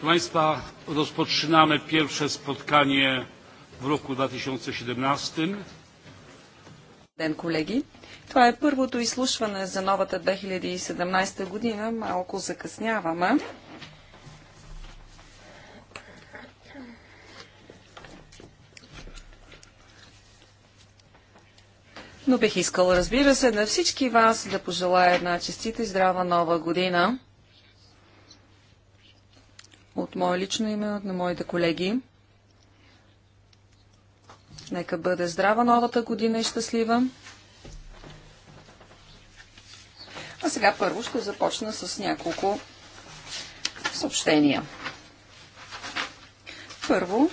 Proszę Państwa, rozpoczynamy pierwsze spotkanie w roku 2017. Ден, колеги! Това е първото изслушване за новата 2017 година. Малко закъсняваме. Но бих искал, разбира се, на всички вас да пожелая една честита и здрава нова година от мое лично име, от на моите колеги. Нека бъде здрава новата година и щастлива. А сега първо ще започна с няколко съобщения. Първо,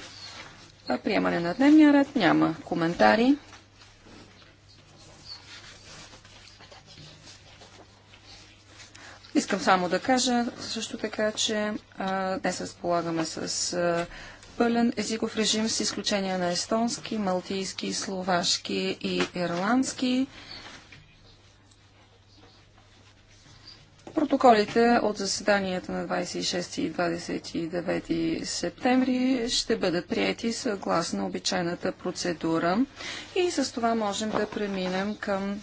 приемане на дневния ред, няма коментари. Искам само да кажа също така, че а, днес разполагаме с а, пълен езиков режим с изключение на естонски, малтийски, словашки и ирландски. Протоколите от заседанията на 26 и 29 септември ще бъдат прияти съгласно обичайната процедура и с това можем да преминем към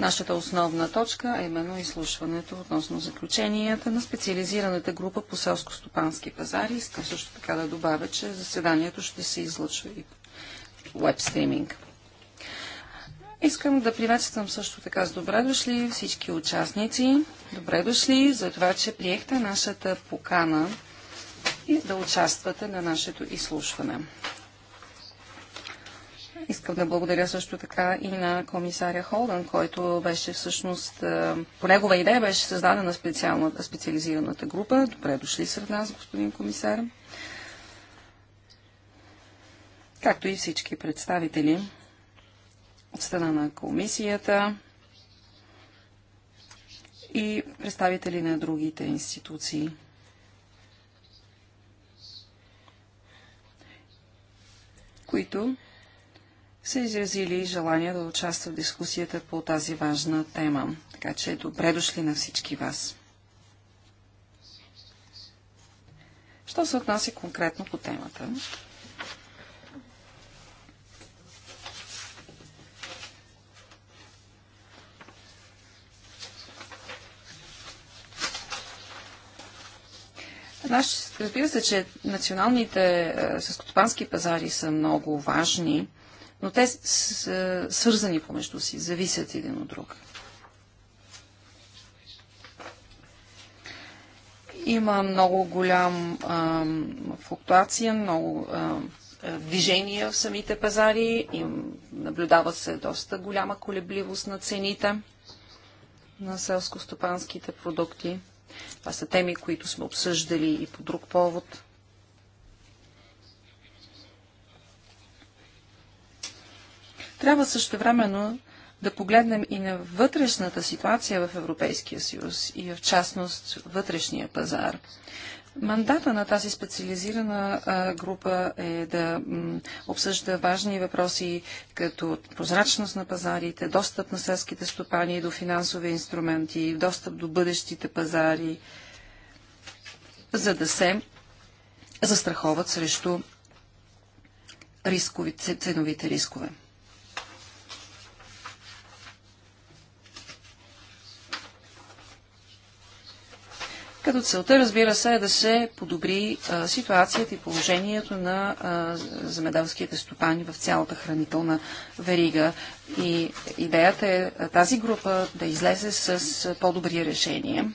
нашата основна точка, а е именно изслушването относно заключенията на специализираната група по селско-стопански пазари. Искам също така да добавя, че заседанието ще се излъчва и веб стриминг. Искам да приветствам също така с добре дошли всички участници. Добре дошли за това, че приехте нашата покана и да участвате на нашето изслушване. Искам да благодаря също така и на комисаря Холдън, който беше всъщност, е, по негова идея беше създадена специализираната група. Добре дошли сред нас, господин комисар. Както и всички представители от страна на комисията и представители на другите институции. които са изразили желание да участват в дискусията по тази важна тема. Така че добре дошли на всички вас. Що се отнася конкретно по темата? Наш, разбира се, че националните е, съскотопански пазари са много важни но те са е, свързани помежду си, зависят един от друг. Има много голям а, флуктуация, много а, е, движения в самите пазари, и наблюдава се доста голяма колебливост на цените на селско-стопанските продукти. Това са теми, които сме обсъждали и по друг повод. Трябва също времено да погледнем и на вътрешната ситуация в Европейския съюз и в частност вътрешния пазар. Мандата на тази специализирана група е да обсъжда важни въпроси, като прозрачност на пазарите, достъп на селските стопани до финансови инструменти, достъп до бъдещите пазари, за да се застраховат срещу рискови, ценовите рискове. като целта, разбира се, е да се подобри а, ситуацията и положението на а, замедалските стопани в цялата хранителна верига. И идеята е тази група да излезе с по-добри решения.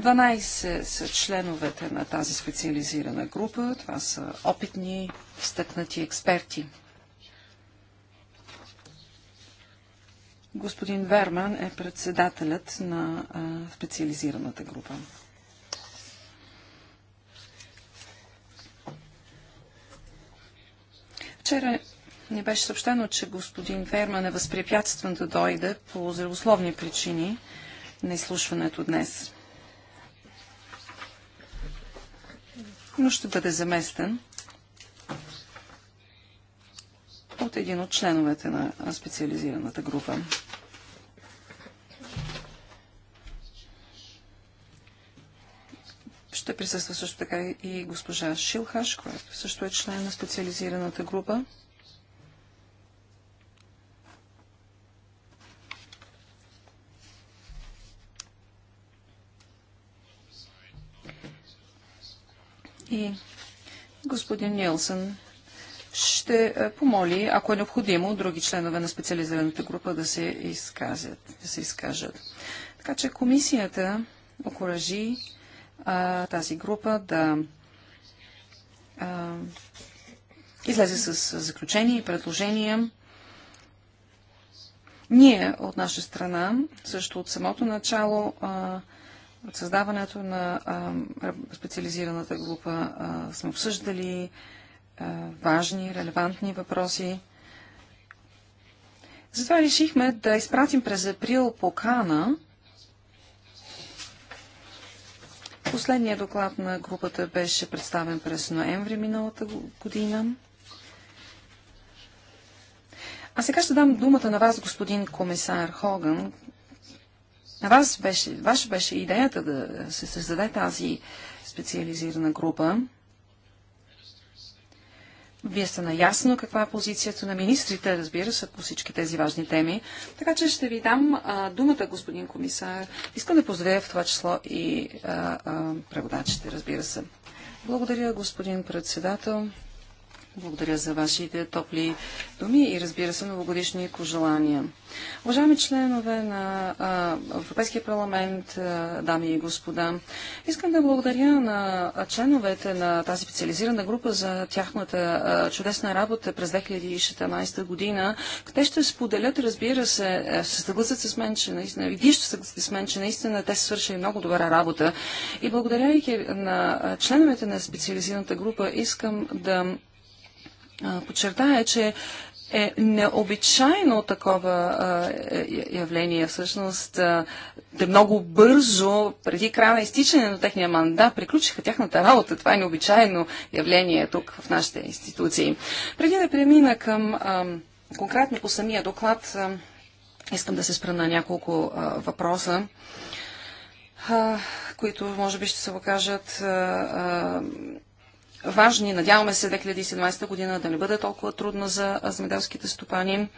12 са членовете на тази специализирана група. Това са опитни, стъкнати експерти. Господин Верман е председателят на а, специализираната група. Вчера ни беше съобщено, че господин Ферман е възпрепятстван да дойде по здравословни причини на изслушването днес. Но ще бъде заместен от един от членовете на специализираната група. Ще присъства също така и госпожа Шилхаш, която също е член на специализираната група. И господин Нилсън ще е, помоли, ако е необходимо, други членове на специализираната група да се изказят. Да се изкажат. Така че комисията окоръжи а, тази група да а, излезе с заключения и предложения. Ние от наша страна, също от самото начало, а, от създаването на а, специализираната група а, сме обсъждали а, важни, релевантни въпроси. Затова решихме да изпратим през април покана Последният доклад на групата беше представен през ноември миналата година. А сега ще дам думата на вас, господин комисар Хоган. На вас беше, ваша беше идеята да се създаде тази специализирана група. Вие сте наясно каква е позицията на министрите, разбира се, по всички тези важни теми. Така че ще ви дам а, думата, господин комисар. Искам да поздравя в това число и а, а, преводачите, разбира се. Благодаря, господин председател. Благодаря за вашите топли думи и разбира се новогодишни пожелания. Уважаеми членове на Европейския парламент, дами и господа, искам да благодаря на членовете на тази специализирана група за тяхната чудесна работа през 2016 година. Те ще споделят, разбира се, е, се съгласят с мен, че наистина, и вие ще съгласите с мен, че наистина те са свършили много добра работа. И благодаряйки на членовете на специализираната група, искам да подчертая, че е необичайно такова явление. Всъщност, да те много бързо, преди края на изтичане на техния мандат, приключиха тяхната работа. Това е необичайно явление тук в нашите институции. Преди да премина към конкретно по самия доклад, искам да се спра на няколко въпроса, които може би ще се покажат а, важни. Надяваме се 2017 година да не бъде толкова трудна за земеделските стопани,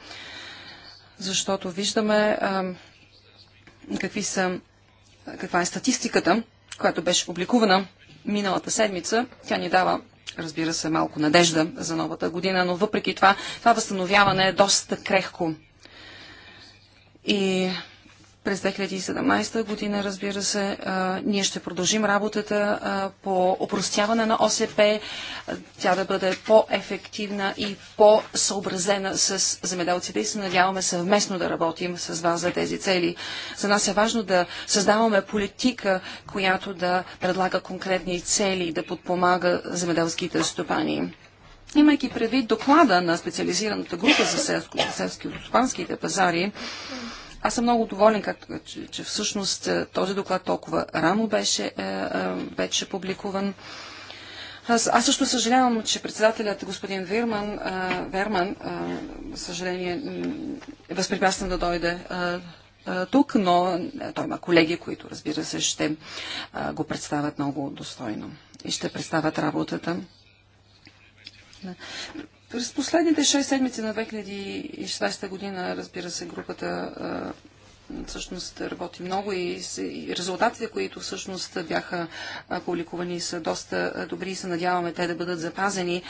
защото виждаме какви са, каква е статистиката, която беше публикувана миналата седмица. Тя ни дава разбира се, малко надежда за новата година, но въпреки това, това възстановяване е доста крехко. И през 2017 година, разбира се, ние ще продължим работата по опростяване на ОСП, тя да бъде по-ефективна и по-съобразена с земеделците и се надяваме съвместно да работим с вас за тези цели. За нас е важно да създаваме политика, която да предлага конкретни цели и да подпомага земеделските стопани. Имайки предвид доклада на специализираната група за селско-стопанските пазари, аз съм много доволен, както, че, че всъщност е, този доклад толкова рано беше беше е, публикуван. Аз, аз също съжалявам, че председателят господин е, Верман, а, Верман, а, съжаление, е възпрепятстван да дойде а, а, тук, но той има колеги, които, разбира се, ще а, го представят много достойно и ще представят работата. През последните 6 седмици на 2016 година, разбира се, групата всъщност работи много и резултатите, които всъщност бяха публикувани са доста добри и се надяваме те да бъдат запазени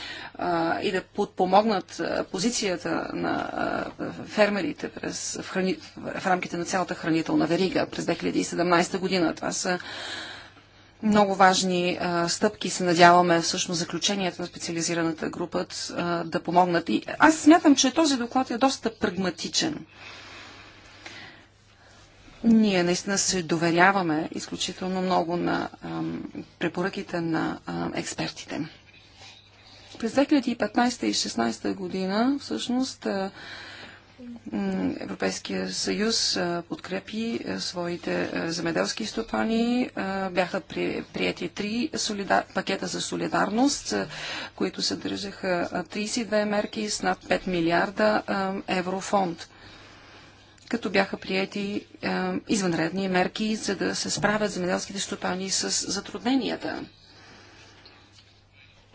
и да подпомогнат позицията на фермерите през, в, храни, в рамките на цялата хранителна верига през 2017 година. Това са много важни а, стъпки се надяваме всъщност заключенията на специализираната група а, да помогнат. И аз смятам, че този доклад е доста прагматичен. Ние наистина се доверяваме изключително много на а, препоръките на а, експертите. През 2015 и 2016 година всъщност Европейския съюз подкрепи своите земеделски стопани. Бяха прияти три пакета за солидарност, които съдържаха 32 мерки с над 5 милиарда еврофонд като бяха приети е, извънредни мерки, за да се справят земеделските стопани с затрудненията.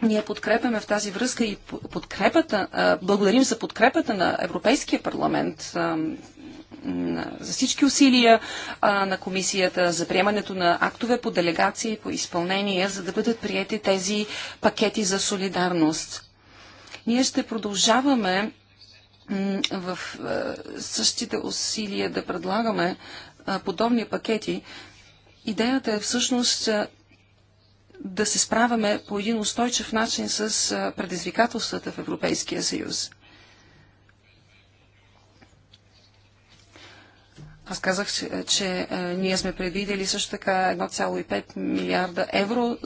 Ние подкрепяме в тази връзка и подкрепата, благодарим за подкрепата на Европейския парламент за всички усилия на комисията за приемането на актове по делегации, по изпълнение, за да бъдат приети тези пакети за солидарност. Ние ще продължаваме в същите усилия да предлагаме подобни пакети. Идеята е всъщност да се справяме по един устойчив начин с предизвикателствата в Европейския съюз. Аз казах, че, е, ние сме предвидели също така 1,5 милиарда евро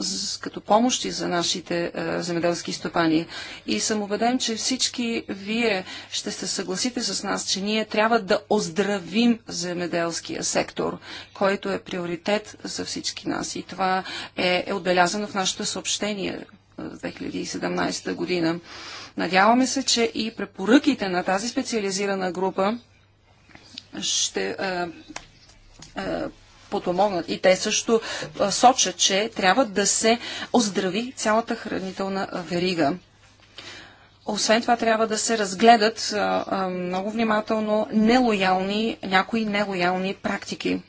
като помощи за нашите е, земеделски стопани. И съм убеден, че всички вие ще се съгласите с нас, че ние трябва да оздравим земеделския сектор, който е приоритет за всички нас. И това е, е отбелязано в нашето съобщение 2017 е, година. Надяваме се, че и препоръките на тази специализирана група ще е, е, подпомогнат. И те също е, сочат, че трябва да се оздрави цялата хранителна верига. Освен това трябва да се разгледат а, а, много внимателно нелоялни, някои нелоялни практики.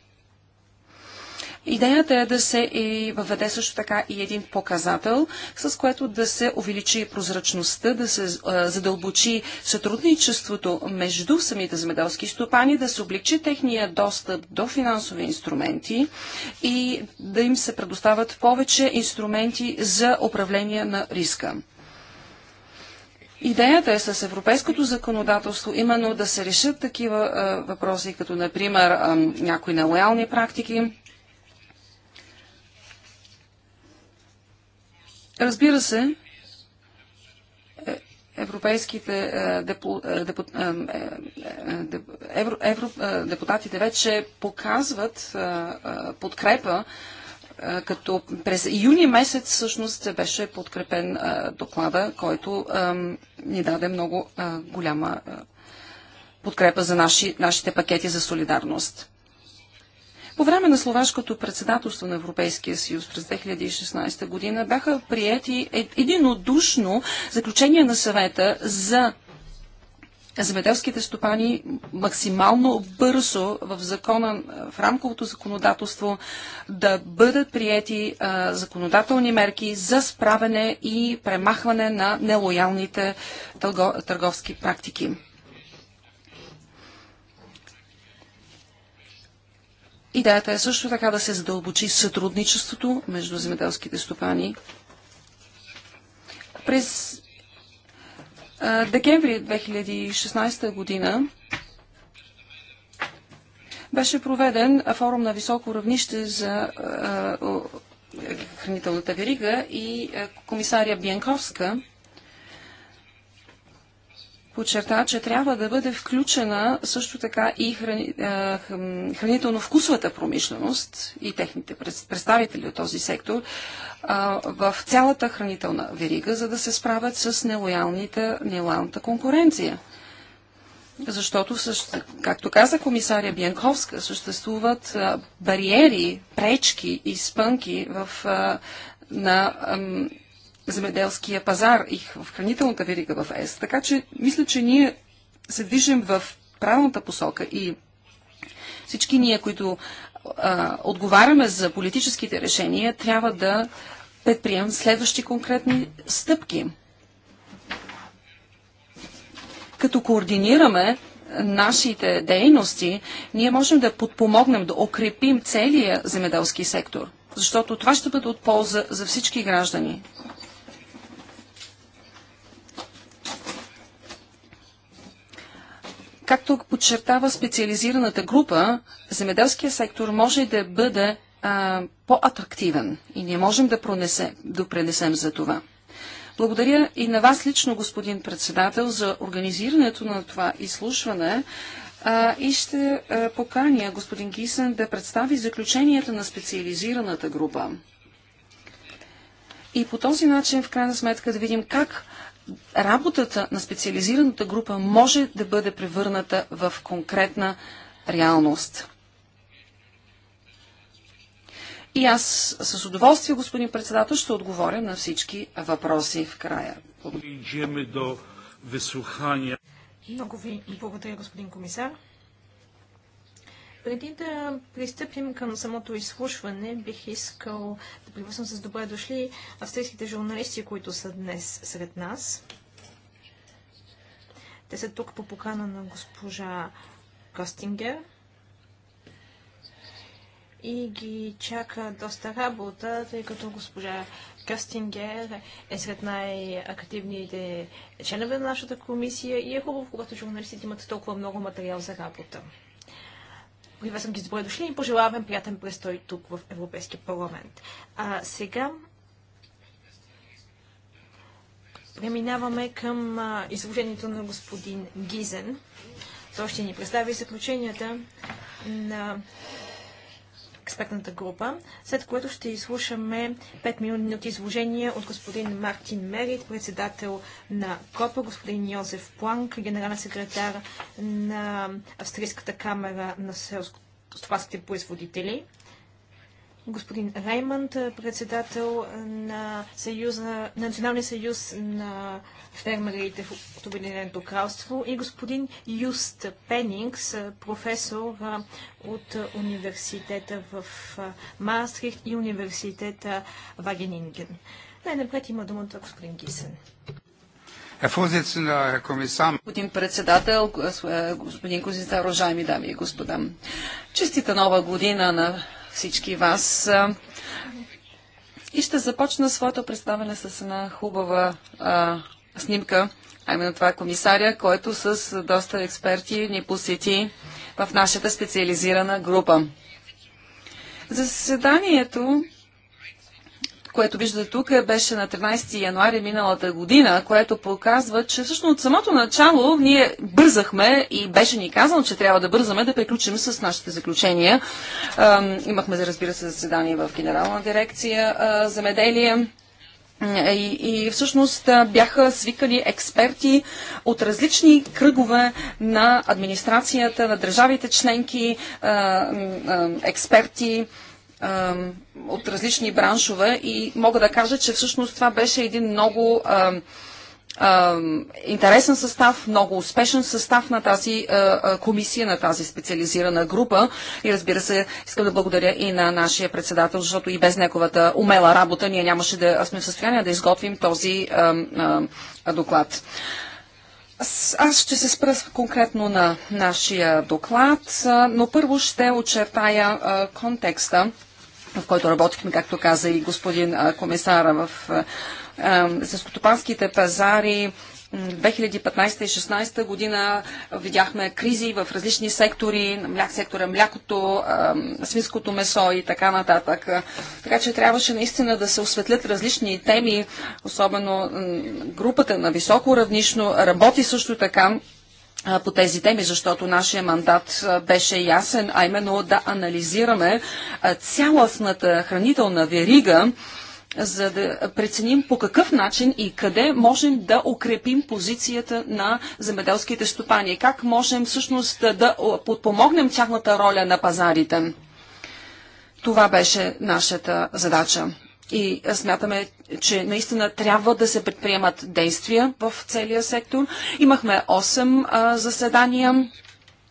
Идеята е да се и въведе също така и един показател, с което да се увеличи прозрачността, да се задълбочи сътрудничеството между самите земеделски стопани, да се облегчи техния достъп до финансови инструменти и да им се предоставят повече инструменти за управление на риска. Идеята е с европейското законодателство именно да се решат такива а, въпроси, като например а, някои нелоялни практики, Разбира се, европейските депутатите вече показват е, е, подкрепа, е, като през юни месец всъщност беше подкрепен доклада, който ни даде много голяма подкрепа за нашите пакети за солидарност. По време на словашкото председателство на Европейския съюз през 2016 година бяха приети е, единодушно заключение на съвета за земеделските стопани максимално бързо в закона, в рамковото законодателство да бъдат приети а, законодателни мерки за справяне и премахване на нелоялните търговски практики. Идеята е също така да се задълбочи сътрудничеството между земеделските стопани. През а, декември 2016 година беше проведен форум на високо равнище за а, хранителната верига и комисария Бянковска подчерта, че трябва да бъде включена също така и храни, хранително-вкусовата промишленост и техните представители от този сектор а, в цялата хранителна верига, за да се справят с нелоялната конкуренция. Защото, както каза комисаря Бянковска, съществуват бариери, пречки и спънки в, на земеделския пазар и в хранителната верига в ЕС. Така че мисля, че ние се движим в правилната посока и всички ние, които а, отговаряме за политическите решения, трябва да предприемем следващи конкретни стъпки. Като координираме нашите дейности, ние можем да подпомогнем, да укрепим целия земеделски сектор, защото това ще бъде от полза за всички граждани. Както подчертава специализираната група, земеделския сектор може да бъде по-атрактивен и ние можем да, допренесем да пренесем за това. Благодаря и на вас лично, господин председател, за организирането на това изслушване а, и ще а, поканя господин Кисен да представи заключенията на специализираната група. И по този начин, в крайна сметка, да видим как работата на специализираната група може да бъде превърната в конкретна реалност. И аз с удоволствие, господин председател, ще отговоря на всички въпроси в края. Благодаря. Много ви благодаря, господин комисар. Преди да пристъпим към самото изслушване, бих искал да приветствам с добре дошли австрийските журналисти, които са днес сред нас. Те са тук по покана на госпожа Костингер и ги чака доста работа, тъй като госпожа Кастингер е сред най-активните членове на нашата комисия и е хубаво, когато журналистите имат толкова много материал за работа приветствам ги с добре дошли и пожелавам приятен престой тук в Европейския парламент. А сега преминаваме към изложението на господин Гизен. Той ще ни представи заключенията на експертната група, след което ще изслушаме 5 минути изложение от господин Мартин Мерит, председател на КОПА, господин Йозеф Планк, генерален секретар на Австрийската камера на селско стопанските производители господин Раймонд, председател на, съюз, на Националния съюз на фермерите в Обединеното кралство и господин Юст Пенингс, професор от университета в Маастрихт и университета Вагенинген. Най-напред има думата господин Гисен. Господин председател, е, господин Козинца, уважаеми дами и господа. Честита нова година на всички вас. И ще започна своето представяне с една хубава а, снимка, а именно това е комисаря, който с доста експерти ни посети в нашата специализирана група. Заседанието което виждате тук, е, беше на 13 януари миналата година, което показва, че всъщност от самото начало ние бързахме и беше ни казано, че трябва да бързаме да приключим с нашите заключения. Имахме, разбира се, заседание в Генерална дирекция земеделие. И, и всъщност бяха свикани експерти от различни кръгове на администрацията, на държавите членки, експерти от различни браншове и мога да кажа, че всъщност това беше един много интересен състав, много успешен състав на тази комисия, на тази специализирана група. И разбира се, искам да благодаря и на нашия председател, защото и без неговата умела работа ние нямаше да сме в състояние да изготвим този доклад. Аз ще се спра конкретно на нашия доклад, но първо ще очертая контекста в който работихме, както каза и господин комисара в съскотопанските пазари. 2015-2016 година видяхме кризи в различни сектори, мляк сектора, млякото, свинското месо и така нататък. Така че трябваше наистина да се осветлят различни теми, особено групата на високо равнично работи също така по тези теми, защото нашия мандат беше ясен, а именно да анализираме цялостната хранителна верига, за да преценим по какъв начин и къде можем да укрепим позицията на земеделските стопани, как можем всъщност да подпомогнем тяхната роля на пазарите. Това беше нашата задача. И смятаме, че наистина трябва да се предприемат действия в целия сектор. Имахме 8 заседания,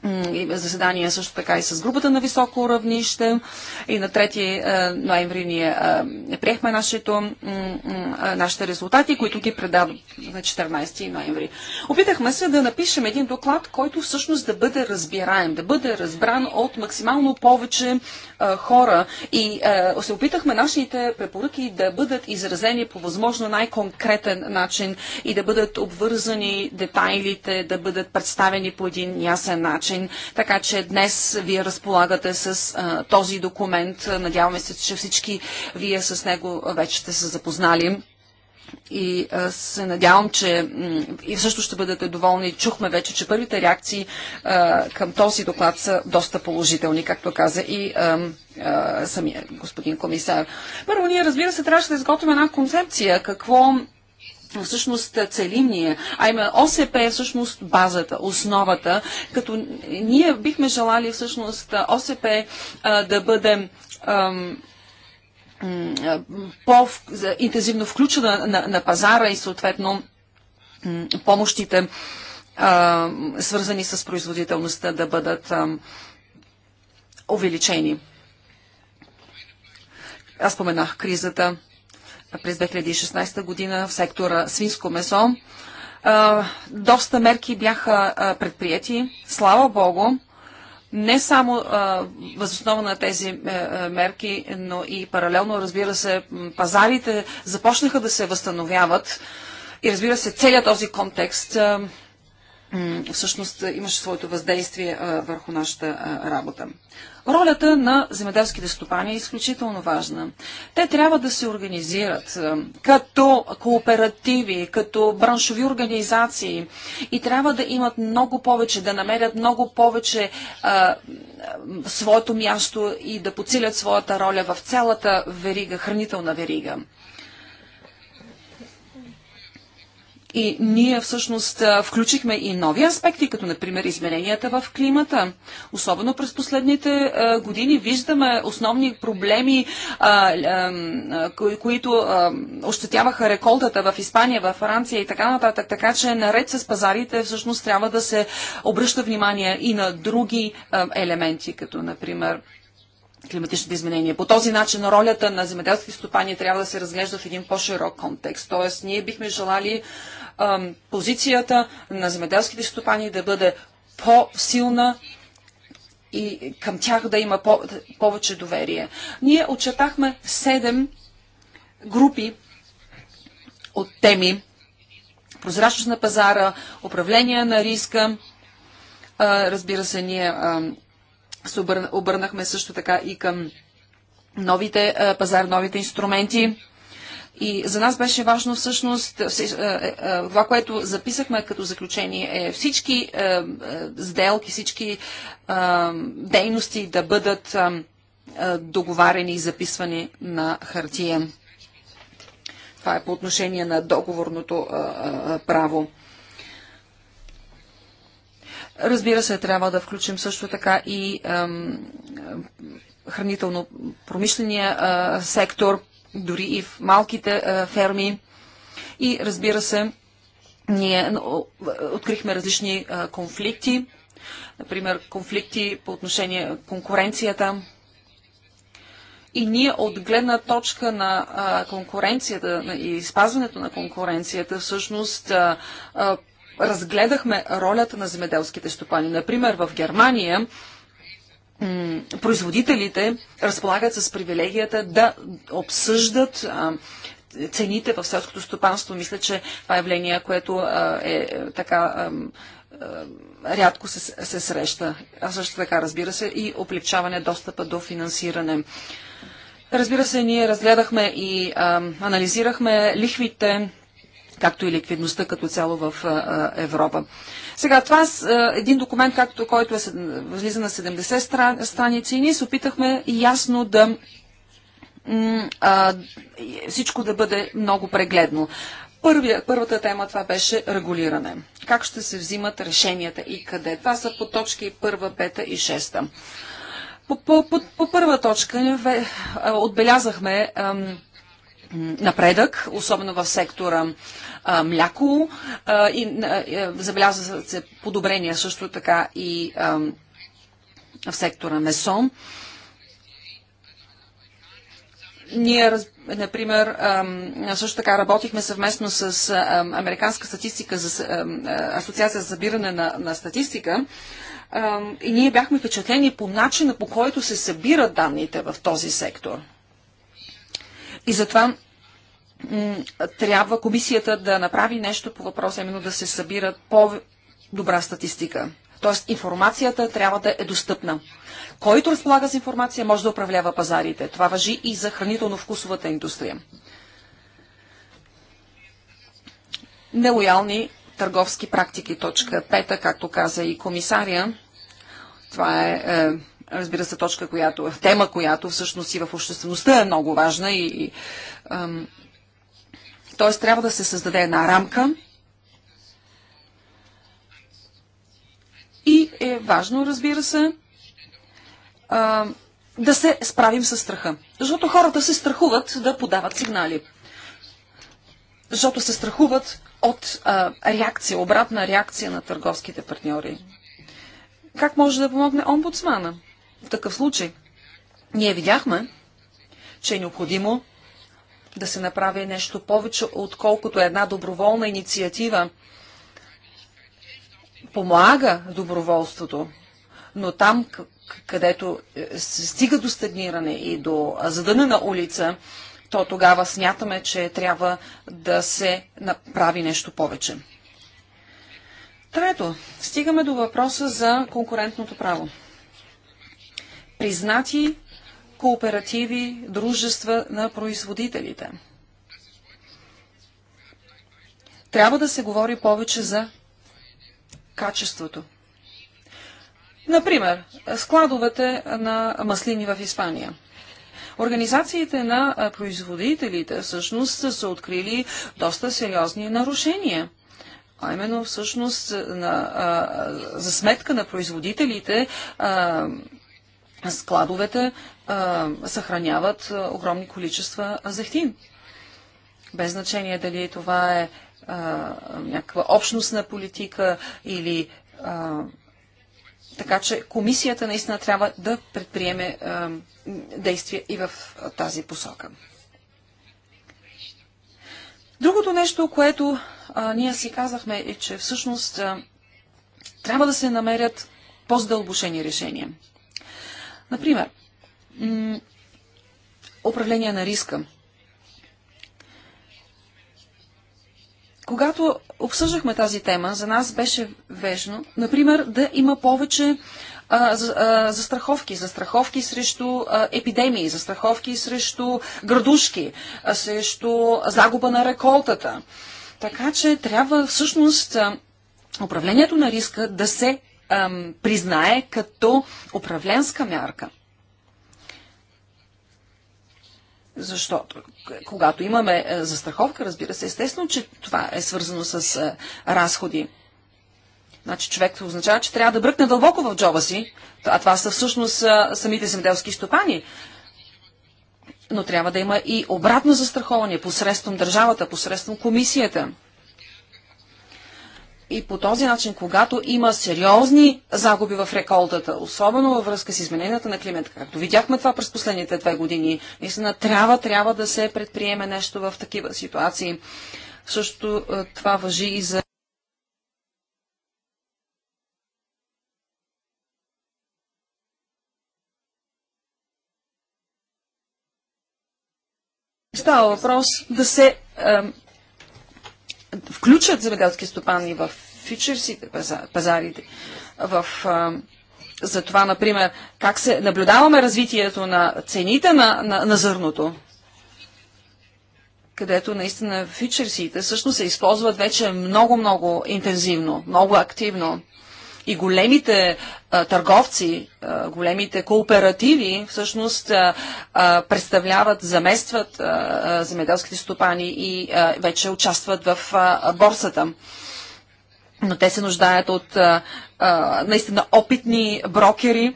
заседания заседание също така и с групата на високо равнище. И на 3 ноември ние приехме нашето, нашите резултати, които ги предаваме на 14 ноември. Опитахме се да напишем един доклад, който всъщност да бъде разбираем, да бъде разбран от максимално повече а, хора и а, се опитахме нашите препоръки да бъдат изразени по възможно най-конкретен начин и да бъдат обвързани детайлите, да бъдат представени по един ясен начин. Така че днес вие разполагате с а, този документ. Надяваме се, че всички вие с него вече сте се запознали и а, се надявам, че и също ще бъдете доволни. Чухме вече, че първите реакции а, към този доклад са доста положителни, както каза и а, а, самия господин комисар. Първо, ние разбира се трябваше да изготвим една концепция, какво всъщност целим ние, а има ОСП е всъщност базата, основата, като ние бихме желали всъщност ОСП а, да бъде по-интензивно включване на, на, пазара и съответно помощите, свързани с производителността, да бъдат увеличени. Аз споменах кризата през 2016 година в сектора свинско месо. доста мерки бяха предприяти. Слава Богу, не само възоснова на тези е, е, мерки, но и паралелно, разбира се, пазарите започнаха да се възстановяват и разбира се, целият този контекст всъщност имаше своето въздействие върху нашата работа. Ролята на земеделските стопани е изключително важна. Те трябва да се организират като кооперативи, като браншови организации и трябва да имат много повече, да намерят много повече своето място и да подсилят своята роля в цялата верига, хранителна верига. И ние всъщност включихме и нови аспекти, като например измененията в климата. Особено през последните години виждаме основни проблеми, които ощетяваха реколтата в Испания, в Франция и така нататък. Така че наред с пазарите всъщност трябва да се обръща внимание и на други елементи, като например климатичните изменения. По този начин ролята на земеделски стопани трябва да се разглежда в един по-широк контекст. Тоест, ние бихме желали позицията на земеделските стопани да бъде по-силна и към тях да има повече доверие. Ние очертахме седем групи от теми. Прозрачност на пазара, управление на риска. разбира се, ние се обърнахме също така и към новите пазар, новите инструменти и за нас беше важно всъщност е, е, е, това, което записахме като заключение е всички сделки, всички дейности да бъдат договарени и записвани на хартия. Това е по отношение на договорното право. Разбира се, трябва да включим също така и хранително-промишления сектор, дори и в малките ферми. И разбира се, ние открихме различни конфликти, например конфликти по отношение конкуренцията. И ние от гледна точка на конкуренцията и спазването на конкуренцията, всъщност разгледахме ролята на земеделските стопани. Например, в Германия производителите разполагат с привилегията да обсъждат цените в селското стопанство. Мисля, че това е явление, което е, е така рядко се, се среща. А също така, разбира се, и облегчаване достъпа до финансиране. Разбира се, ние разгледахме и анализирахме лихвите, както и ликвидността като цяло в Европа. Сега, това е, е един документ, както, който е, възлиза на 70 страници и ние се опитахме ясно да всичко да бъде много прегледно. Първия, първата тема това беше регулиране. Как ще се взимат решенията и къде? Това са по точки първа, пета и шеста. По, по, по, по първа точка е, отбелязахме ам, напредък, особено в сектора а, мляко а, и а, забелязва се подобрения също така и а, в сектора месо. Ние, например, също така работихме съвместно с Американска статистика за Асоциация за събиране на, на статистика и ние бяхме впечатлени по начина по който се събират данните в този сектор. И затова трябва комисията да направи нещо по въпроса, именно да се събира по-добра статистика. Тоест информацията трябва да е достъпна. Който разполага с информация, може да управлява пазарите. Това въжи и за хранително-вкусовата индустрия. Нелоялни търговски практики, точка 5, както каза и комисария. Това е, е, разбира се, точка, която, тема, която всъщност и в обществеността е много важна и, и т.е. трябва да се създаде една рамка и е важно, разбира се, да се справим с страха. Защото хората се страхуват да подават сигнали. Защото се страхуват от реакция, обратна реакция на търговските партньори. Как може да помогне омбудсмана в такъв случай? Ние видяхме, че е необходимо да се направи нещо повече, отколкото една доброволна инициатива. Помага доброволството, но там, където е, се стига до стагниране и до задънена улица, то тогава смятаме, че трябва да се направи нещо повече. Трето, стигаме до въпроса за конкурентното право. Признати кооперативи, дружества на производителите. Трябва да се говори повече за качеството. Например, складовете на маслини в Испания. Организациите на производителите всъщност са открили доста сериозни нарушения. А именно всъщност на, а, за сметка на производителите а, складовете а, съхраняват огромни количества зехтин. Без значение дали това е а, някаква общностна политика или. А, така че комисията наистина трябва да предприеме а, действия и в тази посока. Другото нещо, което а, ние си казахме е, че всъщност а, трябва да се намерят по-здълбошени решения. Например, управление на риска. Когато обсъждахме тази тема, за нас беше вежно, например, да има повече застраховки, за, застраховки. Застраховки срещу а, епидемии, застраховки срещу градушки, а, срещу загуба на реколтата. Така че трябва всъщност управлението на риска да се ам, признае като управленска мярка. Защото, когато имаме е, застраховка, разбира се, естествено, че това е свързано с а, е, разходи. Значи човек означава, че трябва да бръкне дълбоко в джоба си, а това са всъщност а, е, самите земеделски стопани. Но трябва да има и обратно застраховане посредством държавата, посредством комисията. И по този начин, когато има сериозни загуби в реколтата, особено във връзка с измененията на климата, както видяхме това през последните две години, наистина трябва, трябва да се предприеме нещо в такива ситуации. Също е, това въжи и за Става въпрос да се включат земеделски стопани в фичерсите пазарите, в а, за това, например, как се наблюдаваме развитието на цените на, на, на зърното, където наистина фичерсите всъщност се използват вече много-много интензивно, много активно и големите а, търговци, а, големите кооперативи всъщност а, а, представляват, заместват а, а, земеделските стопани и а, вече участват в а, борсата. Но те се нуждаят от а, а, наистина опитни брокери.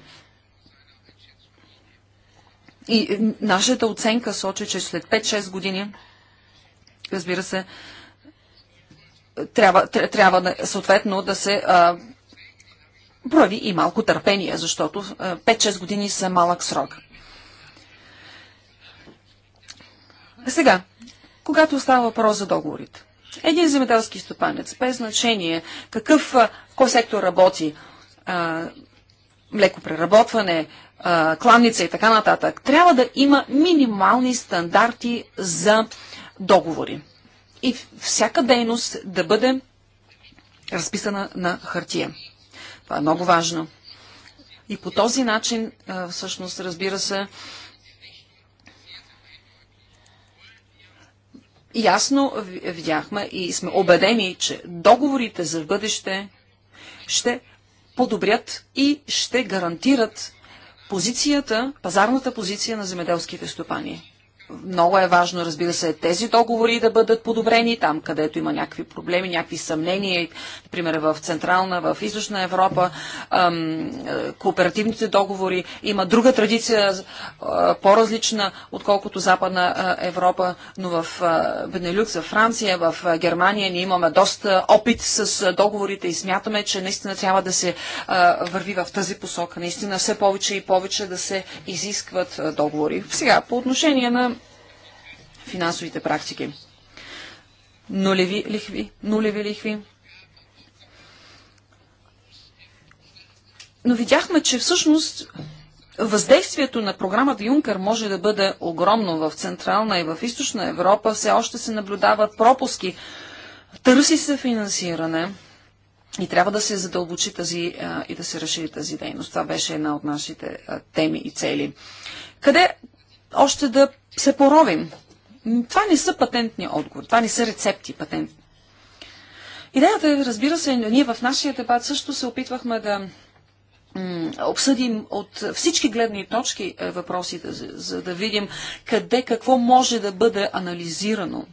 И нашата оценка сочи, че след 5-6 години, разбира се, трябва, трябва съответно да се а, прояви и малко търпение, защото 5-6 е, години са малък срок. Сега, когато става въпрос за договорите. Един земеделски стопанец, без значение какъв, в е, кой сектор работи, млеко млекопреработване, е, кланница и така нататък, трябва да има минимални стандарти за договори. И всяка дейност да бъде разписана на хартия. Това е много важно. И по този начин, всъщност, разбира се, ясно видяхме и сме убедени, че договорите за бъдеще ще подобрят и ще гарантират позицията, пазарната позиция на земеделските стопани. Много е важно, разбира се, тези договори да бъдат подобрени там, където има някакви проблеми, някакви съмнения. Например, в Централна, в Източна Европа е, кооперативните договори има друга традиция, е, по-различна, отколкото Западна е, Европа, но в Бенелюкс, в Франция, в Германия ние имаме доста опит с договорите и смятаме, че наистина трябва да се върви в тази посока. Наистина все повече и повече да се изискват договори. Сега, по отношение на финансовите практики. Нулеви лихви, нулеви лихви. Но видяхме, че всъщност Въздействието на програмата Юнкър може да бъде огромно в Централна и в Източна Европа. Все още се наблюдават пропуски. Търси се финансиране и трябва да се задълбочи тази а, и да се разшири тази дейност. Това беше една от нашите а, теми и цели. Къде още да се поровим? Това не са патентни отговори, това не са рецепти патентни. Идеята е, разбира се, ние в нашия дебат също се опитвахме да обсъдим от всички гледни точки е, въпросите, за, за да видим къде какво може да бъде анализирано.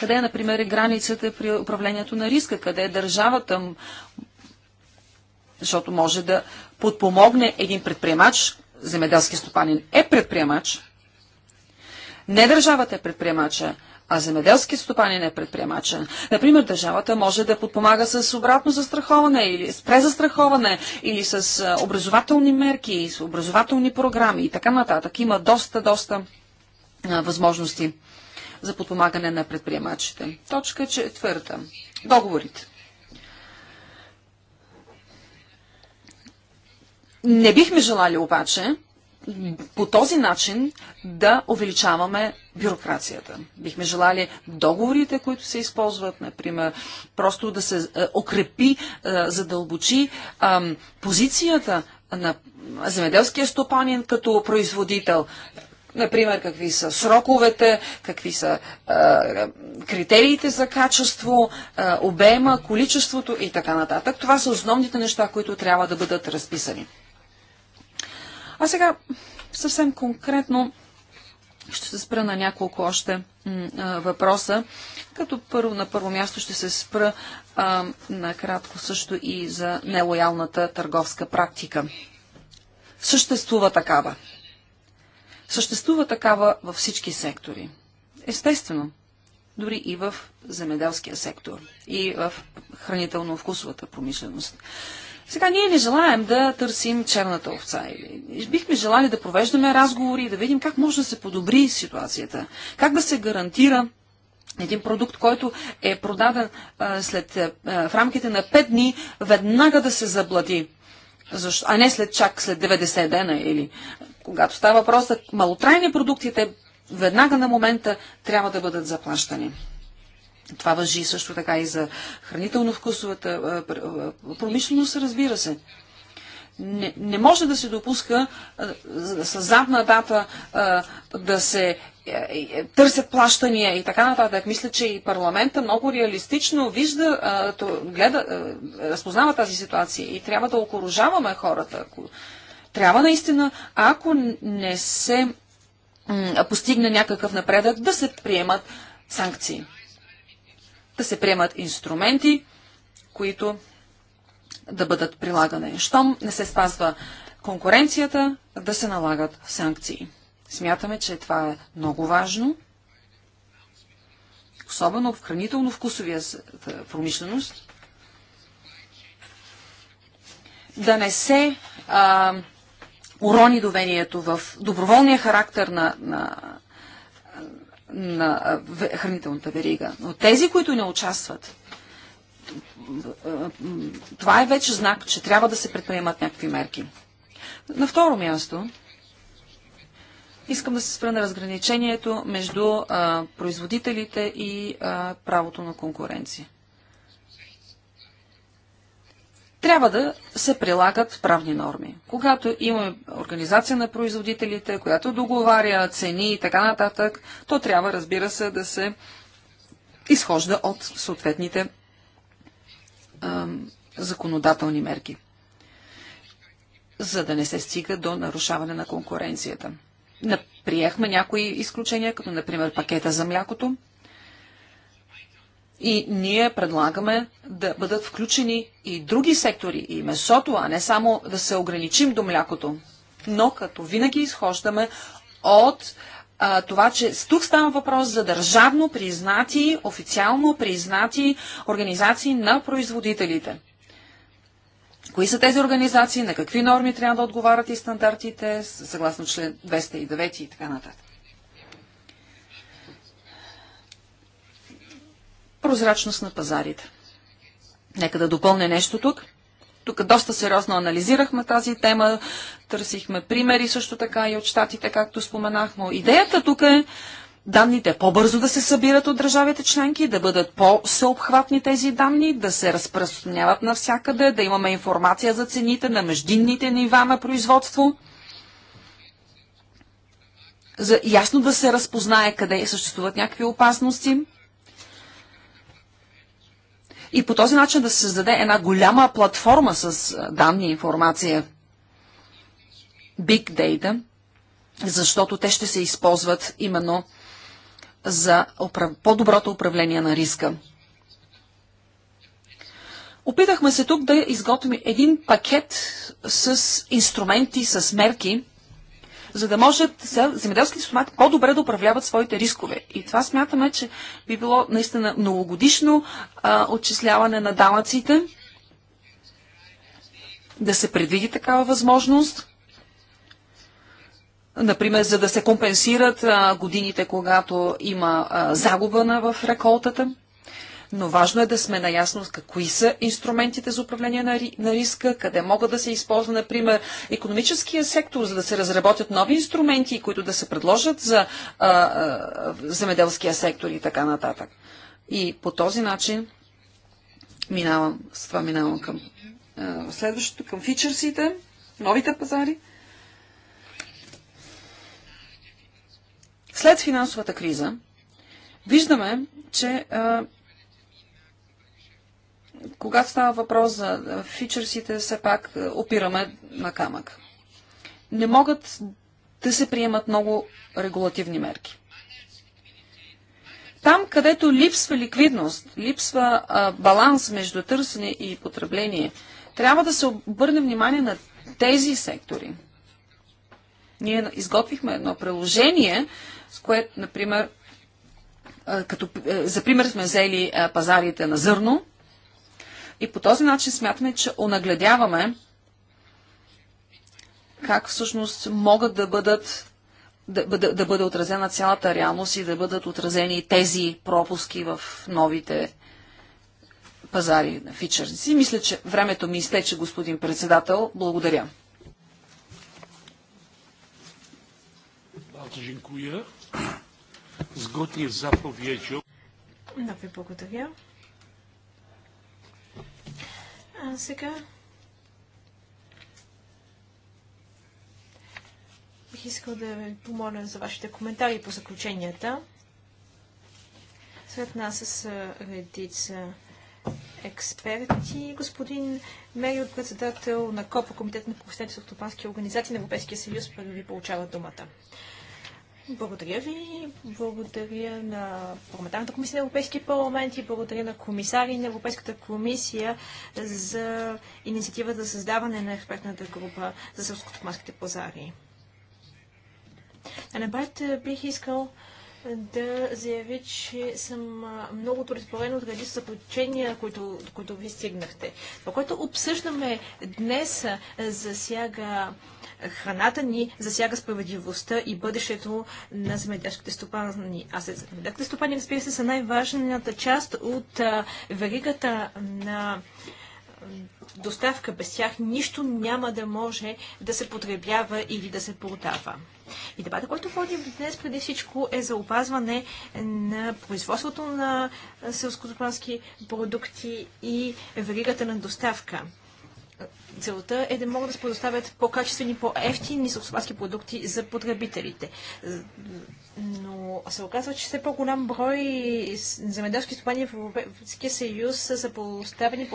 Къде, например, е границата при управлението на риска, къде е държавата, защото може да подпомогне един предприемач, земеделски стопанин е предприемач, не държавата е предприемача, а земеделски стопанин е предприемача. Например, държавата може да подпомага с обратно застраховане или с презастраховане или с образователни мерки, с образователни програми и така нататък. Има доста, доста възможности за подпомагане на предприемачите. Точка четвърта. Договорите. Не бихме желали обаче по този начин да увеличаваме бюрокрацията. Бихме желали договорите, които се използват, например, просто да се окрепи, е, е, задълбочи позицията на земеделския стопанин като производител. Например, какви са сроковете, какви са е, критериите за качество, е, обема, количеството и така нататък. Това са основните неща, които трябва да бъдат разписани. А сега съвсем конкретно ще се спра на няколко още въпроса. Като първо, на първо място ще се спра а, накратко също и за нелоялната търговска практика. Съществува такава. Съществува такава във всички сектори. Естествено, дори и в земеделския сектор, и в хранително-вкусовата промишленост. Сега ние не желаем да търсим черната овца. Бихме желали да провеждаме разговори и да видим как може да се подобри ситуацията. Как да се гарантира един продукт, който е продаден а, след, а, в рамките на 5 дни, веднага да се заблади. Защо? А не след чак след 90 дена или когато става въпрос за малотрайни продукти, те веднага на момента трябва да бъдат заплащани. Това въжи също така и за хранително-вкусовата промишленост, разбира се. Не, не може да се допуска с задна дата да се е, е, търсят плащания и така нататък. Мисля, че и парламента много реалистично вижда, гледа, разпознава тази ситуация и трябва да окоружаваме хората. Трябва наистина, ако не се постигне някакъв напредък, да се приемат санкции да се приемат инструменти, които да бъдат прилагани. Щом не се спазва конкуренцията, да се налагат санкции. Смятаме, че това е много важно, особено в хранително-вкусовия промишленост, да не се а, урони довението в доброволния характер на, на на хранителната верига. Но тези, които не участват, това е вече знак, че трябва да се предприемат някакви мерки. На второ място, искам да се спра на разграничението между а, производителите и а, правото на конкуренция трябва да се прилагат правни норми. Когато има организация на производителите, която договаря цени и така нататък, то трябва, разбира се, да се изхожда от съответните а, законодателни мерки, за да не се стига до нарушаване на конкуренцията. Приехме някои изключения, като например пакета за млякото, и ние предлагаме да бъдат включени и други сектори, и месото, а не само да се ограничим до млякото. Но като винаги изхождаме от а, това, че тук става въпрос за държавно признати, официално признати организации на производителите. Кои са тези организации, на какви норми трябва да отговарят и стандартите, съгласно член 209 и така нататък. прозрачност на пазарите. Нека да допълня нещо тук. Тук доста сериозно анализирахме тази тема, търсихме примери също така и от щатите, както споменахме. Идеята тук е данните по-бързо да се събират от държавите членки, да бъдат по съобхватни тези данни, да се разпространяват навсякъде, да имаме информация за цените на междинните нива на производство, за ясно да се разпознае къде съществуват някакви опасности, и по този начин да се създаде една голяма платформа с данни и информация. Big Data, защото те ще се използват именно за по-доброто управление на риска. Опитахме се тук да изготвим един пакет с инструменти, с мерки, за да можат земеделските стомати по-добре да управляват своите рискове. И това смятаме, че би било наистина многогодишно а, отчисляване на данъците, да се предвиди такава възможност, например, за да се компенсират а, годините, когато има а, загуба на, в реколтата но важно е да сме наясно с какви са инструментите за управление на, на риска, къде могат да се използва, например, економическия сектор, за да се разработят нови инструменти, които да се предложат за а, а, земеделския сектор и така нататък. И по този начин минавам, с това минавам към а, следващото, към фичърсите, новите пазари. След финансовата криза, виждаме, че а, когато става въпрос за фичърсите, все пак е, опираме на камък. Не могат да се приемат много регулативни мерки. Там, където липсва ликвидност, липсва а, баланс между търсене и потребление, трябва да се обърне внимание на тези сектори. Ние изготвихме едно приложение, с което, например, като, е, за пример сме взели пазарите на зърно, и по този начин смятаме, че онагледяваме как всъщност могат да бъдат да, да, да бъде отразена цялата реалност и да бъдат отразени тези пропуски в новите пазари на фичърници. Мисля, че времето ми изтече, господин председател. Благодаря. Bardzo dziękuję. Zgodnie z zapowiedzią. No, благодаря. А сега бих искал да ви помоля за вашите коментари по заключенията. Сред нас с редица експерти. Господин Мериот, председател на КОПА, Комитет на професионалните стопански организации на Европейския съюз, първо ви получава думата. Благодаря ви. Благодаря на парламентарната комисия на Европейския парламент и благодаря на комисари на Европейската комисия за инициативата за създаване на експертната група за сълскотопанските пазари. А напред бих искал да заявя, че съм много удовлетворен от редица заключения, които, които ви стигнахте. Това, което обсъждаме днес, засяга храната ни засяга справедливостта и бъдещето на земеделските стопани. А земеделските стопани, разбира се, са най-важната част от веригата на доставка. Без тях нищо няма да може да се потребява или да се продава. И дебата, който водим днес преди всичко е за опазване на производството на селскостопански продукти и веригата на доставка. Целта е да могат да се предоставят по-качествени, по-ефтини селскостопански продукти за потребителите. Но се оказва, че все по-голям брой земеделски стопани в Европейския съюз са поставени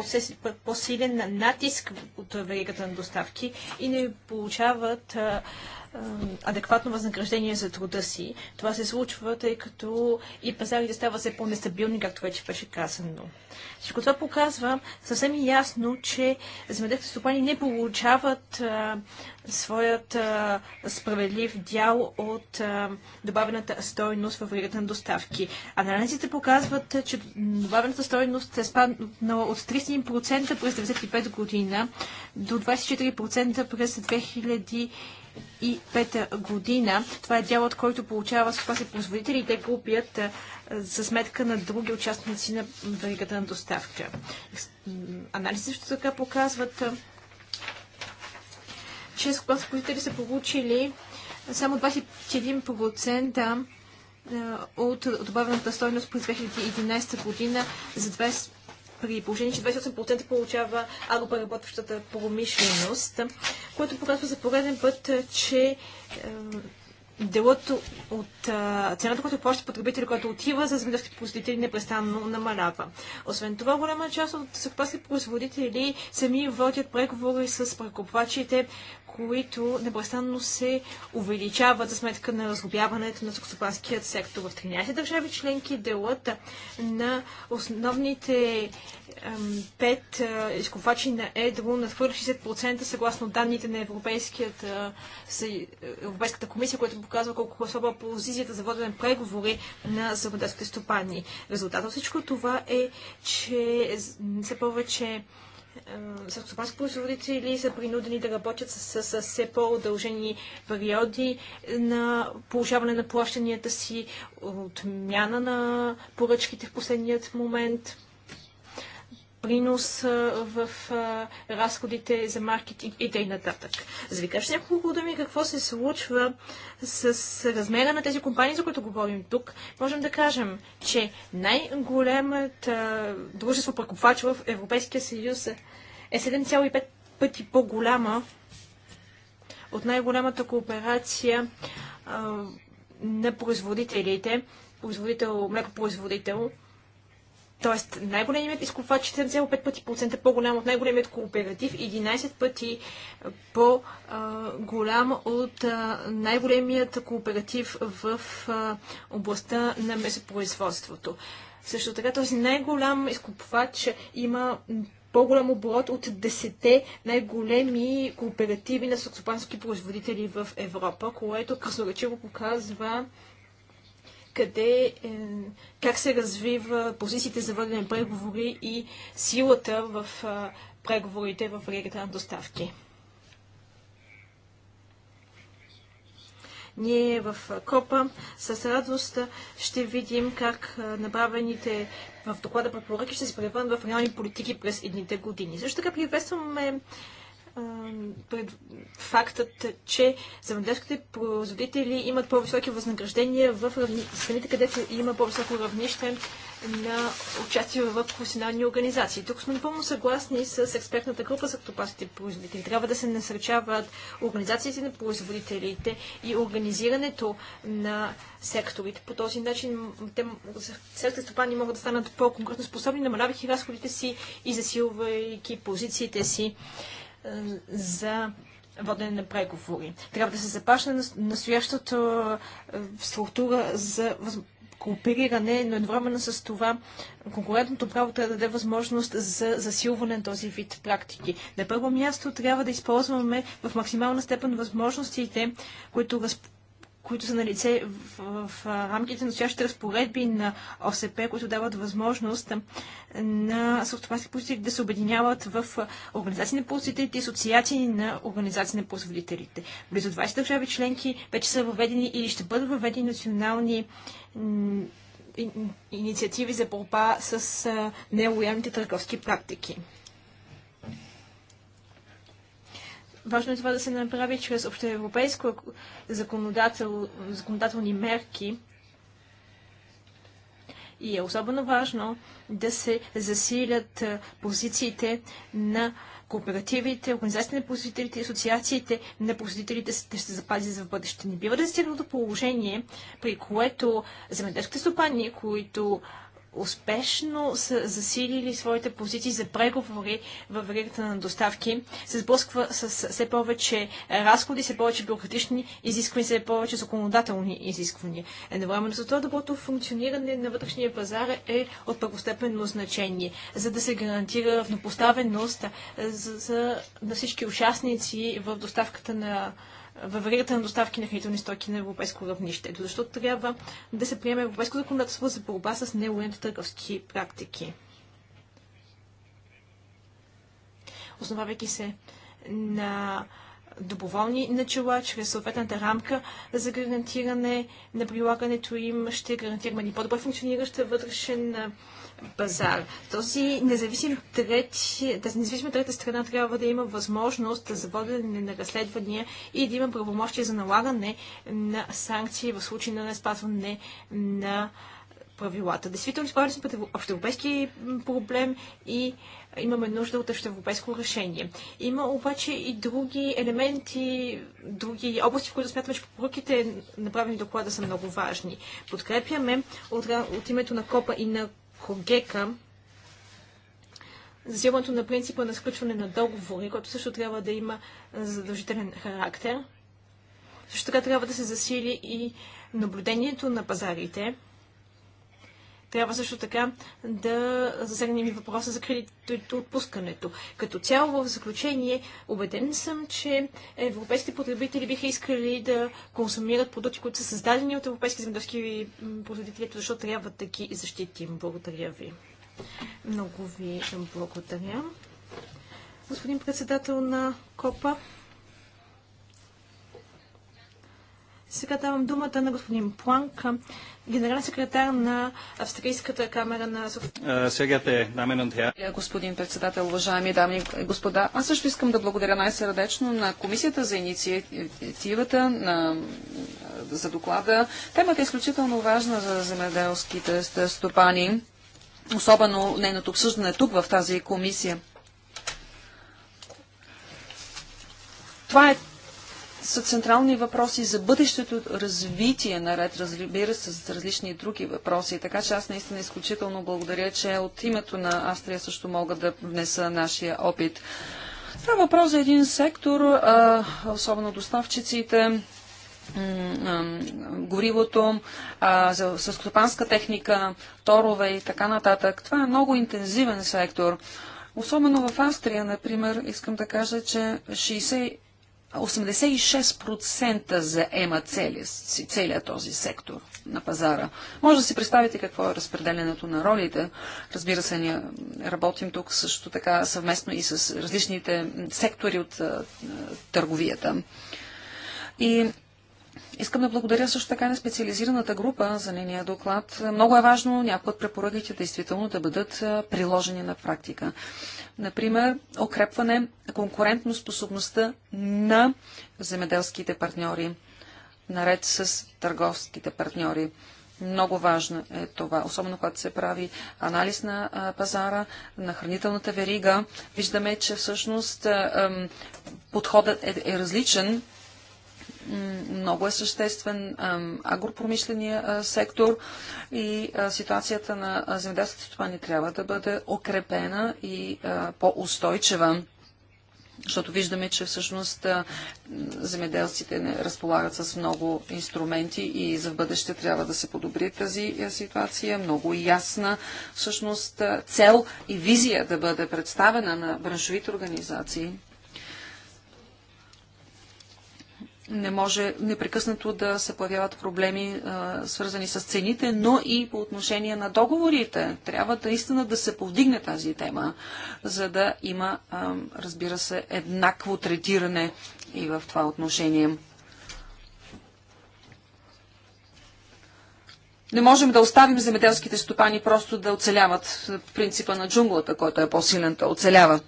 по-силен натиск от веригата на доставки и не получават адекватно възнаграждение за труда си. Това се случва, тъй като и пазарите става все по-нестабилни, както вече беше казано. Всичко това показва съвсем ясно, че земеделските стопани не получават а, своят а, справедлив дял от а, добавената стойност в веригата на доставки. Анализите показват, че добавената стойност е спаднала от 31% през 95 година до 24% през 2000 2005 година. Това е дялът, който получава си производители и те купят за сметка на други участници на веригата на доставка. Анализи също така показват, че стопански производители са получили само 21% от добавената стойност през 2011 година за 20 при положение, че 28% получава агропреработващата промишленост, което показва за пореден път, че е, делът от е, цената, която плаща потребители, която отива за земеделските производители, непрестанно намалява. Освен това, голяма част от селскопанските производители сами водят преговори с прекупвачите които непрестанно се увеличават за сметка на разглобяването на суксопанският сектор. В 13 държави членки делът на основните пет е, изкупвачи на едро на 60% съгласно данните на е, Европейската комисия, която показва колко е слаба позицията за водене преговори на земеделските стопани. Резултатът от всичко това е, че все повече селскостопански производители са принудени да работят с, с, с все по-удължени периоди на получаване на плащанията си, отмяна на поръчките в последният момент принос в разходите за маркетинг и т.н. За ви кажа няколко думи какво се случва с размера на тези компании, за които говорим тук. Можем да кажем, че най големата дружество прекупвач в Европейския съюз е 7,5 пъти по-голяма от най-голямата кооперация а, на производителите, производител, млекопроизводител, Тоест, най-големият изкупвач е 7,5 пъти процента по-голям от най-големият кооператив и 11 пъти по-голям от най-големият кооператив в областта на месопроизводството. Също така този най-голям изкупвач има по-голям оборот от 10 най-големи кооперативи на саксопански производители в Европа, което красноречиво показва къде, е, как се развива позициите за водене преговори и силата в преговорите в регата на доставки. Ние в КОПА с радост ще видим как направените в доклада препоръки ще се превърнат в реални политики през едните години. Също така приветстваме пред фактът, че земеделските производители имат по-високи възнаграждения в страните, където има по-високо равнище на участие в професионални организации. Тук сме напълно съгласни с експертната група за стопанските производители. Трябва да се насърчават организациите на производителите и организирането на секторите. По този начин те, стопани могат да станат по-конкретно способни, намалявайки разходите си и засилвайки позициите си за водене на преговори. Трябва да се започне на настоящата е, структура за коопериране, но едновременно с това конкурентното право трябва да даде възможност за засилване на този вид практики. На първо място трябва да използваме в максимална степен възможностите, които разполагаме които са на лице в, в, в рамките на настоящите разпоредби на ОСП, които дават възможност на съвтопански производители да се объединяват в организации на производителите и асоциации на организации на производителите. Близо 20 държави членки вече са въведени или ще бъдат въведени национални инициативи за борба с нелоялните търговски практики. Важно е това да се направи чрез общоевропейско законодател, законодателни мерки. И е особено важно да се засилят позициите на кооперативите, организациите на производителите, асоциациите на производителите ще се запази за в бъдеще. Не бива да стигна до положение, при което земеделските стопани, които успешно са засилили своите позиции за преговори в веригата на доставки, се сблъсква с все повече разходи, все повече бюрократични изисквания, все повече законодателни изисквания. Едновременно за това доброто функциониране на вътрешния пазар е от първостепенно значение, за да се гарантира равнопоставеност за, за, на всички участници в доставката на във веригата на доставки на хранителни стоки на европейско равнище. Ето трябва да се приеме европейско законодателство за борба с нелоялните търговски практики. Основавайки се на доброволни начала, чрез съответната рамка за гарантиране на прилагането им, ще гарантираме ни по-добре функциониращ вътрешен пазар. Този независим трети, тази независима трета страна трябва да има възможност за водене на разследвания и да има правомощие за налагане на санкции в случай на неспазване на правилата. Действително, изправили сме пред общоевропейски проблем и имаме нужда от общоевропейско решение. Има обаче и други елементи, други области, в които смятаме, че препоръките, направени доклада, са много важни. Подкрепяме от, от името на КОПА и на Хогека, засилването на принципа на сключване на договори, който също трябва да има задължителен характер. Също така трябва да се засили и наблюдението на пазарите. Трябва също така да засегнем и въпроса за и отпускането. Като цяло в заключение, убеден съм, че европейските потребители биха искали да консумират продукти, които са създадени от европейски земеделски производители, защото трябва да ги защитим. Благодаря ви. Много ви благодаря. Господин председател на КОПА, сега давам думата на господин Планка, генерален секретар на Австрийската камера на... Е, Сегете, Господин председател, уважаеми дами и господа, аз също искам да благодаря най-сърдечно на Комисията за инициативата на... за доклада. Темата е изключително важна за земеделските стопани, особено нейното обсъждане тук в тази комисия. Това е са централни въпроси за бъдещето развитие наред, разбира се, с различни други въпроси. Така че аз наистина изключително благодаря, че от името на Австрия също мога да внеса нашия опит. Това въпрос за един сектор, а, особено доставчиците, горивото, съскопанска техника, торове и така нататък. Това е много интензивен сектор. Особено в Австрия, например, искам да кажа, че 60 86% заема целия, този сектор на пазара. Може да си представите какво е разпределенето на ролите. Разбира се, ние работим тук също така съвместно и с различните сектори от търговията. И Искам да благодаря също така на специализираната група за нейния доклад. Много е важно някои от препоръките действително да бъдат приложени на практика. Например, укрепване на конкурентно способността на земеделските партньори, наред с търговските партньори. Много важно е това, особено когато се прави анализ на пазара, на хранителната верига. Виждаме, че всъщност подходът е, е различен много е съществен агропромишления сектор и ситуацията на земеделските стопани трябва да бъде окрепена и по-устойчива. Защото виждаме, че всъщност земеделците не разполагат с много инструменти и за в бъдеще трябва да се подобри тази ситуация. Много ясна всъщност цел и визия да бъде представена на браншовите организации. не може непрекъснато да се появяват проблеми, а, свързани с цените, но и по отношение на договорите. Трябва наистина да се повдигне тази тема, за да има, а, разбира се, еднакво третиране и в това отношение. Не можем да оставим земеделските стопани просто да оцеляват принципа на джунглата, който е по-силен, да оцелява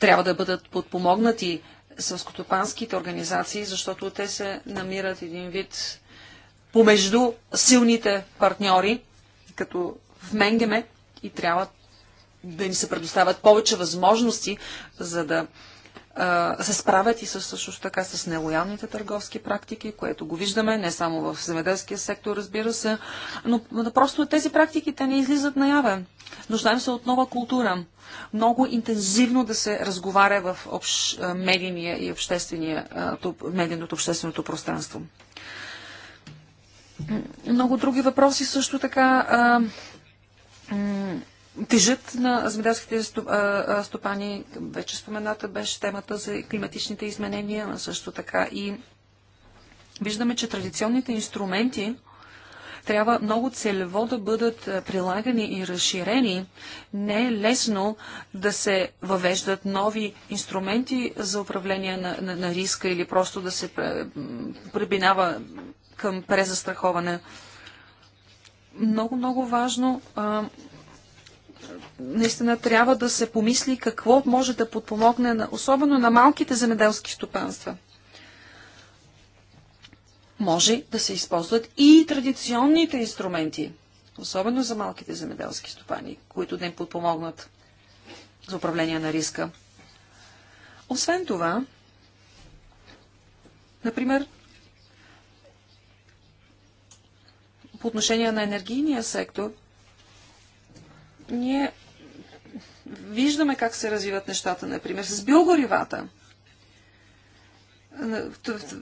трябва да бъдат подпомогнати селскотопанските организации, защото те се намират един вид помежду силните партньори, като в Менгеме и трябва да им се предоставят повече възможности, за да се справят и с, също така с нелоялните търговски практики, което го виждаме не само в земеделския сектор, разбира се, но, просто тези практики те не излизат наяве. Нуждаем се от нова култура. Много интензивно да се разговаря в общ, медийния и обществения, медийното общественото пространство. Много други въпроси също така а, тежат на земеделските стопани. Вече спомената беше темата за климатичните изменения, но също така и виждаме, че традиционните инструменти трябва много целево да бъдат прилагани и разширени. Не е лесно да се въвеждат нови инструменти за управление на, на, на риска или просто да се пребинава към презастраховане. Много, много важно наистина трябва да се помисли какво може да подпомогне, на, особено на малките земеделски стопанства. Може да се използват и традиционните инструменти, особено за малките земеделски стопани, които да им подпомогнат за управление на риска. Освен това, например, по отношение на енергийния сектор, ние виждаме как се развиват нещата, например, с биогоривата.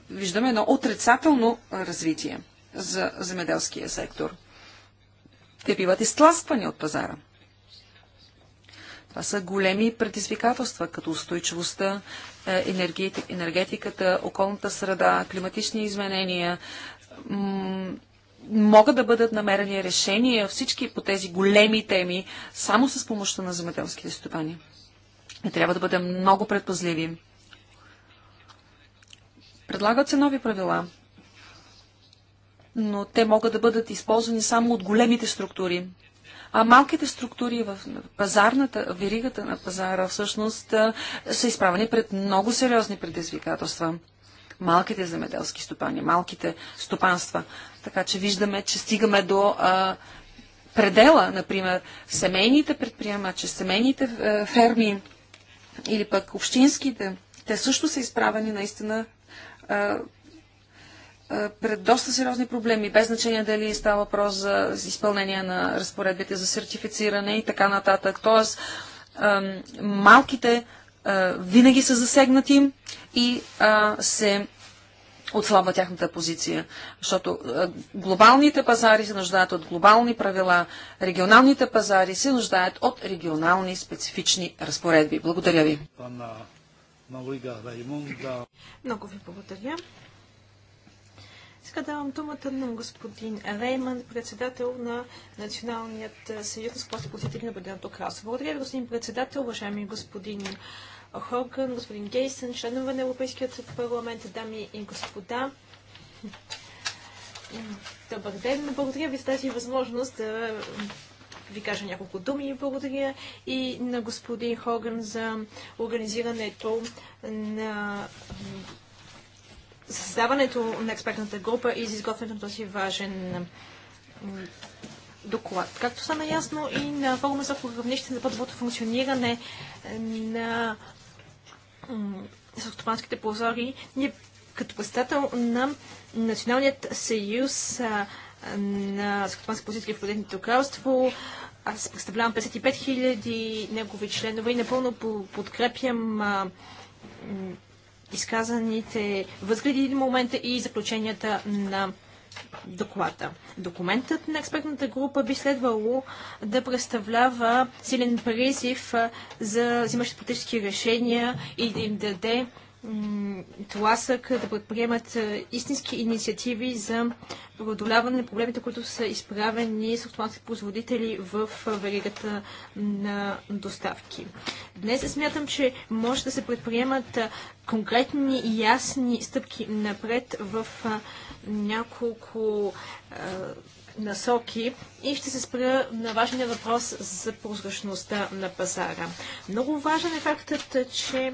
Виждаме едно отрицателно развитие за земеделския сектор. Те биват изтласквани от пазара. Това са големи предизвикателства, като устойчивостта, е, енергетиката, околната среда, климатични изменения, могат да бъдат намерени решения всички по тези големи теми само с помощта на земеделските стопани. И трябва да бъдем много предпазливи. Предлагат се нови правила, но те могат да бъдат използвани само от големите структури. А малките структури в пазарната, веригата на пазара всъщност са изправени пред много сериозни предизвикателства малките земеделски стопани, малките стопанства. Така че виждаме, че стигаме до а, предела, например, семейните предприемачи, семейните а, ферми или пък общинските. Те също са изправени наистина а, пред доста сериозни проблеми, без значение дали става въпрос за изпълнение на разпоредбите за сертифициране и така нататък. Тоест, малките винаги са засегнати и се отслабва тяхната позиция. Защото глобалните пазари се нуждаят от глобални правила, регионалните пазари се нуждаят от регионални специфични разпоредби. Благодаря ви. Много ви благодаря. Сега давам думата на господин Рейман, председател на Националният съюз на спортни посетители на Бъденото кралство. Благодаря ви, господин председател, уважаеми господин Хоган, господин Гейсън, членове на Европейският парламент, дами и господа. Добър ден! Благодаря ви за тази възможност да ви кажа няколко думи. Благодаря и на господин Хоган за организирането на създаването на експертната група и за изготвянето на този важен доклад. Както стана ясно и на форума за равнище на пътовото функциониране на стопанските позори, ние като председател на Националният съюз на стопански позиции в Подетното кралство, аз представлявам 55 000 негови членове и напълно подкрепям изказаните възгледи в момента и заключенията на доклада. Документът на експертната група би следвало да представлява силен призив за взимащи политически решения и да им даде тласък да предприемат истински инициативи за преодоляване на проблемите, които са изправени с автоматски производители в веригата на доставки. Днес смятам, че може да се предприемат конкретни и ясни стъпки напред в няколко е, насоки и ще се спра на важния въпрос за прозрачността на пазара. Много важен е фактът, че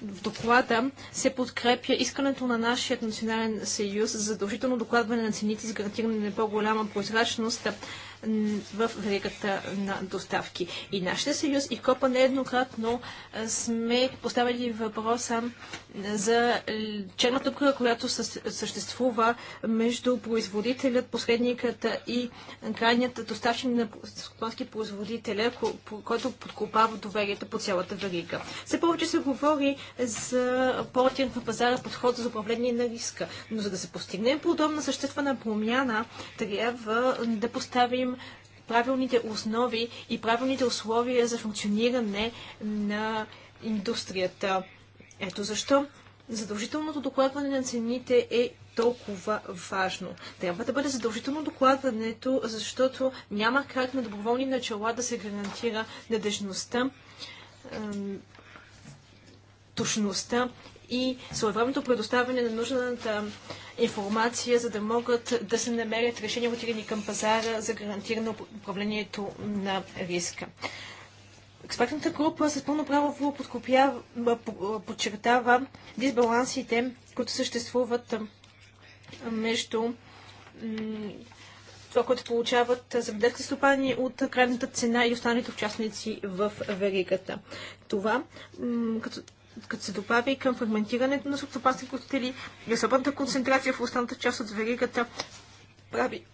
в доклада се подкрепя искането на нашия национален съюз за задължително докладване на цените с гарантиране на по-голяма прозрачност в веригата на доставки. И нашия съюз и Копа нееднократно сме поставили въпроса за е, черната дупка, която съществува между производителят, посредниката и крайният доставчик на скопански производителя, който подкопава доверието по цялата верига. Все повече се говори за портинг на пазара подход за управление на риска. Но за да се постигне подобна съществена промяна, трябва да поставим поставим правилните основи и правилните условия за функциониране на индустрията. Ето защо задължителното докладване на цените е толкова важно. Трябва да бъде задължително докладването, защото няма как на доброволни начала да се гарантира надежността, точността и своевременното предоставяне на нужната информация, за да могат да се намерят решения, отирани към пазара за гарантиране управлението на риска. Експертната група с пълно право подчертава дисбалансите, които съществуват между това, което получават земеделски стопани от крайната цена и останалите участници в веригата. Това, като като се добави към фрагментирането на сухопасни костели и особената концентрация в останата част от веригата прави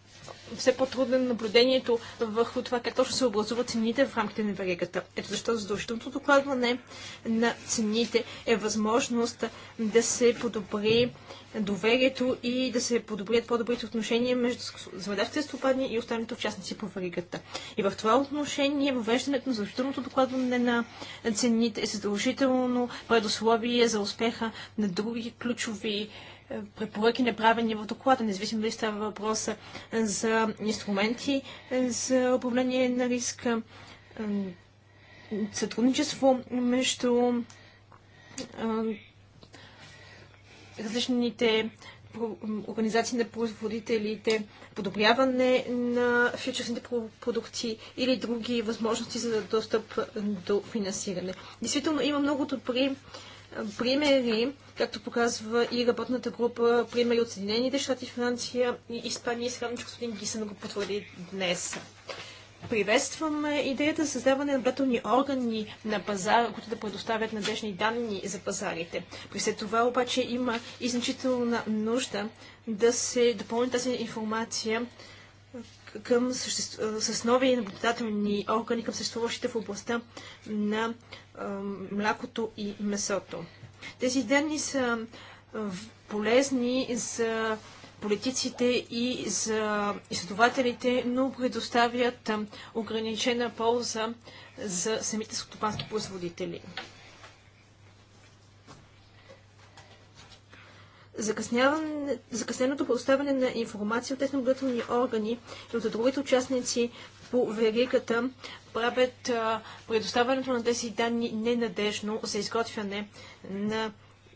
все по-трудно наблюдението върху това как точно се образуват цените в рамките на веригата. Ето защо задължителното докладване на цените е възможност да се подобри доверието и да се подобрят по-добрите отношения между земеделските стопани и останалите участници по веригата. И в това отношение въвеждането на задължителното докладване на цените е задължително предусловие за успеха на други ключови препоръки, направени в доклада, независимо дали става въпроса за инструменти за управление на риска, сътрудничество между различните организации на производителите, подобряване на фьючерсните продукти или други възможности за достъп до финансиране. Действително има много добри примери, както показва и работната група, примери от Съединените щати, Франция и Испания. И с че господин Гисен го потвърди днес. Приветстваме идеята за създаване на наблюдателни органи на пазара, които да предоставят надежни данни за пазарите. При след това обаче има и значителна нужда да се допълни тази информация към съществ... с нови наблюдателни органи към съществуващите в областта на млякото и месото. Тези данни са полезни за политиците и за изследователите, но предоставят ограничена полза за самите скотопански производители. Закъсненото предоставяне на информация от техноглътвани органи и от другите участници по веригата правят предоставянето на тези данни ненадежно за изготвяне на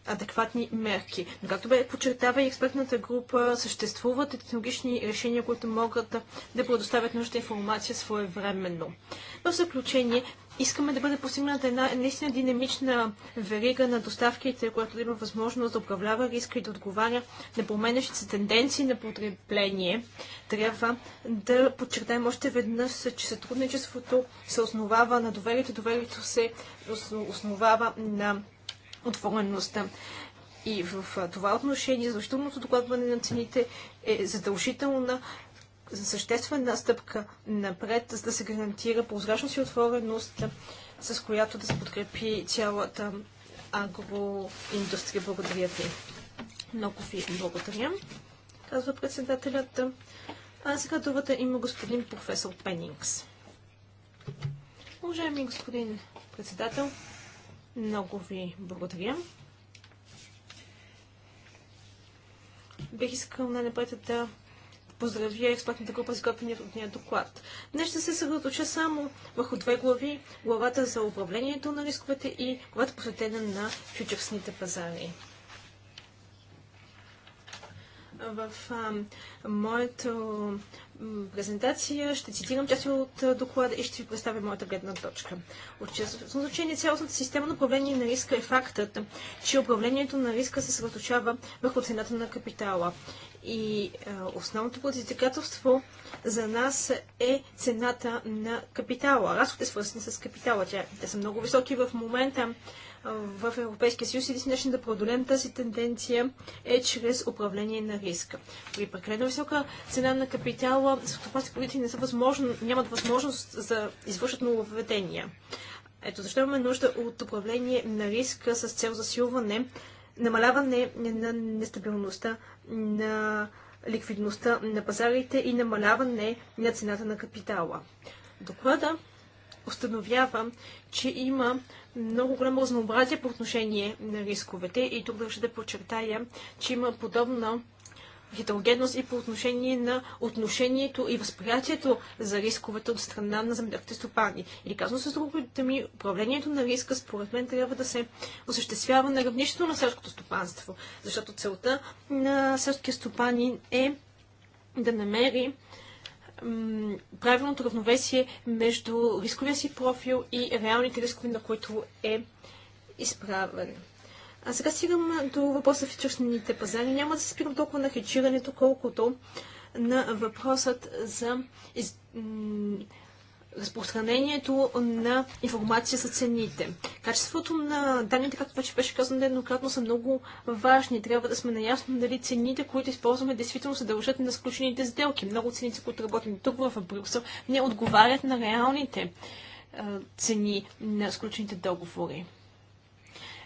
адекватни мерки. Но както бе подчертава и експертната група, съществуват технологични решения, които могат да, да предоставят нужната информация своевременно. В заключение, искаме да бъде постигната една наистина динамична верига на доставките, която да има възможност да управлява риска и да отговаря на променящи се тенденции на потребление. Трябва да подчертаем още веднъж, че сътрудничеството се основава на доверието, доверието се основава на отвореността. И в това отношение задължителното докладване на цените е задължителна съществена стъпка напред, за да се гарантира прозрачност и отвореност, с която да се подкрепи цялата агроиндустрия. Благодаря ви. Много ви благодаря, казва председателят. А сега думата има господин професор Пенингс. Уважаеми господин председател, много ви благодаря. Бих искал най-напред да поздравя експертната група с от нея доклад. Днес ще се съсредоточа само върху две глави. Главата за управлението на рисковете и главата посветена на фьючерсните пазари. В а, моето презентация, ще цитирам част от доклада и ще ви представя моята гледна точка. От честно значение цялостната система на управление на риска е фактът, че управлението на риска се съсредоточава върху цената на капитала. И е, основното предизвикателство за нас е цената на капитала. Разходите свързани с капитала. те са много високи в момента в Европейския съюз и един начин да преодолем тази тенденция е чрез управление на риска. При прекалено висока цена на капитала, стопанските политики не са възможно, нямат възможност за извършат нововведения. Ето защо имаме нужда от управление на риска с цел засилване, намаляване на нестабилността на ликвидността на пазарите и намаляване на цената на капитала. Доклада Установявам, че има много голямо разнообразие по отношение на рисковете. И тук държа да подчертая, че има подобна хетерогенност и по отношение на отношението и възприятието за рисковете от страна на земедърките стопани. Или казано с другите ми, управлението на риска според мен трябва да се осъществява на равнището на селското стопанство, защото целта на селския стопанин е да намери правилното равновесие между рисковия си профил и реалните рискове, на които е изправен. А сега стигам до въпроса в фьючерсните пазари. Няма да се спирам толкова на хеджирането, колкото на въпросът за из разпространението на информация за цените. Качеството на данните, както вече беше казано еднократно, са много важни. Трябва да сме наясно дали цените, които използваме, действително се дължат на сключените сделки. Много цените, които работим тук в Брюксел, не отговарят на реалните цени на сключените договори.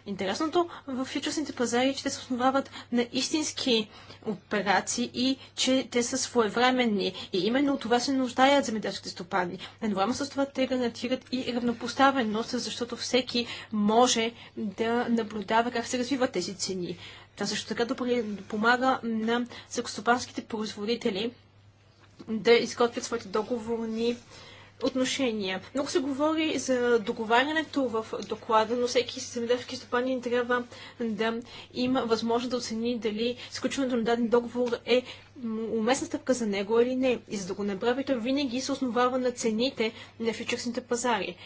Интересното в фьючерсните пазари е, че те се основават на истински операции и че те са своевременни. И именно от това се нуждаят земеделските стопани. Едновременно с това те гарантират и равнопоставеност, защото всеки може да наблюдава как се развиват тези цени. Това също така помага на съкостопанските производители да изготвят своите договорни отношения. Много се говори за договарянето в доклада, но всеки земеделски стопанин трябва да има възможност да оцени дали сключването на даден договор е уместна стъпка за него или не. И за да го направи, той винаги се основава на цените на фьючерсните пазари.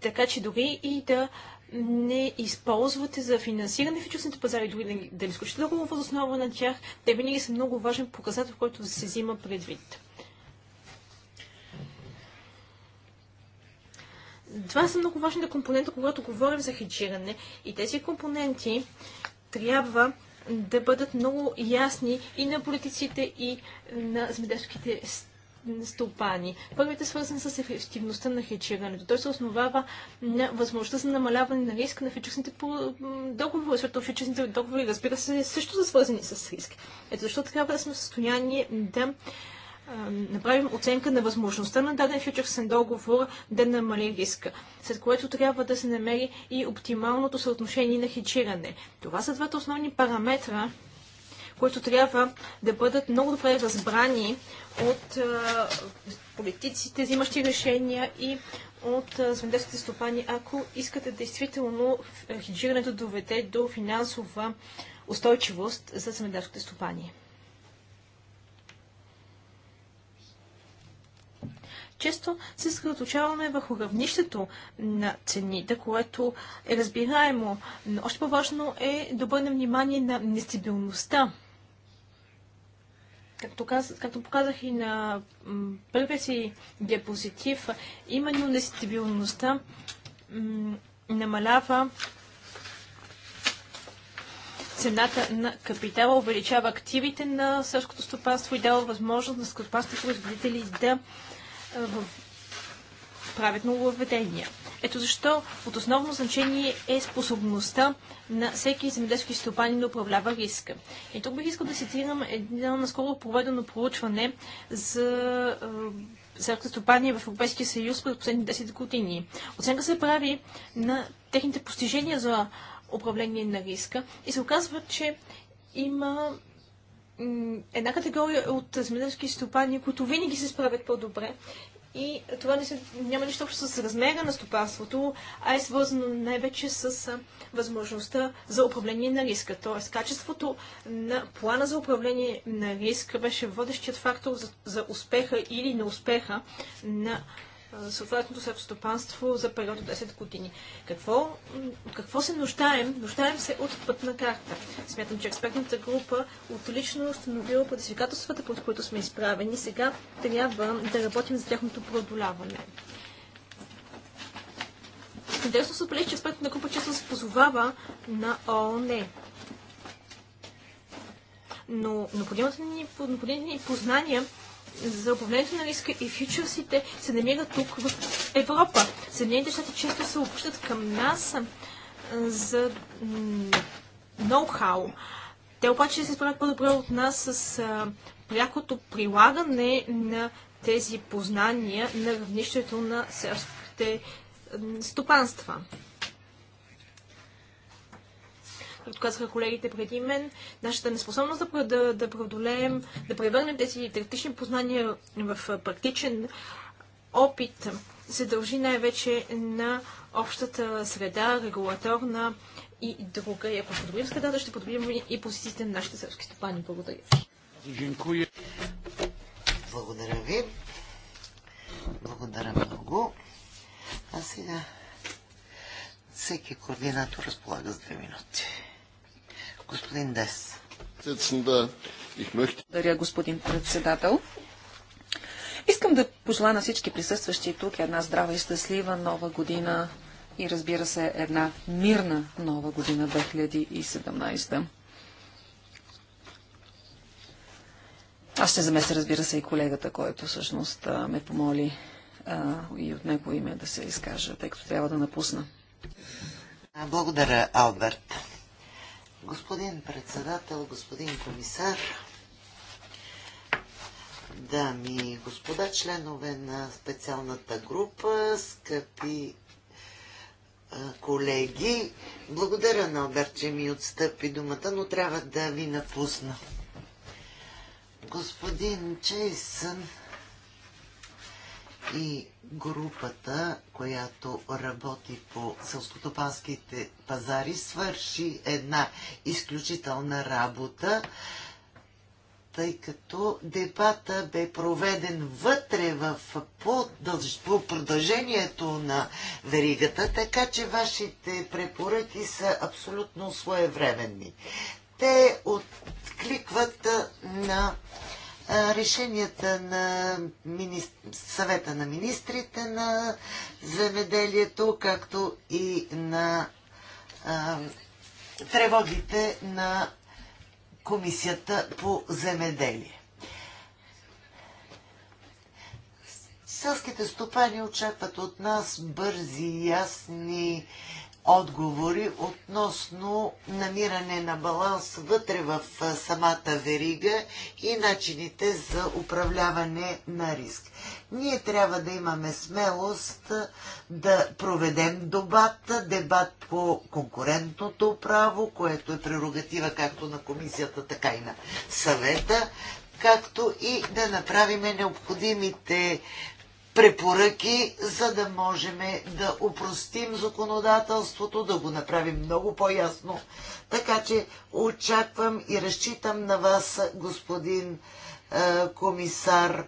Така че дори и да не използвате за финансиране в фьючерсните пазари, дори да не изключите договор основа на тях, те винаги са много важен показател, който се взима предвид. Два са много важните компонента, когато говорим за хеджиране и тези компоненти трябва да бъдат много ясни и на политиците, и на земеделските стопани. Първият е свързан с ефективността на хеджирането. Той се основава на възможността за намаляване на риска на фичесните договори, защото фьючерсните договори, разбира се, също са свързани с риск. Ето защо трябва да сме в състояние да направим оценка на възможността на даден фьючерсен договор да намали риска, след което трябва да се намери и оптималното съотношение на хичиране. Това са двата основни параметра, които трябва да бъдат много добре разбрани от а, политиците, взимащи решения и от земеделските стопани, ако искате действително хеджирането доведе до финансова устойчивост за земеделските стопани. често се съсредоточаваме върху равнището на цените, което е разбираемо, но още по-важно е да обърнем внимание на нестабилността. Както, каз, както показах и на първия си диапозитив, именно нестабилността намалява цената на капитала, увеличава активите на сърското стопанство и дава възможност на скопански производители да в правят въведения. Ето защо от основно значение е способността на всеки земеделски стопани да управлява риска. И тук бих искал да цитирам едно наскоро проведено проучване за стопани в Европейския съюз през последните 10 години. Оценка се прави на техните постижения за управление на риска и се оказва, че има една категория от земеделски стопани, които винаги се справят по-добре. И това не се, няма нищо общо с размера на стопанството, а е свързано най-вече с възможността за управление на риска. Тоест, качеството на плана за управление на риска беше водещият фактор за, за успеха или неуспеха на съответното селскостопанство за период от 10 години. Какво, какво се нуждаем? Нуждаем се от пътна карта. Смятам, че експертната група отлично установила предизвикателствата, под които сме изправени. Сега трябва да работим за тяхното продоляване. Интересно се отбележи, че експертната група често се позовава на ООН но необходимите ни, необходимите ни познания за управлението на риска и фьючерсите се намират тук в Европа. Съединените щати често се обръщат към нас за ноу-хау. Те обаче се справят по-добре от нас с а, прякото прилагане на тези познания на равнището на селските стопанства както казаха колегите преди мен, нашата неспособност да, да, да преодолеем, да превърнем тези теоретични познания в практичен опит се дължи най-вече на общата среда, регулаторна и друга. И ако подобрим средата, ще подобрим и позициите на нашите селски стопани. Благодаря ви. Благодаря ви. Благодаря много. А сега всеки координатор разполага с две минути господин Дес. Благодаря, господин председател. Искам да пожела на всички присъстващи тук една здрава и щастлива нова година и разбира се една мирна нова година 2017. Аз ще замеся, разбира се, и колегата, който всъщност ме помоли а, и от него име да се изкажа, тъй като трябва да напусна. Благодаря, Алберт. Господин председател, господин комисар, дами и господа, членове на специалната група, скъпи колеги, благодаря на Обер, че ми отстъпи думата, но трябва да ви напусна. Господин Чейсън и групата, която работи по селскотопанските пазари, свърши една изключителна работа, тъй като дебата бе проведен вътре в, по, продължението на веригата, така че вашите препоръки са абсолютно своевременни. Те откликват на решенията на съвета на министрите на земеделието, както и на а, тревогите на Комисията по земеделие. Селските стопани очакват от нас бързи, ясни отговори относно намиране на баланс вътре в самата верига и начините за управляване на риск. Ние трябва да имаме смелост да проведем дебат, дебат по конкурентното право, което е прерогатива както на комисията, така и на съвета, както и да направим необходимите препоръки, за да можем да упростим законодателството, да го направим много по-ясно. Така че очаквам и разчитам на вас, господин е, комисар,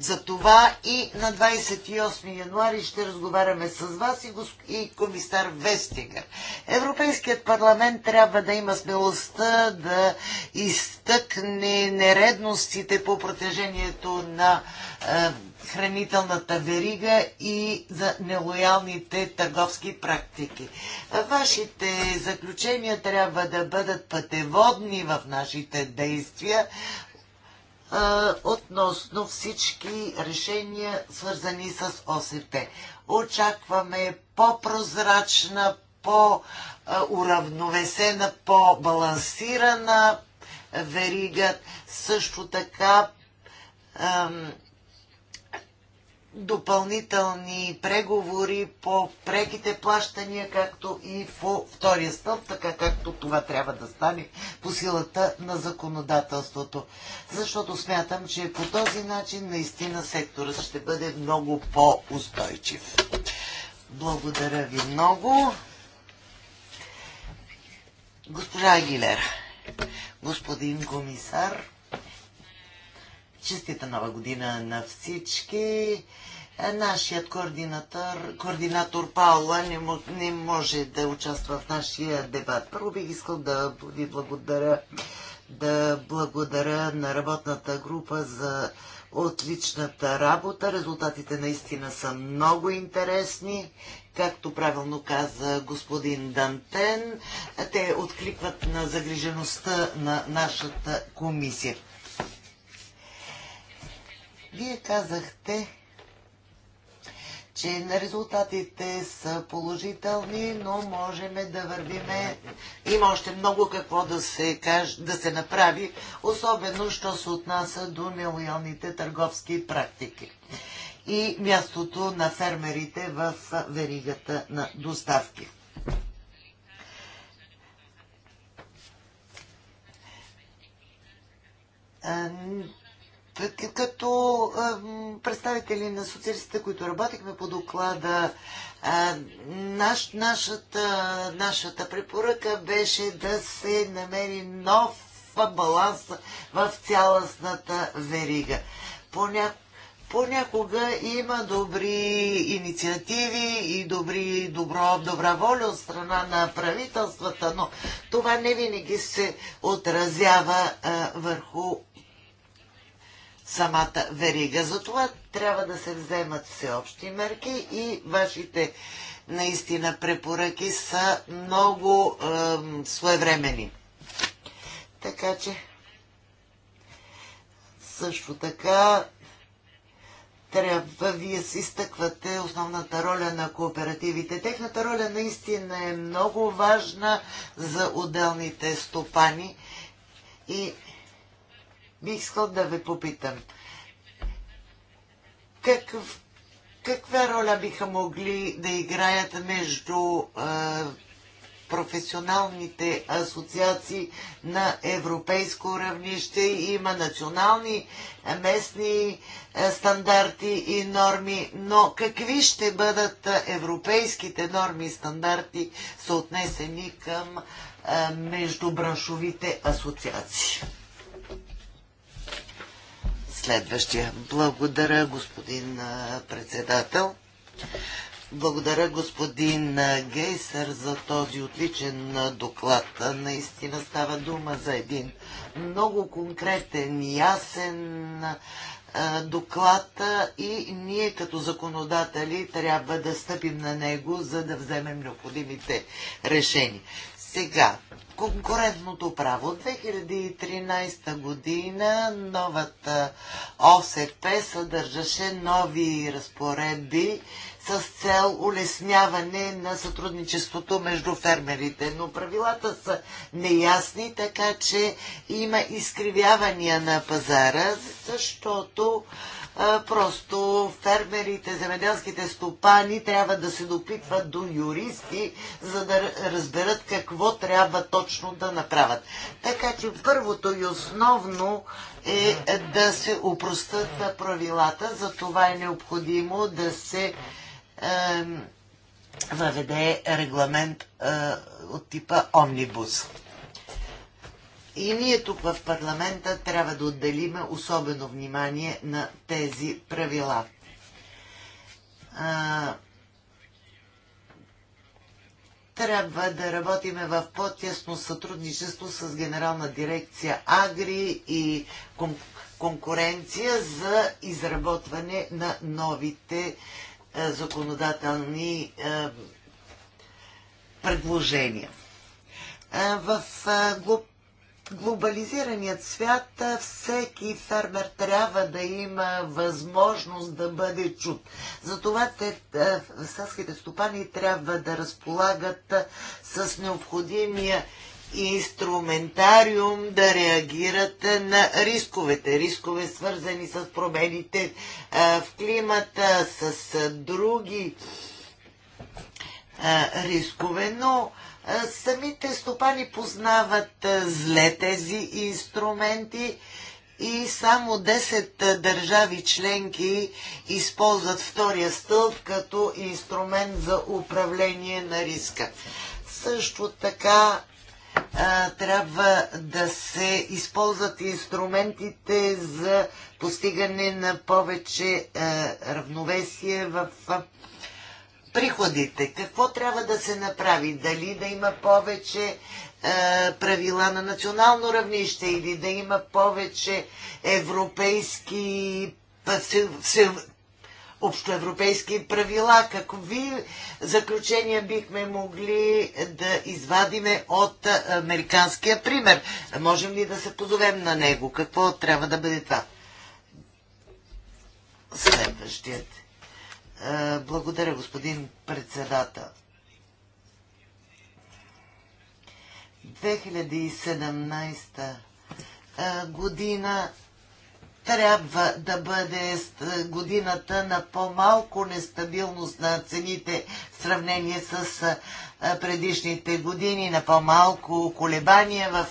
за това и на 28 януари ще разговаряме с вас и, госп... и комисар Вестигър. Европейският парламент трябва да има смелостта да изтъкне нередностите по протежението на а, е, хранителната верига и за нелоялните търговски практики. Вашите заключения трябва да бъдат пътеводни в нашите действия, относно всички решения, свързани с ОСФТ. Очакваме по-прозрачна, по-уравновесена, по-балансирана верига, също така допълнителни преговори по преките плащания, както и по втория стълб, така както това трябва да стане по силата на законодателството. Защото смятам, че по този начин наистина секторът ще бъде много по-устойчив. Благодаря ви много. Госпожа Агилера, господин комисар, Честита нова година на всички. Е, нашият координатор, координатор Паула не, не може да участва в нашия дебат. Първо бих искал да ви благодаря, да благодаря на работната група за отличната работа. Резултатите наистина са много интересни. Както правилно каза господин Дантен, те откликват на загрижеността на нашата комисия. Вие казахте, че на резултатите са положителни, но можем да вървиме. Има още много какво да се, каж... да се направи, особено, що се отнася до нелоялните търговски практики и мястото на фермерите в веригата на доставки като представители на социалистите, които работихме по доклада, наш, нашата, нашата препоръка беше да се намери нов баланс в цялостната верига. Поня... Понякога има добри инициативи и добри, добро, добра воля от страна на правителствата, но това не винаги се отразява а, върху самата верига. Затова трябва да се вземат всеобщи мерки и вашите наистина препоръки са много е, своевремени. Така че също така трябва, вие си изтъквате основната роля на кооперативите. Техната роля наистина е много важна за отделните стопани и бих искал да ви попитам. Какъв, каква роля биха могли да играят между а, професионалните асоциации на европейско равнище. Има национални, местни стандарти и норми, но какви ще бъдат европейските норми и стандарти съотнесени към междубраншовите асоциации? следващия. Благодаря, господин председател. Благодаря, господин Гейсър за този отличен доклад. Наистина става дума за един много конкретен, ясен доклад и ние като законодатели трябва да стъпим на него, за да вземем необходимите решения. Сега, конкурентното право. 2013 година новата ОСП съдържаше нови разпоредби с цел улесняване на сътрудничеството между фермерите. Но правилата са неясни, така че има изкривявания на пазара, защото Просто фермерите, земеделските стопани трябва да се допитват до юристи, за да разберат какво трябва точно да направят. Така че първото и основно е да се упростат правилата. За това е необходимо да се въведе регламент е, от типа омнибус. И ние тук в парламента трябва да отделиме особено внимание на тези правила. А, трябва да работиме в по-тясно сътрудничество с Генерална дирекция Агри и кон- конкуренция за изработване на новите а, е, законодателни а, е, предложения. А, е, в а, глуп глобализираният свят всеки фермер трябва да има възможност да бъде чут. Затова те, съските стопани трябва да разполагат с необходимия инструментариум да реагират на рисковете. Рискове свързани с промените в климата, с други рискове, но е, самите стопани познават е, зле тези инструменти и само 10 е, държави членки използват втория стълб като инструмент за управление на риска. Също така трябва да се използват инструментите за постигане на повече равновесие в приходите. Какво трябва да се направи? Дали да има повече е, правила на национално равнище или да има повече европейски общоевропейски правила, какви заключения бихме могли да извадиме от е, американския пример? Можем ли да се позовем на него? Какво трябва да бъде това? Следващият. Е, благодаря, господин председател. 2017 е, година трябва да бъде е, годината на по-малко нестабилност на цените в сравнение с предишните години, на по-малко колебания в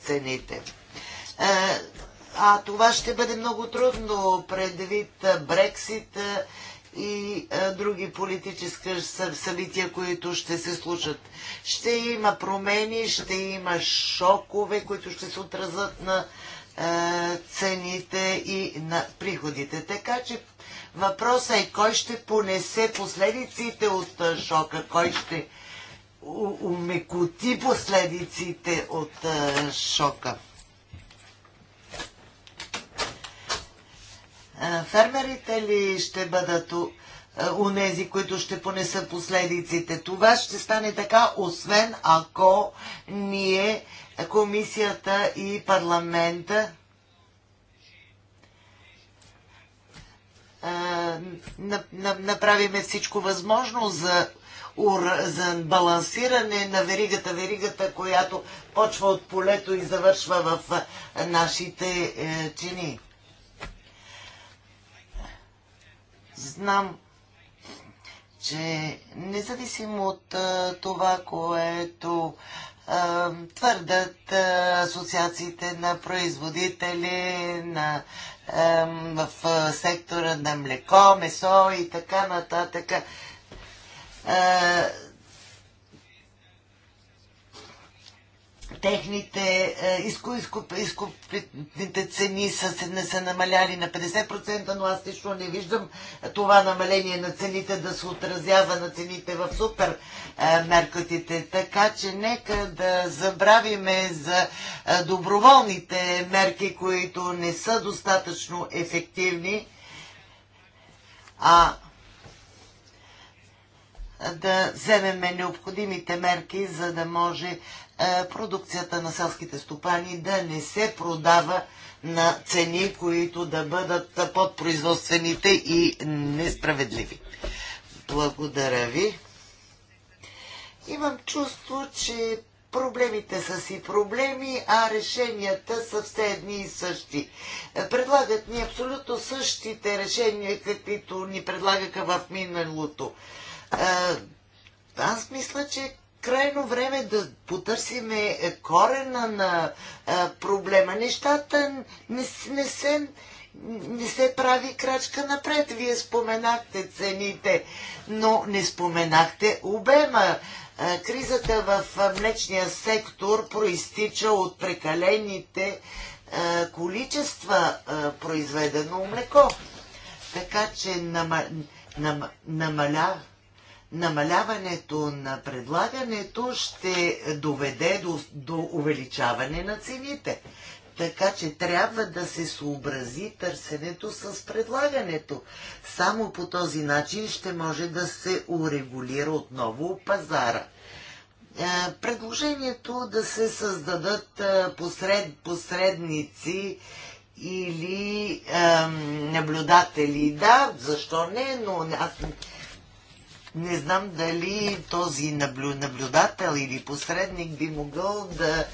цените. А това ще бъде много трудно предвид Брексит и а, е, други политически събития, които ще се случат. Ще има промени, ще има шокове, които ще се отразят на а, е, цените и на приходите. Така че въпросът е кой ще понесе последиците от е, шока, кой ще умекоти последиците от а, шока. фермерите ли ще бъдат унези, които ще понесат последиците. Това ще стане така, освен ако ние, комисията и парламента направиме всичко възможно за, за балансиране на веригата, веригата, която почва от полето и завършва в нашите е, чини. Знам, че независимо от това, което твърдат асоциациите на производители на, в сектора на млеко, месо и така нататък. техните е, изкупните цени са, не са намаляли на 50%, но аз лично не виждам това намаление на цените да се отразява на цените в супермаркетите. Е, така че нека да забравиме за е, доброволните мерки, които не са достатъчно ефективни, а да вземеме необходимите мерки, за да може е, продукцията на селските стопани да не се продава на цени, които да бъдат подпроизводствените и несправедливи. Благодаря ви. Имам чувство, че проблемите са си проблеми, а решенията са все едни и същи. Предлагат ни абсолютно същите решения, каквито ни предлагаха в миналото. Е, аз мисля, че крайно време да потърсиме корена на проблема. Нещата не, не се не се прави крачка напред. Вие споменахте цените, но не споменахте обема. Кризата в млечния сектор проистича от прекалените количества произведено млеко. Така че намаля, намаляването на предлагането ще доведе до, до увеличаване на цените. Така че трябва да се съобрази търсенето с предлагането. Само по този начин ще може да се урегулира отново пазара. Е, предложението да се създадат е, посред, посредници или наблюдатели, да, защо не, но аз не знам дали този наблю, наблюдател или посредник би могъл да,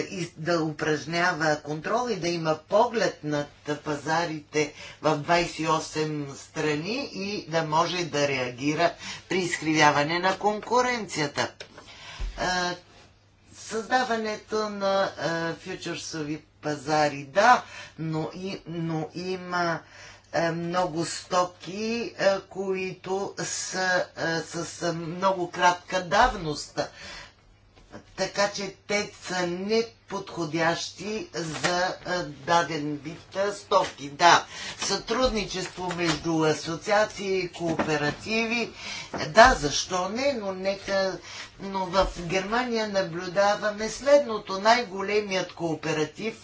е, да упражнява контрол и да има поглед над пазарите в 28 страни и да може да реагира при изкривяване на конкуренцията. Е, създаването на е, фьючерсови пазари, да, но, и, но има е, много стоки, е, които са е, с много кратка давност. Така че те са не подходящи за даден вид стоки. Да, сътрудничество между асоциации и кооперативи, да, защо не, но нека, но в Германия наблюдаваме следното. Най-големият кооператив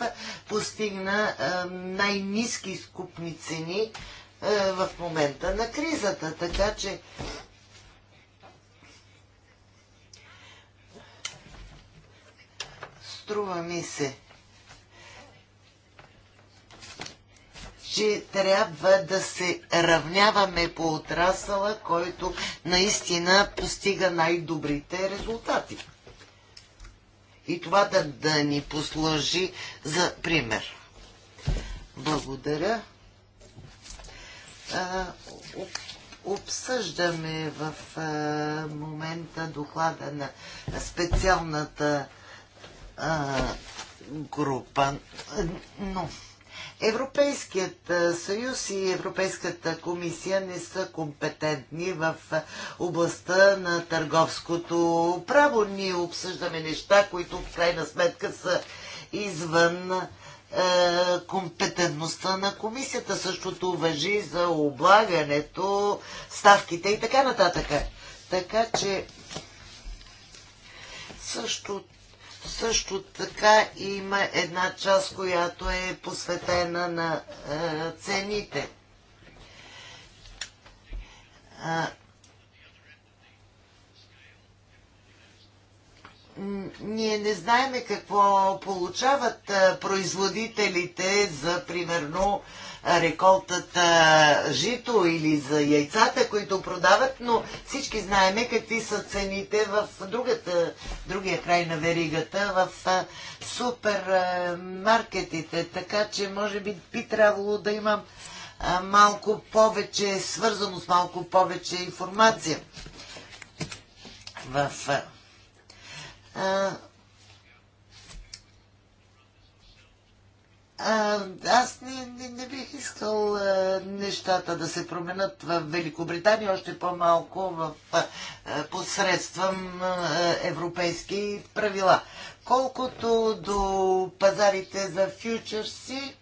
постигна най-низки скупни цени в момента на кризата, така че Струва ми се, че трябва да се равняваме по отрасъла, който наистина постига най-добрите резултати. И това да, да ни послужи за пример. Благодаря. А, обсъждаме в а, момента доклада на специалната група. Но Европейският съюз и Европейската комисия не са компетентни в областта на търговското право. Ние обсъждаме неща, които в крайна сметка са извън компетентността на комисията. Същото въжи за облагането, ставките и така нататък. Така че също също така има една част, която е посветена на е, цените. ние не знаеме какво получават производителите за, примерно, реколтата жито или за яйцата, които продават, но всички знаеме какви са цените в другата, другия край на веригата, в супермаркетите. Така че, може би, би трябвало да имам малко повече, свързано с малко повече информация в а, а, аз не, не, не бих искал а, нещата да се променят в Великобритания, още по-малко в а, посредством а, европейски правила. Колкото до пазарите за фьючерси,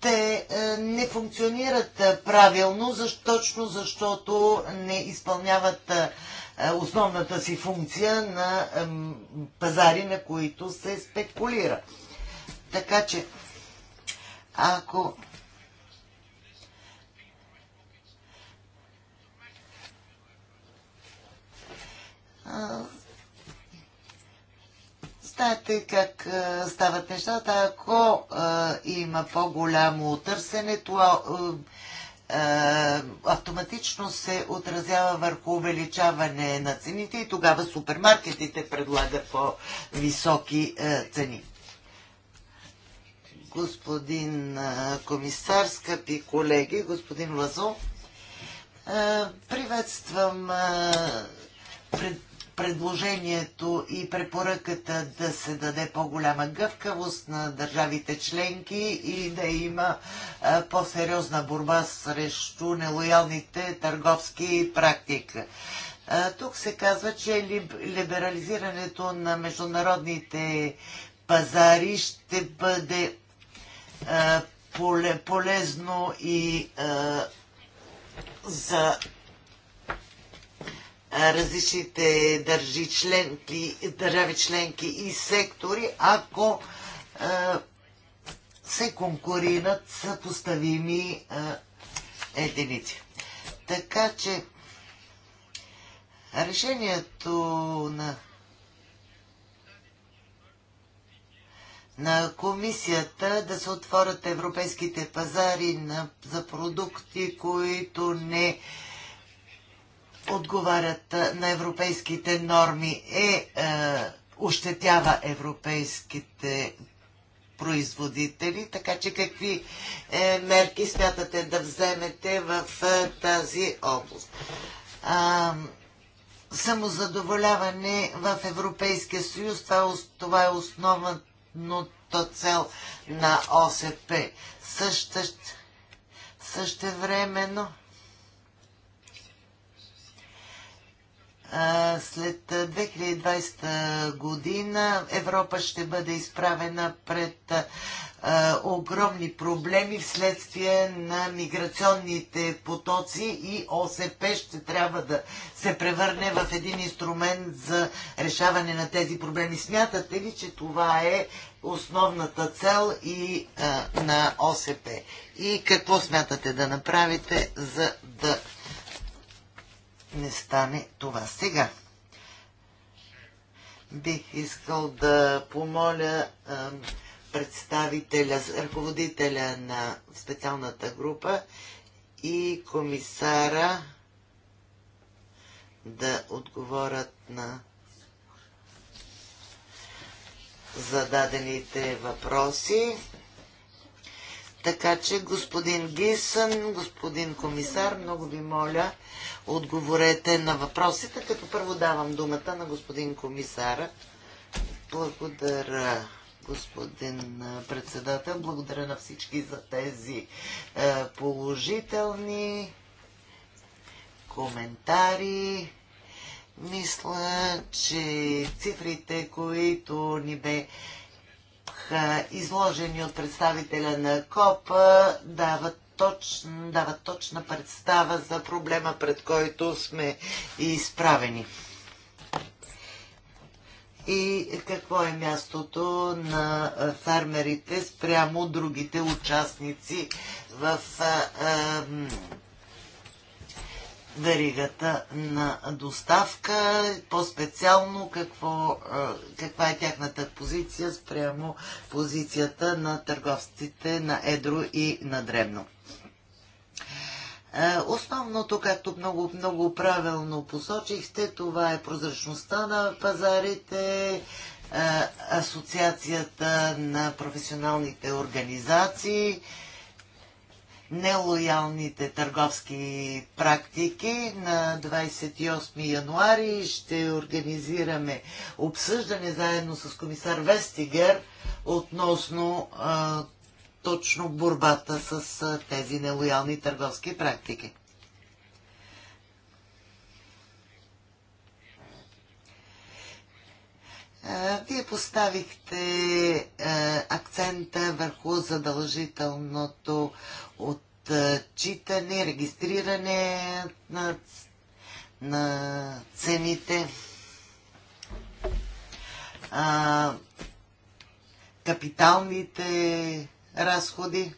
те е, не функционират е, правилно, защо, точно защото не изпълняват е, основната си функция на пазари, на които се спекулира. Така че, ако Знаете как е, стават нещата. Ако е, има по-голямо търсене, това е, автоматично се отразява върху увеличаване на цените и тогава супермаркетите предлагат по-високи цени. Господин комисар, скъпи колеги, господин Лазо, приветствам пред предложението и препоръката да се даде по-голяма гъвкавост на държавите членки и да има по-сериозна борба срещу нелоялните търговски практики. Тук се казва, че либерализирането на международните пазари ще бъде полезно и за различните държи членки, държави членки и сектори, ако се конкурират с поставими единици. Така че решението на на комисията да се отворят европейските пазари на, за продукти, които не а, отговарят на европейските норми е, е ощетява европейските производители, така че какви е, мерки смятате да вземете в е, тази област? А, самозадоволяване в Европейския съюз, това е, това е основната цел на ОСП. Също, същевременно след 2020 година Европа ще бъде изправена пред огромни проблеми вследствие на миграционните потоци и ОСП ще трябва да се превърне в един инструмент за решаване на тези проблеми. Смятате ли, че това е основната цел и а, на ОСП? И какво смятате да направите за да не стане това сега. Бих искал да помоля представителя, ръководителя на специалната група и комисара да отговорят на зададените въпроси. Така че, господин Гисън, господин комисар, много ви моля, отговорете на въпросите, като първо давам думата на господин комисара. Благодаря, господин председател. Благодаря на всички за тези положителни коментари. Мисля, че цифрите, които ни бе е, изложени от представителя на КОП е, дават точ, дава точна представа за проблема, пред който сме изправени. И какво е мястото на фермерите спрямо другите участници в а, е, а, веригата на доставка, по-специално какво, каква е тяхната позиция спрямо позицията на търговците на Едро и на Дребно. Основното, както много, много правилно посочихте, това е прозрачността на пазарите, асоциацията на професионалните организации, нелоялните търговски практики. На 28 януари ще организираме обсъждане заедно с комисар Вестигер относно а, точно борбата с а, тези нелоялни търговски практики. Вие поставихте акцента върху задължителното отчитане, регистриране на, на цените, а, капиталните разходи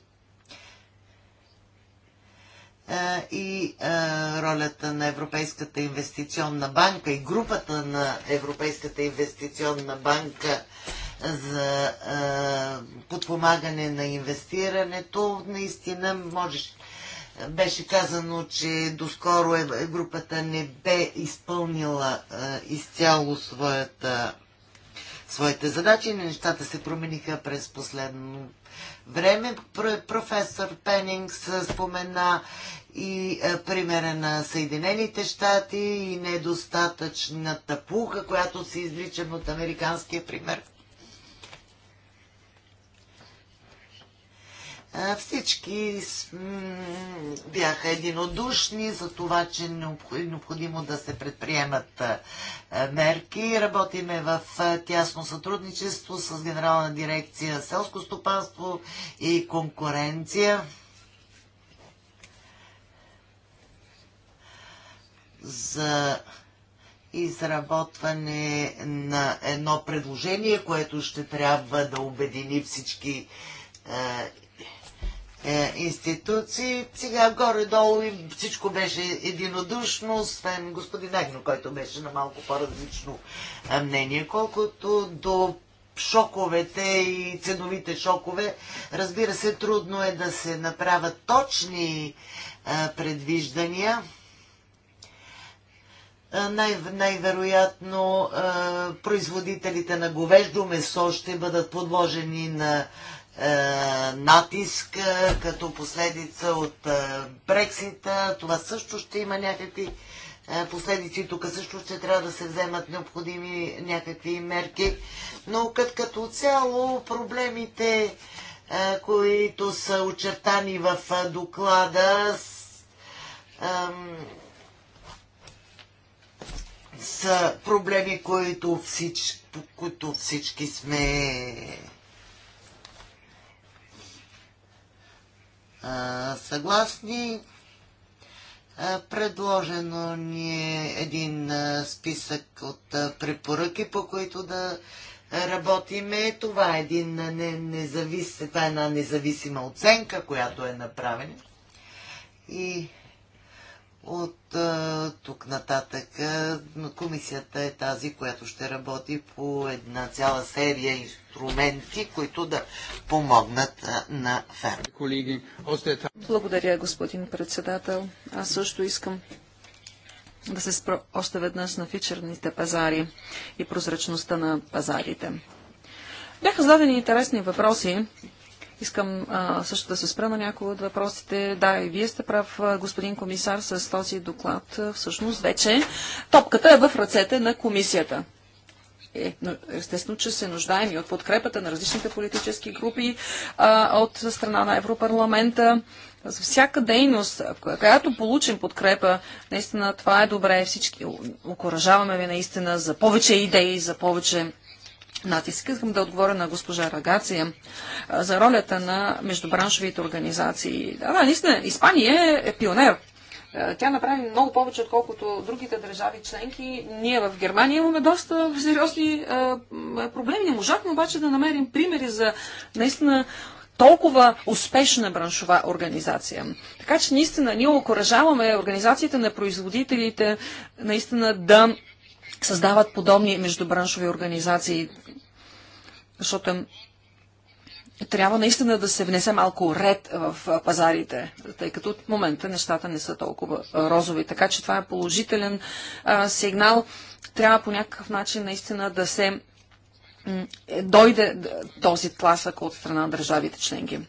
а, и а, ролята на Европейската инвестиционна банка и групата на Европейската инвестиционна банка за а, подпомагане на инвестирането. Наистина можеш, беше казано, че доскоро е, групата не бе изпълнила а, изцяло своята, своите задачи. Нещата се промениха през последно време. Професор Пенингс спомена и примера на Съединените щати и недостатъчната пуха, която се извличам от американския пример. Всички бяха единодушни за това, че е необходимо да се предприемат мерки. Работиме в тясно сътрудничество с Генерална дирекция селско стопанство и конкуренция. за изработване на едно предложение, което ще трябва да обедини всички е, институции. Сега горе-долу всичко беше единодушно, освен господин Агно, който беше на малко по-различно е, мнение. Колкото до шоковете и ценовите шокове, разбира се, трудно е да се направят точни е, предвиждания. Е, най- най-вероятно производителите на говеждо месо ще бъдат подложени на е, натиск като последица от е, Брексита. Това също ще има някакви е, последици. Тук също ще трябва да се вземат необходими някакви мерки. Но като, като цяло проблемите, които са очертани в доклада, са проблеми, които всички, които всички сме съгласни. предложено ни е един списък от препоръки, по които да работиме. Това е, един не, независ... Това е една независима оценка, която е направена. И от тук нататък комисията е тази, която ще работи по една цяла серия инструменти, които да помогнат на фермерите. Благодаря, господин председател. Аз също искам да се спра още веднъж на фичерните пазари и прозрачността на пазарите. Бяха зададени интересни въпроси Искам а, също да се спра на някои от въпросите. Да, и вие сте прав, господин комисар, с този доклад. Всъщност вече топката е в ръцете на комисията. Е, естествено, че се нуждаем и от подкрепата на различните политически групи а, от страна на Европарламента. За всяка дейност, в която получим подкрепа, наистина това е добре. Всички окоръжаваме ви наистина за повече идеи, за повече натиск. Искам да отговоря на госпожа Рагация за ролята на междубраншовите организации. Да, да, наистина, Испания е, е пионер. Тя направи много повече, отколкото другите държави членки. Ние в Германия имаме доста сериозни проблеми. Не можахме обаче да намерим примери за наистина толкова успешна браншова организация. Така че наистина ние окоръжаваме организациите на производителите наистина да създават подобни междубраншови организации, защото трябва наистина да се внесе малко ред в пазарите, тъй като от момента нещата не са толкова розови. Така че това е положителен а, сигнал. Трябва по някакъв начин наистина да се е, дойде този тласък от страна на държавите членки.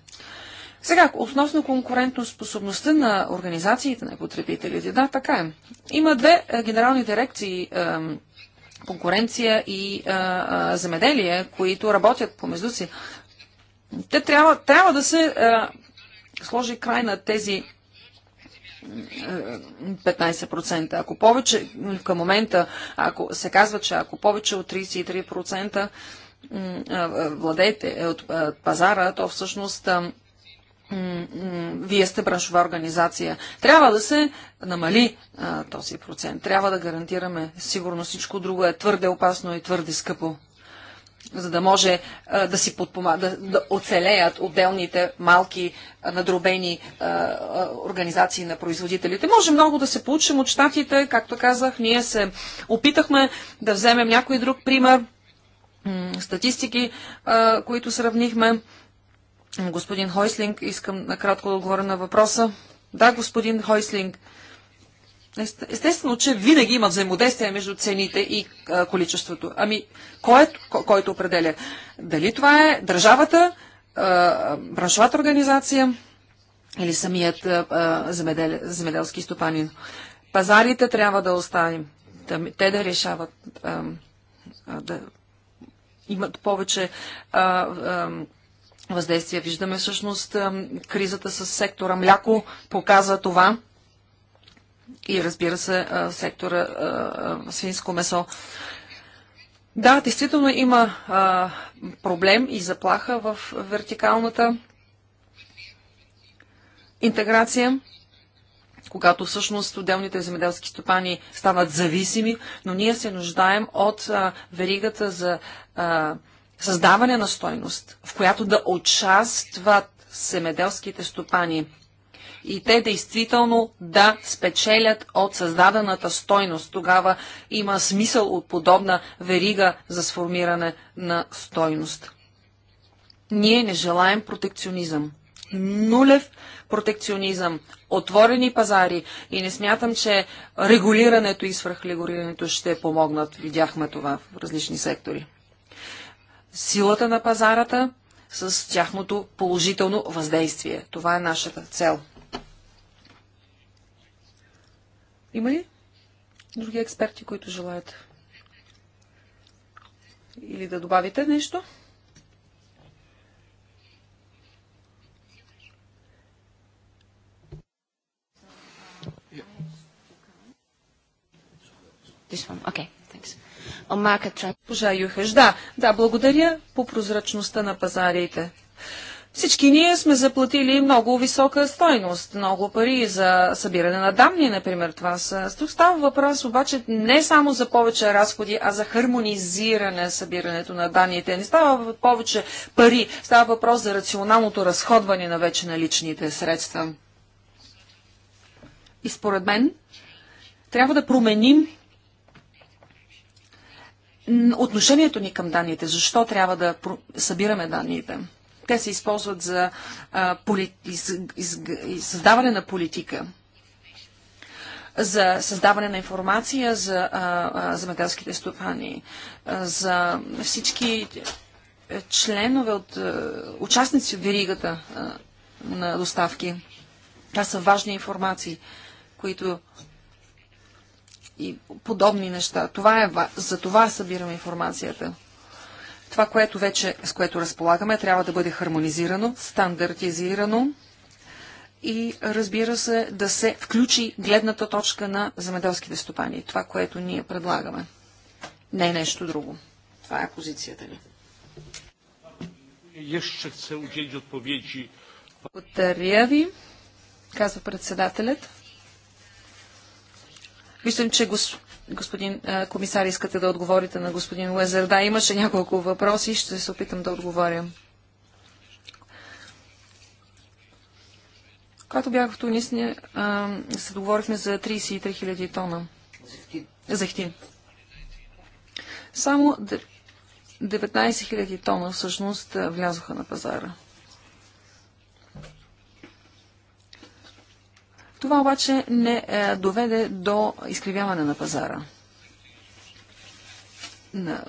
Сега, относно конкурентоспособността на организациите на потребителите, да, така е. Има две е, генерални дирекции е, конкуренция и е, земеделие, които работят помежду си. Те трябва, трябва да се сложи край на тези 15%. Ако повече, към момента, ако се казва, че ако повече от 33% владеете от пазара, то всъщност вие сте браншова организация. Трябва да се намали а, този процент. Трябва да гарантираме. Сигурно всичко друго е твърде опасно и твърде скъпо. За да може а, да си подпомага, да, да оцелеят отделните малки а, надробени а, а, организации на производителите. Може много да се получим от щатите. Както казах, ние се опитахме да вземем някой друг пример, статистики, а, които сравнихме Господин Хойслинг, искам накратко да отговоря на въпроса. Да, господин Хойслинг, естествено, че винаги има взаимодействие между цените и количеството. Ами, кой е, който определя? Дали това е държавата, браншовата организация или самият земедел, земеделски стопанин? Пазарите трябва да оставим. те да решават да имат повече а, а, Въздействие Виждаме всъщност кризата с сектора мляко показва това и разбира се сектора свинско месо. Да, действително има проблем и заплаха в вертикалната интеграция, когато всъщност отделните земеделски стопани стават зависими, но ние се нуждаем от а, веригата за а, създаване на стойност, в която да участват семеделските стопани и те действително да спечелят от създадената стойност. Тогава има смисъл от подобна верига за сформиране на стойност. Ние не желаем протекционизъм. Нулев протекционизъм, отворени пазари и не смятам, че регулирането и свръхрегулирането ще помогнат. Видяхме това в различни сектори силата на пазарата с тяхното положително въздействие. Това е нашата цел. Има ли други експерти, които желаят? Или да добавите нещо? This one. Okay market Пожа Юхеш, да, да, благодаря по прозрачността на пазарите. Всички ние сме заплатили много висока стойност, много пари за събиране на данни, например. Това са... Тук става въпрос обаче не само за повече разходи, а за хармонизиране събирането на данните. Не става повече пари, става въпрос за рационалното разходване на вече наличните средства. И според мен трябва да променим отношението ни към данните, защо трябва да събираме данните. Те се използват за а, из... Из... Из... създаване на политика, за създаване на информация за земеделските стопани, за всички е, членове от е, участници в веригата на доставки. Това са важни информации, които и подобни неща. Това е, за това събираме информацията. Това, което вече, с което разполагаме, трябва да бъде хармонизирано, стандартизирано и разбира се да се включи гледната точка на замеделските стопани. Това, което ние предлагаме. Не е нещо друго. Това е позицията ни. Благодаря ви, казва председателят. Виждам, че гос... господин комисар искате да отговорите на господин Лезер. Да, имаше няколко въпроси, ще се опитам да отговоря. Когато бях в Тунис, се договорихме за 33 000 тона. Захтин. Само 19 000 тона всъщност влязоха на пазара. Това обаче не е, доведе до изкривяване на пазара на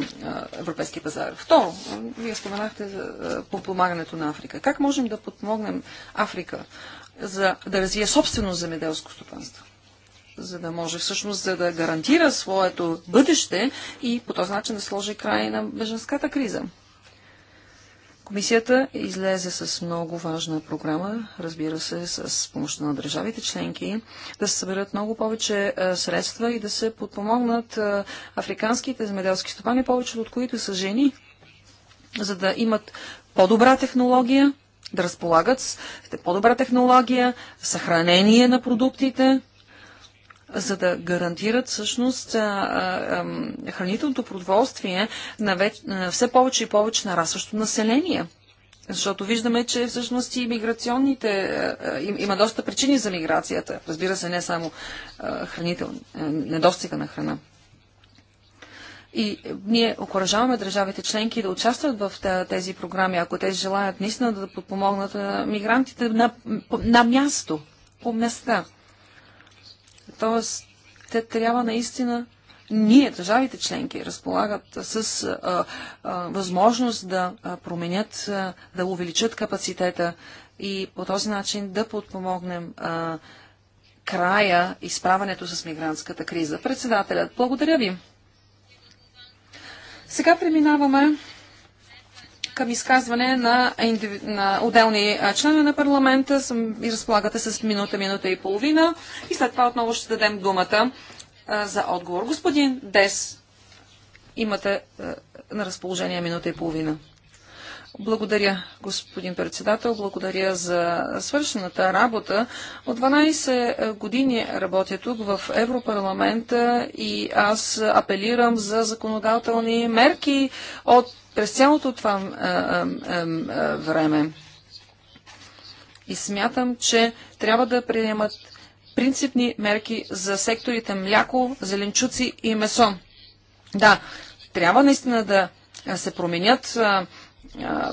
е, европейския пазар. Второ, вие споменахте за подпомагането на Африка. Как можем да подпомогнем Африка за да развие собствено земеделско стопанство? за да може всъщност за да гарантира своето бъдеще и по този начин да сложи край на беженската криза. Комисията излезе с много важна програма, разбира се, с помощта на държавите членки, да се съберат много повече средства и да се подпомогнат африканските земеделски стопани, повечето от които са жени, за да имат по-добра технология, да разполагат с по-добра технология, съхранение на продуктите, за да гарантират всъщност хранителното продоволствие на, веч... на все повече и повече нарастващо население. Защото виждаме, че всъщност и миграционните, има доста причини за миграцията. Разбира се, не само недостига на храна. И ние окоръжаваме държавите членки да участват в тези програми, ако те желаят наистина да подпомогнат мигрантите на, на място, по места. Тоест, те трябва наистина ние, държавите членки, разполагат с а, а, възможност да променят, а, да увеличат капацитета и по този начин да подпомогнем а, края и справането с мигрантската криза. Председателят, благодаря ви. Сега преминаваме към изказване на, индиви... на отделни членове на парламента. Съм... И разполагате с минута, минута и половина. И след това отново ще дадем думата а, за отговор. Господин Дес, имате а, на разположение минута и половина. Благодаря, господин председател. Благодаря за свършената работа. От 12 години работя тук в Европарламента и аз апелирам за законодателни мерки от през цялото това а, а, а, време. И смятам, че трябва да приемат принципни мерки за секторите мляко, зеленчуци и месо. Да, трябва наистина да се променят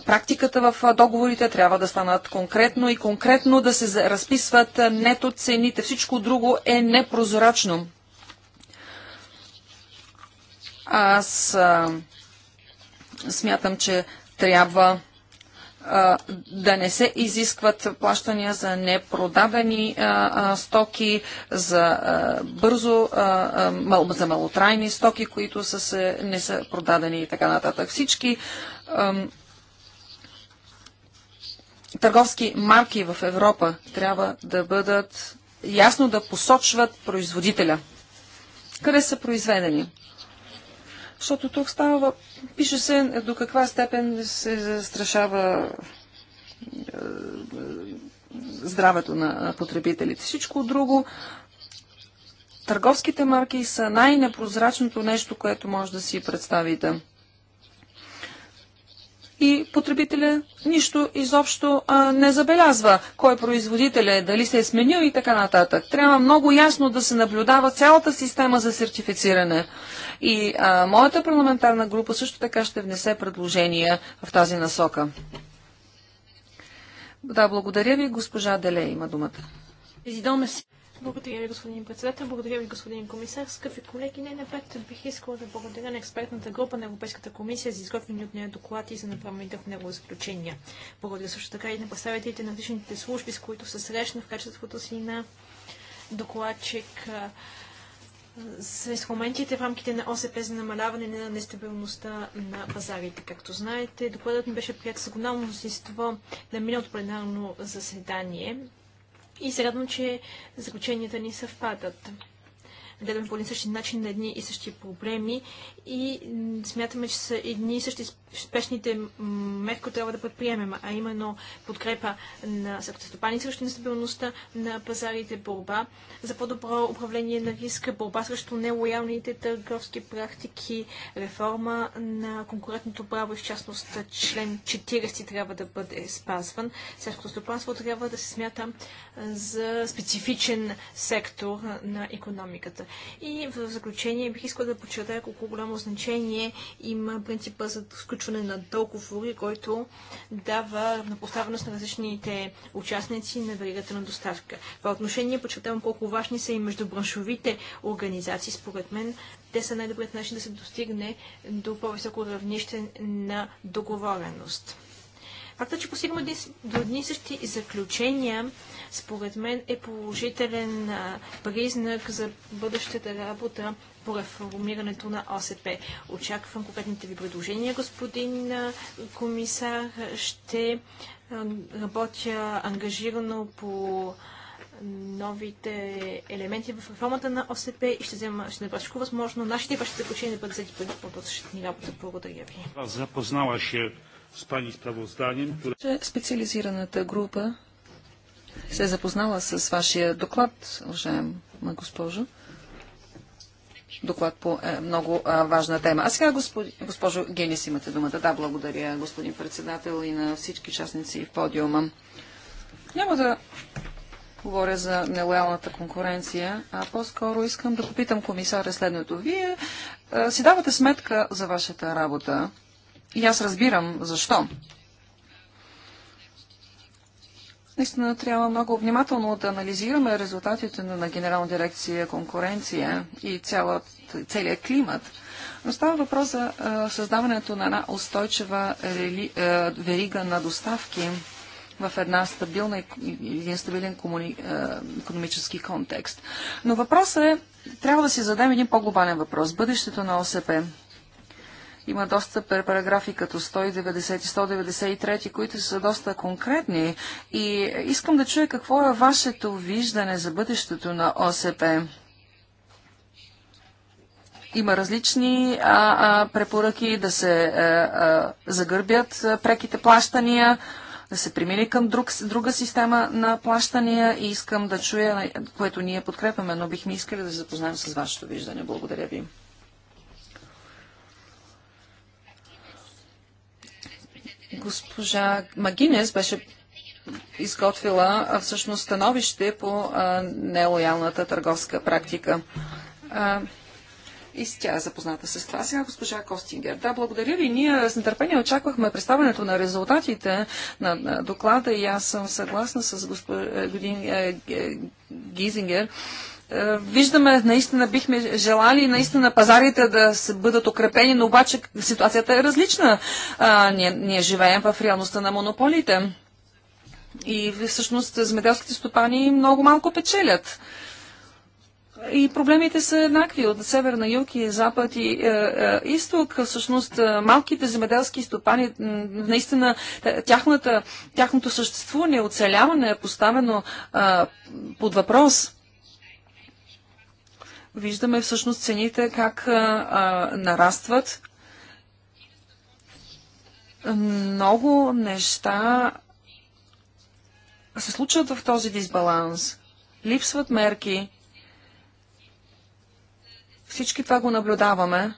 практиката в договорите трябва да станат конкретно и конкретно да се разписват нето цените. Всичко друго е непрозрачно. Аз смятам, че трябва да не се изискват плащания за непродадени стоки, за бързо, за малотрайни стоки, които са се, не са продадени и така нататък. Всички търговски марки в Европа трябва да бъдат ясно да посочват производителя. Къде са произведени? Защото тук става, пише се е, до каква степен се застрашава е, е, здравето на потребителите. Всичко друго, търговските марки са най-непрозрачното нещо, което може да си представите и потребителя нищо изобщо а, не забелязва кой производител е, дали се е сменил и така нататък. Трябва много ясно да се наблюдава цялата система за сертифициране. И а, моята парламентарна група също така ще внесе предложения в тази насока. Да, благодаря ви. Госпожа Деле има думата. Благодаря ви, господин председател. Благодаря ви, господин комисар. Скъпи колеги, не напред бих искала да благодаря на експертната група на Европейската комисия за изготвени от нея доклад и за направените в него заключения. Благодаря също така и на представителите на различните служби, с които се срещна в качеството си на докладчик с инструментите в рамките на ОСП за намаляване на нестабилността на пазарите. Както знаете, докладът ми беше прият с огромно мнозинство на миналото пленарно заседание и се радвам, че заключенията ни съвпадат гледаме по един същи начин на едни и същи проблеми и смятаме, че са едни и същи спешните мерки, които трябва да предприемем, а именно подкрепа на съкътостопани срещу нестабилността на пазарите, борба за по-добро управление на риска, борба срещу нелоялните търговски практики, реформа на конкурентното право и в частност член 40 трябва да бъде спазван. Селското стопанство трябва да се смята за специфичен сектор на економиката. И в заключение бих искала да подчертая колко голямо значение има принципа за сключване на договори, който дава равнопоставеност на различните участници на веригата на доставка. В отношение подчертавам колко важни са и междубраншовите организации. Според мен те са най-добрият начин да се достигне до по-високо равнище на договореност. Факта, че постигаме до едни същи заключения, според мен е положителен признак за бъдещата работа по реформирането на ОСП. Очаквам конкретните ви предложения, господин комисар. Ще работя ангажирано по новите елементи в реформата на ОСП и ще взема, ще не всичко възможно нашите и вашите заключения да бъдат взети преди по-дължащата ни работа. Благодаря ви с справозданием, sprawozdaniem, które... Специализираната група се е запознала с вашия доклад, уважаема госпожо. Доклад по е, много а, важна тема. А сега, госпожо, госпожо Генис, имате думата. Да, благодаря, господин председател и на всички частници в подиума. Няма да говоря за нелоялната конкуренция, а по-скоро искам да попитам комисаря следното. Вие а, си давате сметка за вашата работа и аз разбирам защо. Наистина трябва много внимателно да анализираме резултатите на, Генерална дирекция конкуренция и цяла, целият климат. Но става въпрос за е, създаването на една устойчива рели, е, верига на доставки в една стабилна, един стабилен комуни, е, економически контекст. Но въпросът е, трябва да си зададем един по-глобален въпрос. Бъдещето на ОСП има доста параграфи като 190 и 193, които са доста конкретни. И искам да чуя какво е вашето виждане за бъдещето на ОСП. Има различни а, а, препоръки да се а, а, загърбят а, преките плащания да се примени към друг, друга система на плащания и искам да чуя, което ние подкрепяме, но бихме искали да се запознаем с вашето виждане. Благодаря ви. Госпожа Магинес беше изготвила всъщност становище по а, нелоялната търговска практика. А, и с тя е запозната с това. Сега госпожа Костингер. Да, благодаря ви. Ние с нетърпение очаквахме представянето на резултатите на, на доклада и аз съм съгласна с е, господин е, Гизингер. Е, виждаме, наистина бихме желали наистина пазарите да се бъдат укрепени, но обаче ситуацията е различна. А, ние, ние живеем в реалността на монополите. И всъщност земеделските стопани много малко печелят. И проблемите са еднакви от север на юг и запад и е, е, изток. Всъщност е, малките земеделски стопани, наистина е, тяхната, тяхното съществуване, оцеляване е поставено е, под въпрос виждаме всъщност цените как а, а, нарастват. Много неща се случват в този дисбаланс. Липсват мерки. Всички това го наблюдаваме.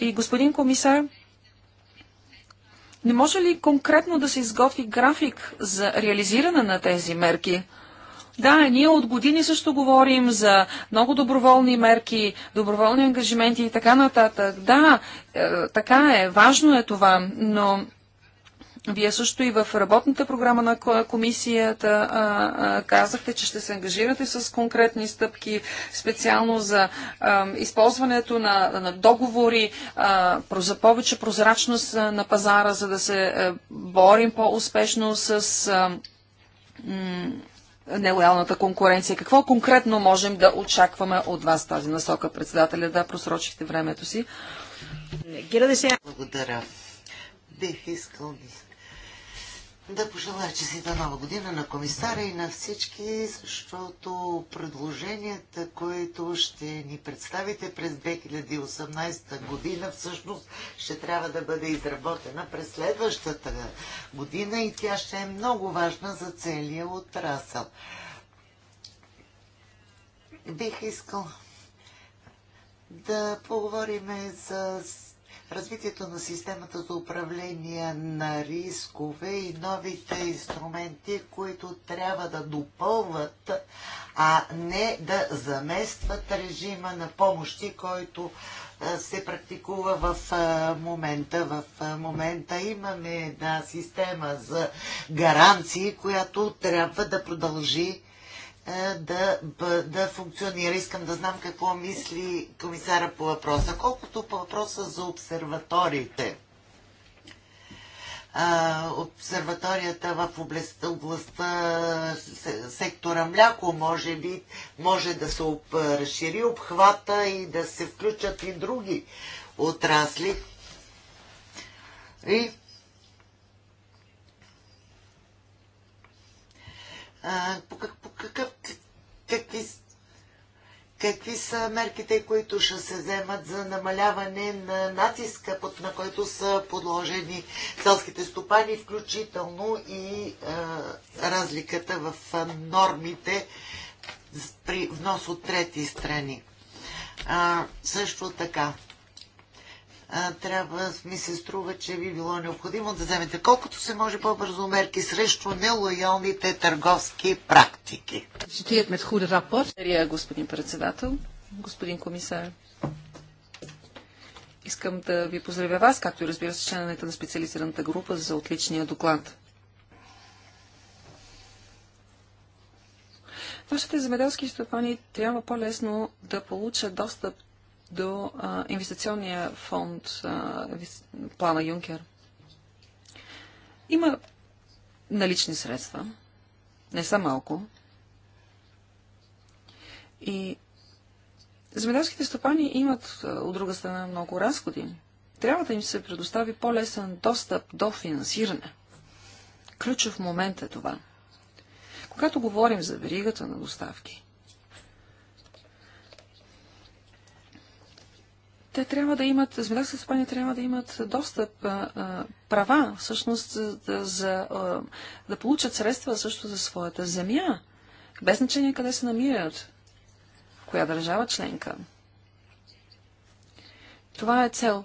И господин комисар, не може ли конкретно да се изготви график за реализиране на тези мерки? Да, ние от години също говорим за много доброволни мерки, доброволни ангажименти и така нататък. Да, е, така е, важно е това, но вие също и в работната програма на комисията а, а, казахте, че ще се ангажирате с конкретни стъпки, специално за а, използването на, на договори за повече прозрачност на пазара, за да се е, борим по-успешно с нелоялната конкуренция. Какво конкретно можем да очакваме от вас тази насока, председателя? Да, просрочихте времето си. Благодаря. Бих искал да пожелая честита нова година на комисара и на всички, защото предложенията, които ще ни представите през 2018 година, всъщност ще трябва да бъде изработена през следващата година и тя ще е много важна за целия отрасъл. Бих искал да поговорим за развитието на системата за управление на рискове и новите инструменти, които трябва да допълват, а не да заместват режима на помощи, който се практикува в момента. В момента имаме една система за гаранции, която трябва да продължи е, да, да функционира. Искам да знам какво мисли комисара по въпроса. Колкото по въпроса за обсерваториите. А, обсерваторията в областта, областта сектора мляко може би може да се об, разшири обхвата и да се включат и други отрасли. И по, как, по какъв, какви, какви са мерките, които ще се вземат за намаляване на натиска, под, на който са подложени селските стопани, включително и а, разликата в нормите при внос от трети страни. А, също така, трябва, ми се струва, че би било необходимо да вземете колкото се може по-бързо мерки срещу нелоялните търговски практики. Четият мет худа рапорт. Благодаря, господин председател, господин комисар. Искам да ви поздравя вас, както и разбира се членовете на специализираната група за отличния доклад. Вашите земеделски стопани трябва по-лесно да получат достъп до а, инвестиционния фонд, а, плана Юнкер. Има налични средства, не са малко. И земеделските стопани имат от друга страна много разходи. Трябва да им се предостави по-лесен достъп до финансиране. Ключов момент е това. Когато говорим за веригата на доставки, те трябва да имат, земеделските стопани трябва да имат достъп, а, права, всъщност, за, за, а, да получат средства също за своята земя, без значение къде се намират, в коя държава членка. Това е цел,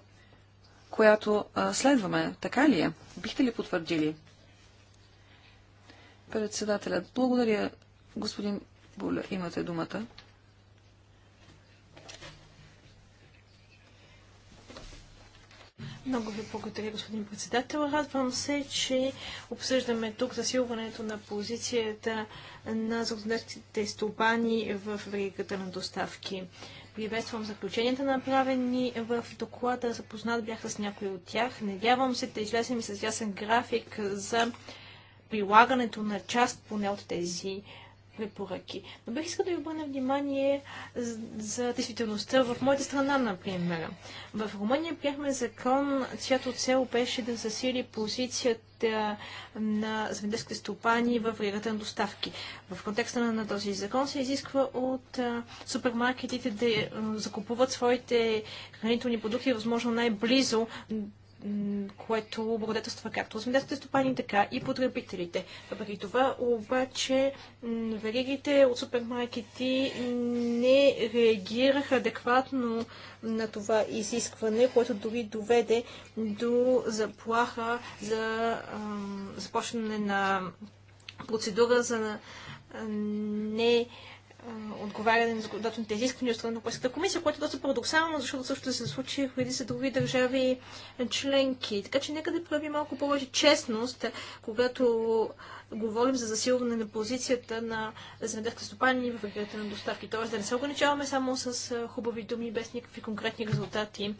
която а, следваме, така ли е? Бихте ли потвърдили? Председателят, благодаря, господин Буля, имате думата. Много ви благодаря, господин председател. Радвам се, че обсъждаме тук засилването на позицията на законодателите стопани в веригата на доставки. Приветствам заключенията направени в доклада. Запознат бях с някои от тях. Надявам се да излезем и с ясен график за прилагането на част поне от тези препоръки. Но бих искал да ви обърна внимание за, действителността в моята страна, например. В Румъния приехме закон, чиято цел беше да засили позицията на земеделските стопани в ригата на доставки. В контекста на този закон се изисква от супермаркетите да закупуват своите хранителни продукти възможно най-близо което благодетелства както земеделските стопани, така и потребителите. Въпреки това, обаче, веригите от супермаркети не реагираха адекватно на това изискване, което дори доведе до заплаха за започване на процедура за не отговаряне на законодателните изисквания от страна на Европейската комисия, което е доста парадоксално, защото също се случи в редица други държави членки. Така че нека да проявим малко повече честност, когато говорим за засилване на позицията на земеделските стопани в регионите на доставки. Тоест да не се ограничаваме само с хубави думи, без никакви конкретни резултати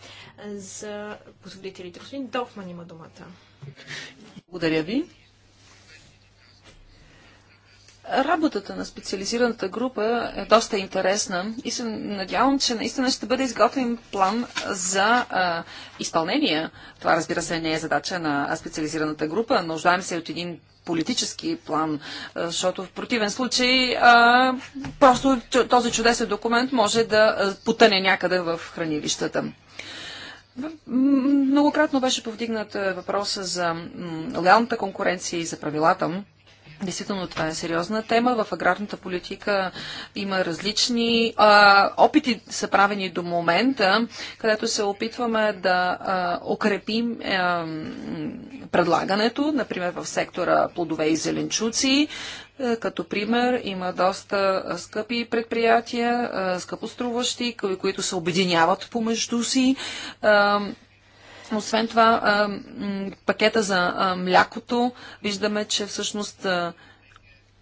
за производителите. Господин Долфман има думата. Благодаря ви. Работата на специализираната група е доста интересна и се надявам, че наистина ще бъде изготвен план за а, изпълнение. Това, разбира се, не е задача на специализираната група. Нуждаем се от един политически план, защото в противен случай а, просто този чудесен документ може да потъне някъде в хранилищата. Многократно беше повдигнат въпроса за лоялната конкуренция и за правилата Действително, това е сериозна тема. В аграрната политика има различни а, опити са правени до момента, където се опитваме да а, укрепим а, предлагането, например в сектора плодове и зеленчуци. като пример има доста скъпи предприятия, скъпоструващи, които се обединяват помежду си. Освен това, пакета за млякото, виждаме, че всъщност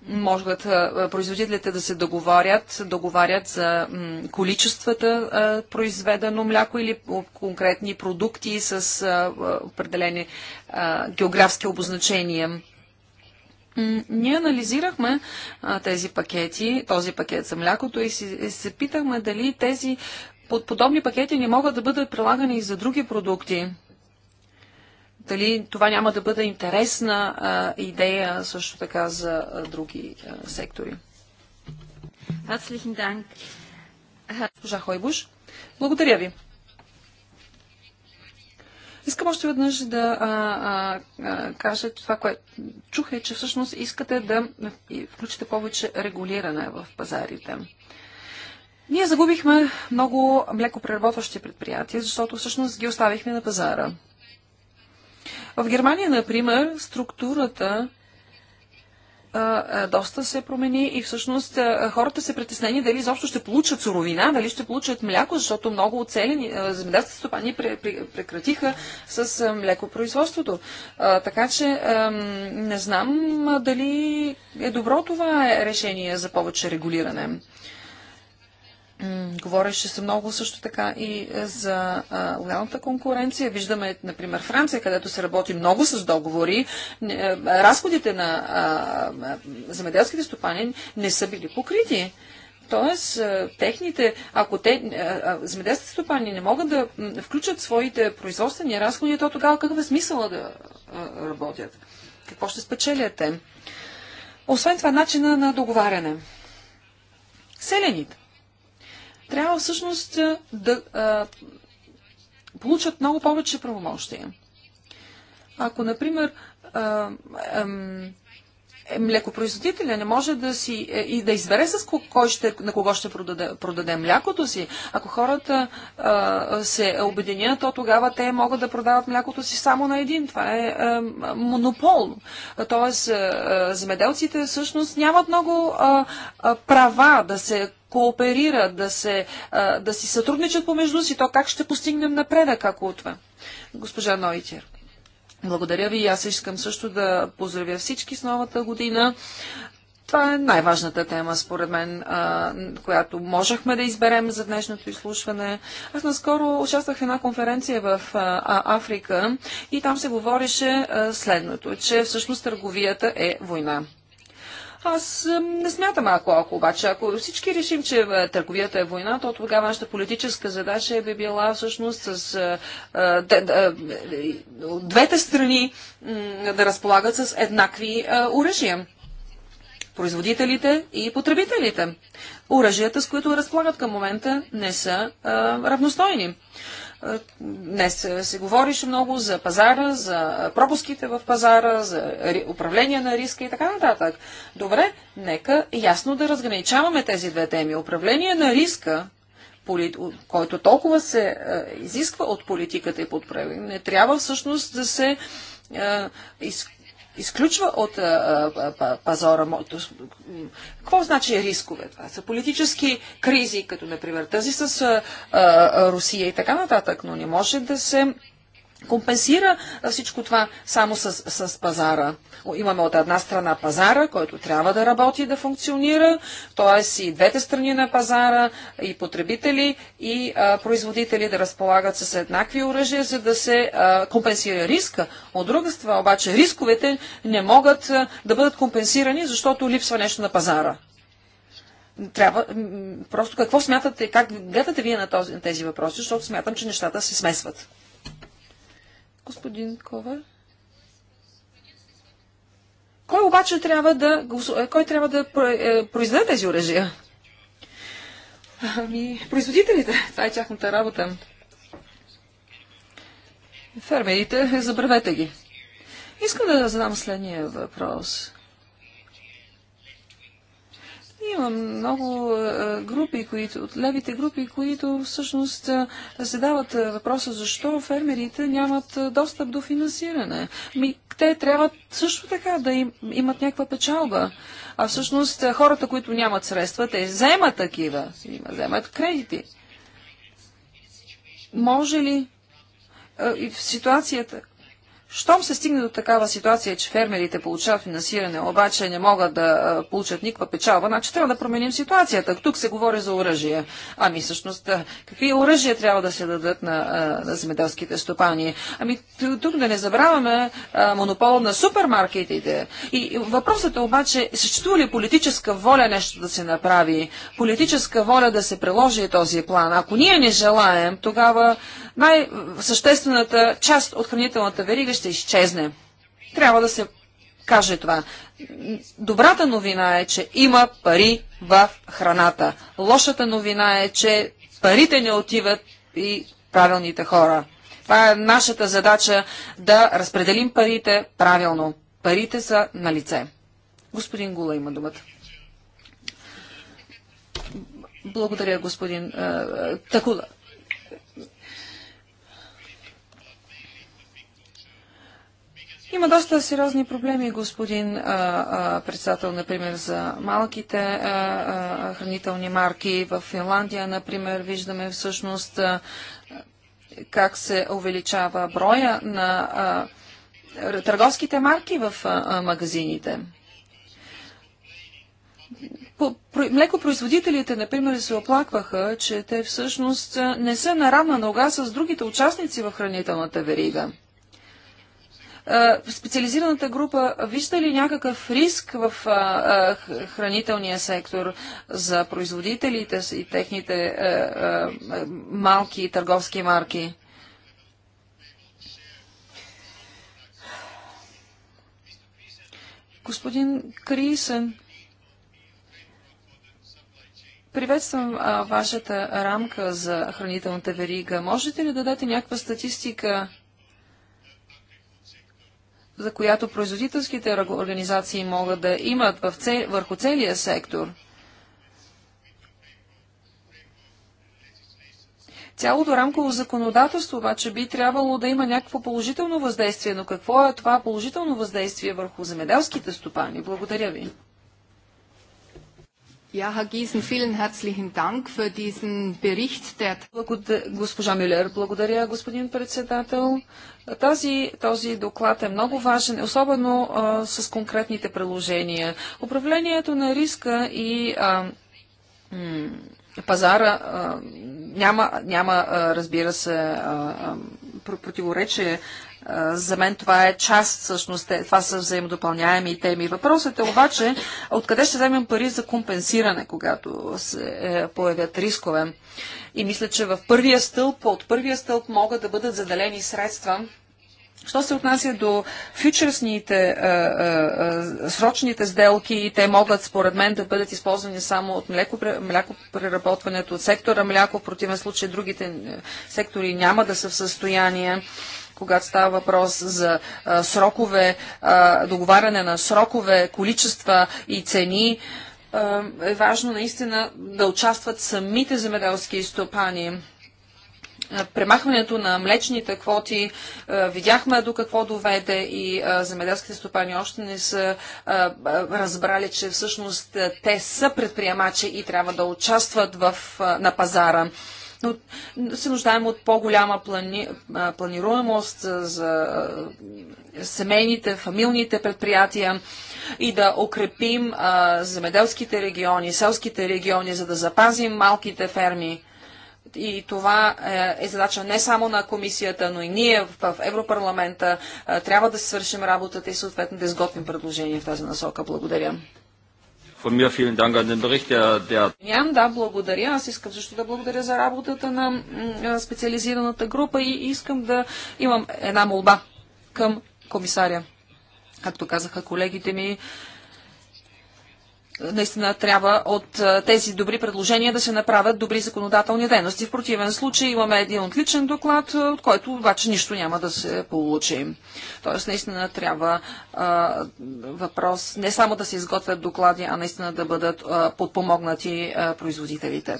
могат производителите да се договарят, договарят за количествата произведено мляко или конкретни продукти с определени географски обозначения. Ние анализирахме тези пакети, този пакет за млякото и се питахме дали тези под подобни пакети не могат да бъдат прилагани и за други продукти. Дали това няма да бъде интересна а, идея също така за а, други а, сектори? Госпожа Хойбуш, благодаря ви. Искам още веднъж да а, а, кажа това, което чух е, че всъщност искате да включите повече регулиране в пазарите. Ние загубихме много млекопреработващи предприятия, защото всъщност ги оставихме на пазара. В Германия, например, структурата доста се промени и всъщност хората се притеснени дали изобщо ще получат суровина, дали ще получат мляко, защото много оцелени земеделски стопани прекратиха с млекопроизводството. Така че не знам дали е добро това решение за повече регулиране. Говореше се много също така и е, за лоялната конкуренция. Виждаме, например, Франция, където се работи много с договори. Е, разходите на земеделските стопани не са били покрити. Тоест, е, техните, ако те, земеделските стопани не могат да включат своите производствени разходи, то тогава какъв е смисъла да работят? Какво ще спечелят те? Освен това, начина на договаряне. Селените трябва всъщност да а, получат много повече правомощия. Ако, например, а, е, млекопроизводителя не може да си е, и да избере с кой ще, на кого ще продаде, продаде млякото си. Ако хората а, се обединят, то тогава те могат да продават млякото си само на един. Това е а, е, монопол. Тоест, а, земеделците всъщност нямат много а, а, права да се кооперират, да, се, а, да си сътрудничат помежду си. То как ще постигнем напредък, ако това? Госпожа Нойтер. Благодаря ви. и Аз искам също да поздравя всички с новата година. Това е най-важната тема, според мен, която можехме да изберем за днешното изслушване. Аз наскоро участвах в една конференция в Африка и там се говореше следното, че всъщност търговията е война. Аз не смятам ако, ако обаче. Ако всички решим, че търговията е война, то тогава нашата политическа задача би била всъщност с а, да, да, двете страни да разполагат с еднакви оръжия. Производителите и потребителите. Оръжията, с които разполагат към момента, не са а, равностойни. Днес се говорише много за пазара, за пропуските в пазара, за управление на риска и така нататък. Добре, нека ясно да разграничаваме тези две теми. Управление на риска, който толкова се изисква от политиката и подправи, не трябва всъщност да се из изключва от пазора. Какво значи рискове? Това са политически кризи, като например тази с Русия и така нататък, но не може да се компенсира всичко това само с, с пазара. Имаме от една страна пазара, който трябва да работи, и да функционира, т.е. и двете страни на пазара, и потребители, и а, производители да разполагат с еднакви оръжия, за да се а, компенсира риска. От друга страна обаче рисковете не могат а, да бъдат компенсирани, защото липсва нещо на пазара. Трябва, просто какво смятате, как гледате вие на, този, на тези въпроси, защото смятам, че нещата се смесват господин Кова. Кой обаче трябва да, е, кой трябва да е, произведе тези оръжия? Ами, производителите. Това е тяхната работа. Фермерите, забравете ги. Искам да задам следния въпрос. Има много групи, които, от левите групи, които всъщност задават въпроса защо фермерите нямат достъп до финансиране. Ми, те трябва също така да им, имат някаква печалба. А всъщност хората, които нямат средства, те вземат такива, вземат кредити. Може ли и в ситуацията, щом се стигне до такава ситуация, че фермерите получават финансиране, обаче не могат да получат никаква печалба, значи трябва да променим ситуацията. Тук се говори за оръжие. Ами всъщност, какви оръжия трябва да се дадат на, на земеделските стопани? Ами тук да не забравяме монопола на супермаркетите. И въпросът е обаче, съществува ли политическа воля нещо да се направи? Политическа воля да се приложи този план? Ако ние не желаем, тогава най-съществената част от хранителната верига ще ще изчезне. Трябва да се каже това. Добрата новина е, че има пари в храната. Лошата новина е, че парите не отиват и правилните хора. Това е нашата задача да разпределим парите правилно. Парите са на лице. Господин Гула има думата. Благодаря, господин е, е Такула. Има доста сериозни проблеми, господин а, а, председател, например, за малките а, а, хранителни марки. В Финландия, например, виждаме всъщност а, как се увеличава броя на а, търговските марки в а, магазините. млекопроизводителите, например, се оплакваха, че те всъщност не са на равна нога с другите участници в хранителната верига специализираната група вижда ли някакъв риск в хранителния сектор за производителите и техните малки търговски марки? Господин Крисен, приветствам а, вашата рамка за хранителната верига. Можете ли да дадете някаква статистика за която производителските организации могат да имат върху целия сектор. Цялото рамково законодателство обаче би трябвало да има някакво положително въздействие, но какво е това положително въздействие върху земеделските стопани? Благодаря ви. Ja, Herr Giesen, vielen herzlichen Dank für diesen Bericht. Der... Госпожа Милер, благодаря, господин председател. Тази, този доклад е много важен, особено а, с конкретните приложения. Управлението на риска и а, м- пазара а, няма, няма а, разбира се, а, а, противоречие за мен това е част, всъщност, това са взаимодопълняеми теми. Въпросът е обаче, откъде ще вземем пари за компенсиране, когато се е, появят рискове. И мисля, че в първия стълб, от първия стълб могат да бъдат заделени средства, Що се отнася до фьючерсните а, е, а, е, срочните сделки, те могат според мен да бъдат използвани само от млеко, преработването от сектора мляко, в противен случай другите сектори няма да са в състояние когато става въпрос за а, срокове, а, договаряне на срокове, количества и цени, а, е важно наистина да участват самите земеделски стопани. Премахването на млечните квоти видяхме до какво доведе и земеделските стопани още не са разбрали, че всъщност те са предприемачи и трябва да участват в, на пазара но се нуждаем от по-голяма плани... планируемост за семейните, фамилните предприятия и да укрепим земеделските региони, селските региони, за да запазим малките ферми. И това е, е задача не само на комисията, но и ние в Европарламента трябва да свършим работата и съответно да изготвим предложение в тази насока. Благодаря. Да, благодаря. Аз искам също да благодаря за работата на специализираната група и искам да имам една молба към комисаря. Както казаха колегите ми, наистина трябва от тези добри предложения да се направят добри законодателни дейности. В противен случай имаме един отличен доклад, от който обаче нищо няма да се получи. Тоест наистина трябва а, въпрос не само да се изготвят доклади, а наистина да бъдат а, подпомогнати а, производителите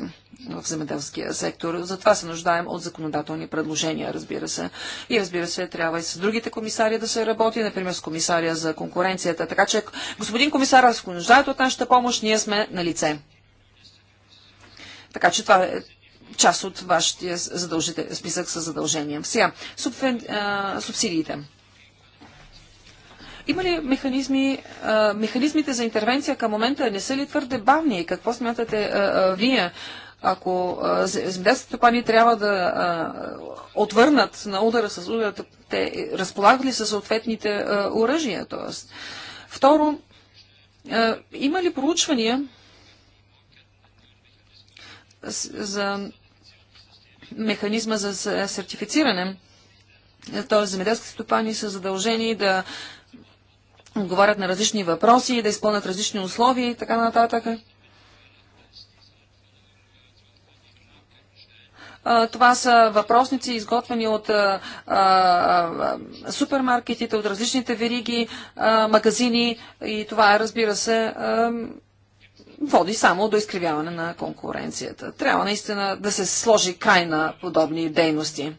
в земеделския сектор. Затова се нуждаем от законодателни предложения, разбира се. И разбира се, трябва и с другите комисари да се работи, например с комисария за конкуренцията. Така че, господин комисар, ако нуждаете от нашата помощ, ние сме на лице. Така че това е част от вашия списък с задължения. Сега, субфен, а, субсидиите. Има ли механизми, механизмите за интервенция към момента не са ли твърде бавни? Какво смятате а, а, вие? ако земеделските стопани трябва да отвърнат на удара с ударата, те разполагат ли със съответните оръжия? Тоест. Второ, има ли проучвания за механизма за сертифициране? Тоест, земеделските стопани са задължени да отговарят на различни въпроси, да изпълнят различни условия и така нататък. Това са въпросници, изготвени от супермаркетите, от различните вериги, магазини и това, разбира се, води само до изкривяване на конкуренцията. Трябва наистина да се сложи край на подобни дейности.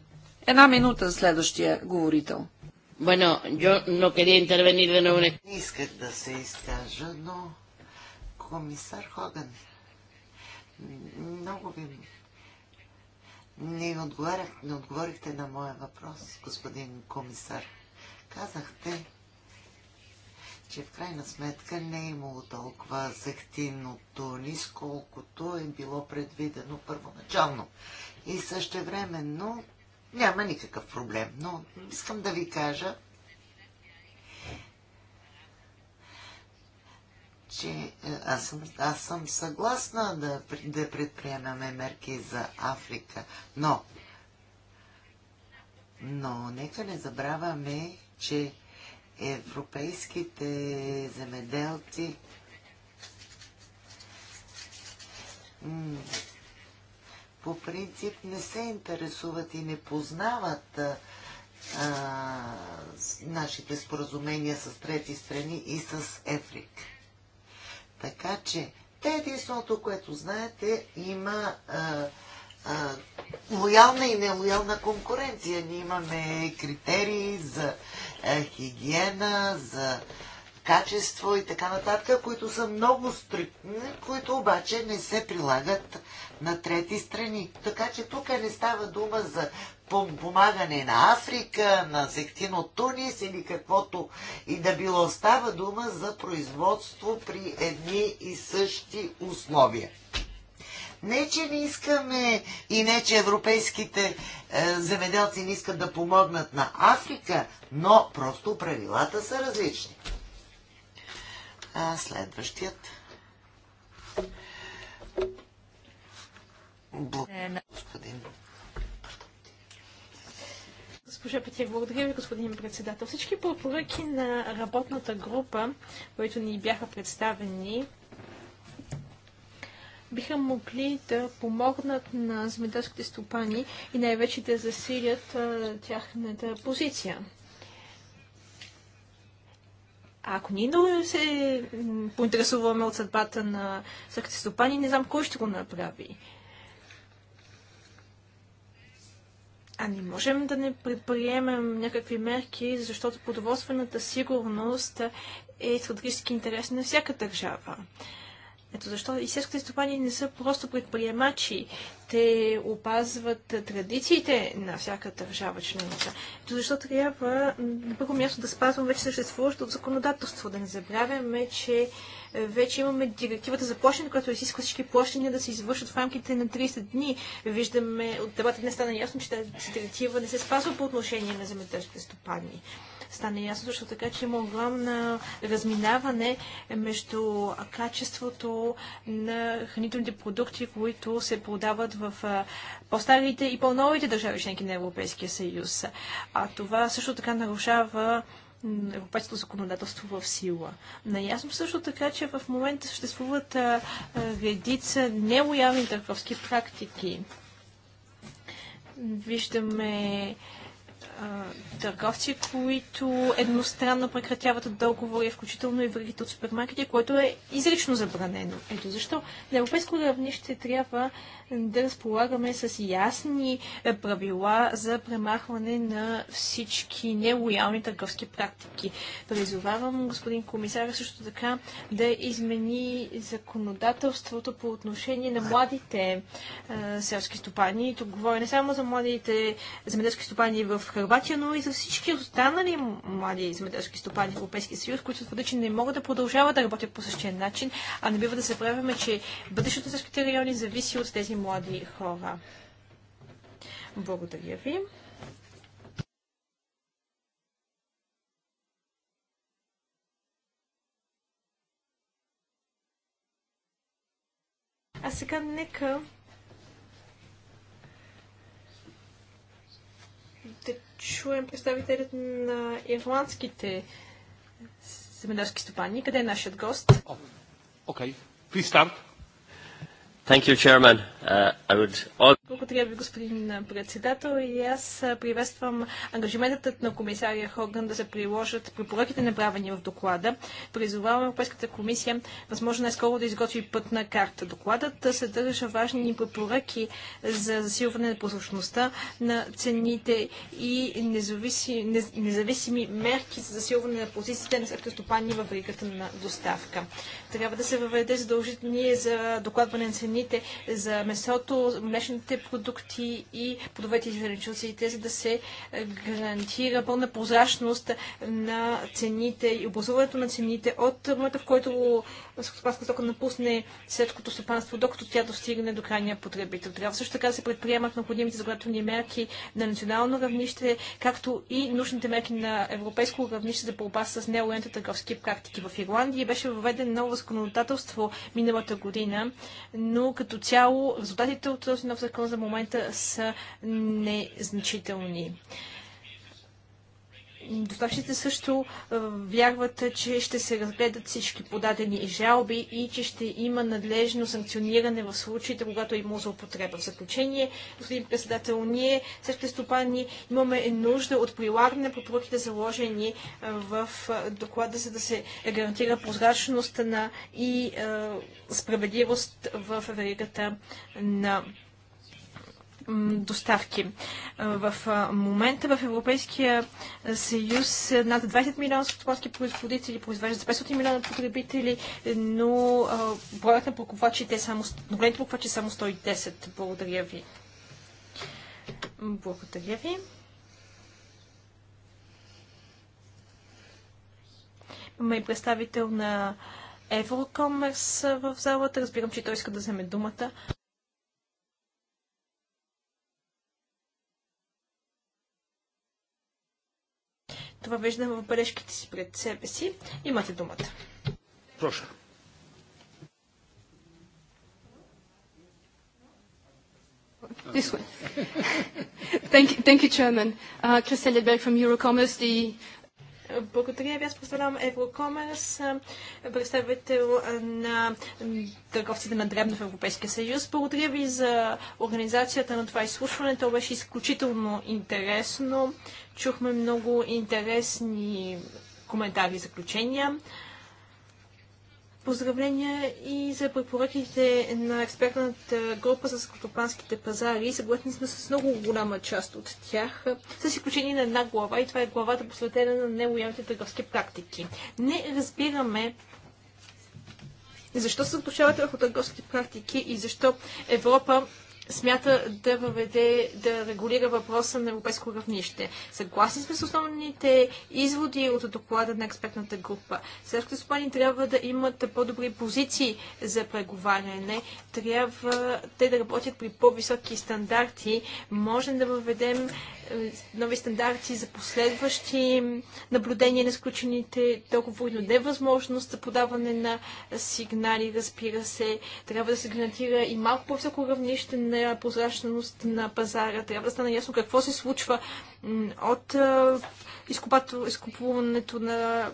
Една минута следващия говорител. Bueno, yo no quería intervenir de nuevo. Не исках да се изкажа, но комисар Хоган, много ви не, отговарях, не отговорихте на моя въпрос, господин комисар. Казахте, че в крайна сметка не е имало толкова захтинното ни, колкото е било предвидено първоначално. И също времено няма никакъв проблем. Но искам да ви кажа, че е, аз съм, аз съм съгласна да, да предприемаме мерки за Африка, но но нека не забравяме, че европейските земеделци по принцип не се интересуват и не познават а, нашите споразумения с трети страни и с Ефрика. Така че те единственото, което знаете, има а, а, лоялна и нелоялна конкуренция. Ние имаме критерии за а, хигиена, за качество и така нататък, които са много стриктни, които обаче не се прилагат на трети страни. Така че тук не става дума за помагане на Африка, на сектин от Тунис или каквото и да било. Става дума за производство при едни и същи условия. Не, че не искаме и не, че европейските е, земеделци не искат да помогнат на Африка, но просто правилата са различни. А, следващият. Благодаря, е, господин. Госпожа Петя, благодаря ви, господин председател. Всички препоръки на работната група, които ни бяха представени, биха могли да помогнат на земеделските стопани и най-вече да засилят а, тяхната позиция. А ако ние не се поинтересуваме от съдбата на сърките стопани, не знам кой ще го направи. А не можем да не предприемем някакви мерки, защото продоволствената сигурност е стратегически интерес на всяка държава. Ето защо и сельските стопани не са просто предприемачи те опазват традициите на всяка държава членица. Ето защо трябва на първо място да спазвам вече съществуващото законодателство. Да не забравяме, че вече имаме директивата за плащане, която изисква всички плащания да се извършат в рамките на 30 дни. Виждаме, от дебата днес стана ясно, че тази директива не се спазва по отношение на земеделските стопани стане ясно защото така, че има огромно разминаване между качеството на хранителните продукти, които се продават в по-старите и по-новите държави членки на Европейския съюз. А това също така нарушава европейското законодателство в сила. Наясно също така, че в момента съществуват редица нелоялни търговски практики. Виждаме търговци, които едностранно прекратяват договори, включително и вредите от супермаркети, което е изрично забранено. Ето защо на европейско равнище трябва да разполагаме с ясни е, правила за премахване на всички нелоялни търговски практики. Призовавам господин комисар също така да измени законодателството по отношение на младите а, е, селски стопани. И тук говоря не само за младите земеделски стопани в Харватия, но и за всички останали млади земеделски стопани в Европейския съюз, които твърдят, че не могат да продължават да работят по същия начин, а не бива да се правиме, че бъдещето на селските райони зависи от тези млади хора. Благодаря ви. А сега нека да чуем представителят на ирландските земеделски стопани. Къде е нашият гост? Окей, okay. please start. Thank you, Chairman. Uh, Благодаря ви, господин председател. И аз приветствам ангажиментът на комисария Хоган да се приложат препоръките направени в доклада. Призовавам Европейската комисия възможно най-скоро да изготви пътна карта. Докладът съдържа важни препоръки за засилване на прозрачността на цените и независими, независими мерки за засилване на позициите на стопани във веригата на доставка. Трябва да се въведе задължение за докладване на цените за месо месото, млечните продукти и плодовете и зеленчуците, за да се гарантира пълна прозрачност на цените и образуването на цените от момента, в който селскостопанска стока напусне селското стопанство, докато тя достигне до крайния потребител. Трябва също така да се предприемат необходимите законодателни мерки на национално равнище, както и нужните мерки на европейско равнище за борба с неолента търговски практики. В Ирландия беше въведено ново законодателство миналата година, но като цяло резултатите от този нов закон за момента са незначителни. Доставчиците също е, вярват, че ще се разгледат всички подадени жалби и че ще има надлежно санкциониране в случаите, когато е имало злоупотреба. В заключение, господин председател, ние, всички стопани, имаме нужда от прилагане на препоръките, заложени е, в е, доклада, за да се гарантира прозрачност на и справедливост в веригата на доставки. В момента в Европейския съюз над 20 милиона стопански производители произвеждат 500 милиона потребители, но броят на покупачите е само, е само 110. Благодаря ви. Благодаря ви. Има и представител на Еврокомерс в залата. Разбирам, че той иска да вземе думата. Това виждам в бележките си пред себе си. Имате думата. Прошу. This one. thank, you, thank you, Chairman. Uh, Chris Edberg from Eurocommerce, the благодаря ви. Аз представлявам Еврокомерс, представител на търговците на Дребно в Европейския съюз. Благодаря ви за организацията на това изслушване. То беше изключително интересно. Чухме много интересни коментари и заключения. Поздравления и за препоръките на експертната група за скотопанските пазари. Съгласни сме с много голяма част от тях, с изключение на една глава и това е главата посветена на нелоялните търговски практики. Не разбираме защо се заключавате върху търговските практики и защо Европа смята да въведе, да регулира въпроса на европейско равнище. Съгласни сме с основните изводи от доклада на експертната група. Сърската Испания трябва да имат по-добри позиции за преговаряне, трябва те да работят при по-високи стандарти. Можем да въведем нови стандарти за последващи наблюдения на сключените договори, но не възможност за подаване на сигнали, разбира се. Трябва да се гарантира и малко по-високо равнище на прозрачност на пазара. Трябва да стане ясно какво се случва от изкупуването на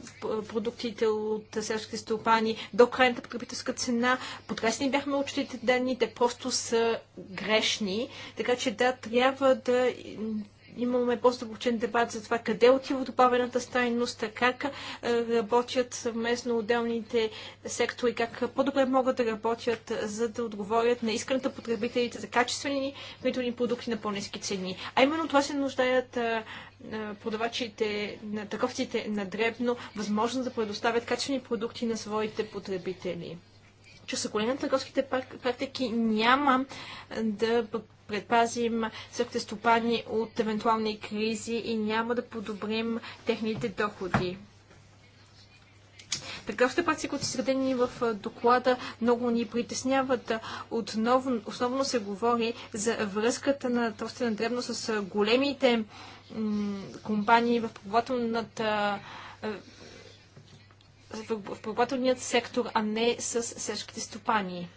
продуктите от селските стопани до крайната потребителска цена. Потресни бяхме учтите данни, те просто са грешни. Така че да, трябва да имаме по-задълбочен дебат за това къде отива добавената стойност, как работят съвместно отделните сектори, как по-добре могат да работят, за да отговорят на искрената потребителите за качествени хранителни продукти на по-низки цени. А именно това се нуждаят продавачите, на търговците на дребно, възможност да предоставят качествени продукти на своите потребители чрез на търговските практики няма да предпазим съркте стопани от евентуални кризи и няма да подобрим техните доходи. Търговските практики, които са изредени в доклада, много ни притесняват. Отново, основно се говори за връзката на тости на дребно с големите компании в проплателната в проплателният сектор, а не с сешките стопани.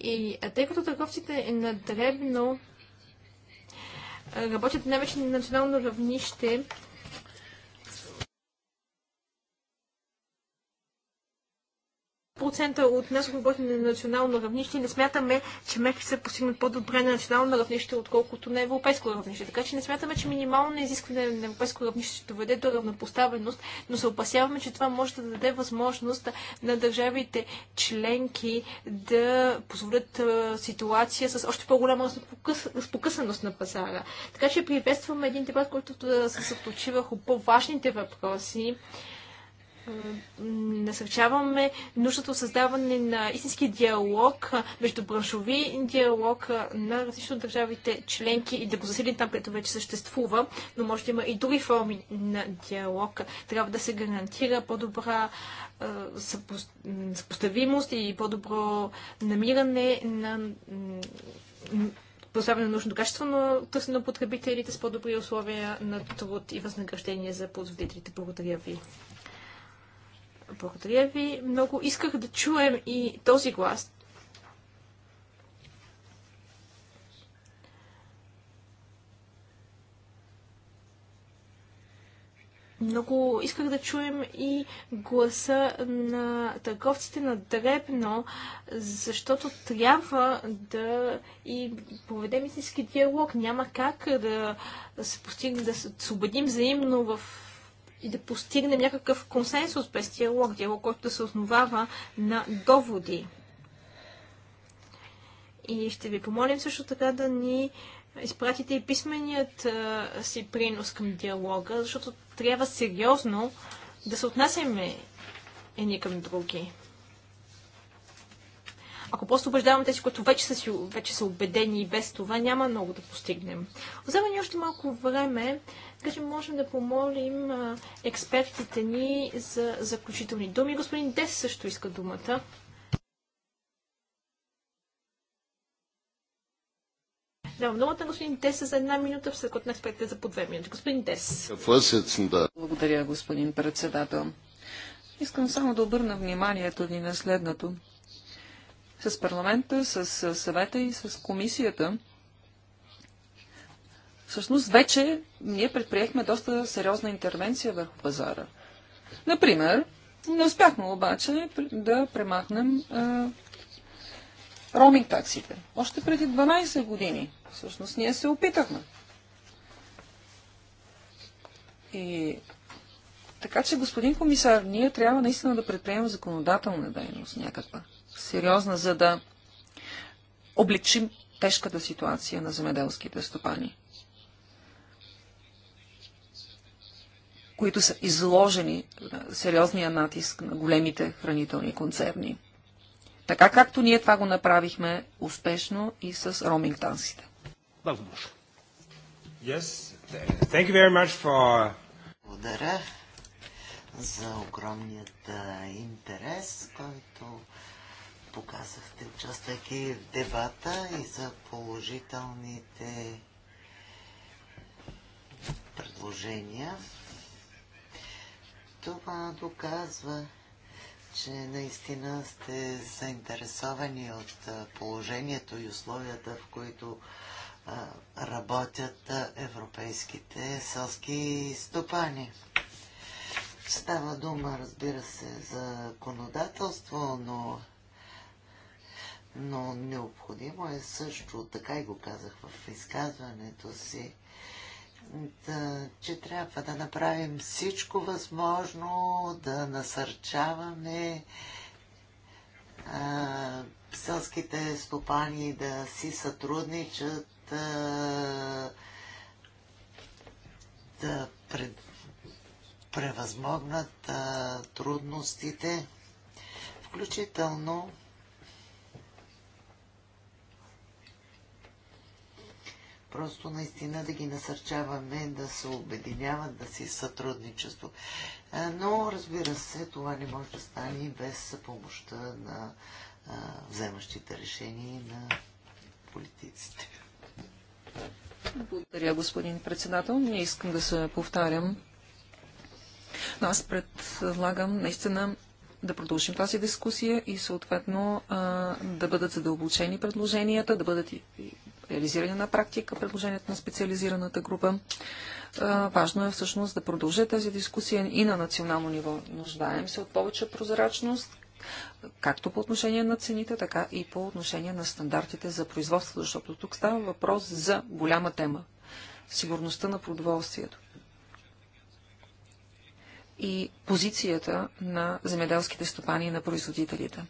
И тъй като търговците е на дребно работят най-вече на национално равнище, процента от нас работим на национално равнище и не смятаме, че мерки са постигнат по-добре на национално равнище, отколкото на европейско равнище. Така че не смятаме, че минимално изискване на европейско равнище ще доведе до равнопоставеност, но се опасяваме, че това може да даде възможност на държавите членки да позволят а, ситуация с още по-голяма разпокъсаност на пазара. Така че приветстваме един дебат, който да се съточи върху по-важните въпроси насърчаваме нуждата от създаване на истински диалог, между браншови диалог на различно държавите членки и да го засилим там, където вече съществува, но може да има и други форми на диалог. Трябва да се гарантира по-добра съпоставимост и по-добро намиране на поставяне на нужното качество на търсене на потребителите с по-добри условия на труд и възнаграждение за производителите. Благодаря ви. Благодаря ви. Много исках да чуем и този глас. Много исках да чуем и гласа на търговците на Дребно, защото трябва да и поведем истински диалог. Няма как да се постигне, да се освободим взаимно в и да постигнем някакъв консенсус без диалог, диалог, който да се основава на доводи. И ще ви помолим също така да ни изпратите и писменият си принос към диалога, защото трябва сериозно да се отнасяме едни към други. Ако просто убеждаваме тези, които вече са, вече са убедени и без това, няма много да постигнем. Взема ни още малко време, Каже, можем да помолим експертите ни за заключителни думи. Господин Дес също иска думата. Да, думата на господин Дес е за една минута, след като на експертите за по две минути. Господин Дес. Благодаря, господин председател. Искам само да обърна вниманието ни на следното. С парламента, с съвета и с комисията всъщност вече ние предприехме доста сериозна интервенция върху пазара. Например, не успяхме обаче да премахнем а, роминг таксите. Още преди 12 години всъщност ние се опитахме. И така че, господин комисар, ние трябва наистина да предприемем законодателна дейност някаква, сериозна, за да обличим тежката ситуация на земеделските стопани. които са изложени на сериозния натиск на големите хранителни концерни. Така както ние това го направихме успешно и с роминг танците. Yes. Thank you very much for... Благодаря за огромният интерес, който показахте, участвайки в дебата и за положителните предложения. Това доказва, че наистина сте заинтересовани от положението и условията, в които работят европейските селски стопани. Става дума, разбира се, за законодателство, но, но необходимо е също, така и го казах в изказването си, да, че трябва да направим всичко възможно, да насърчаваме а, селските стопани да си сътрудничат, а, да пред, превъзмогнат а, трудностите, включително просто наистина да ги насърчаваме да се обединяват, да си сътрудничество. Е, но, разбира се, това не може да стане и без помощта на е, вземащите решения на политиците. Благодаря, господин председател. Не искам да се повтарям. Но аз предлагам наистина да продължим тази дискусия и съответно да бъдат задълбочени предложенията, да бъдат реализирани на практика предложенията на специализираната група. Важно е всъщност да продължи тази дискусия и на национално ниво. Нуждаем се от повече прозрачност, както по отношение на цените, така и по отношение на стандартите за производство, защото тук става въпрос за голяма тема – сигурността на продоволствието и позицията на земеделските стопани и на производителите.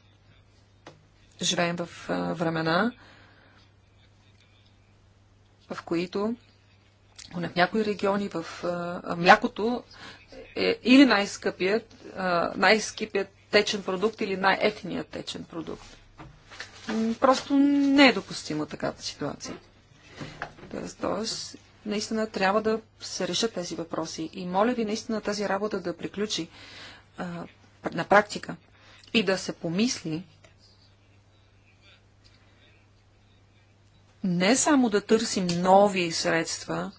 Живеем в времена, в които в някои региони в млякото е или най-скъпият, най-скъпият течен продукт или най-ефтиният течен продукт. Просто не е допустимо такава ситуация. Тоест, наистина трябва да се решат тези въпроси. И моля ви наистина тази работа да приключи а, на практика и да се помисли не само да търсим нови средства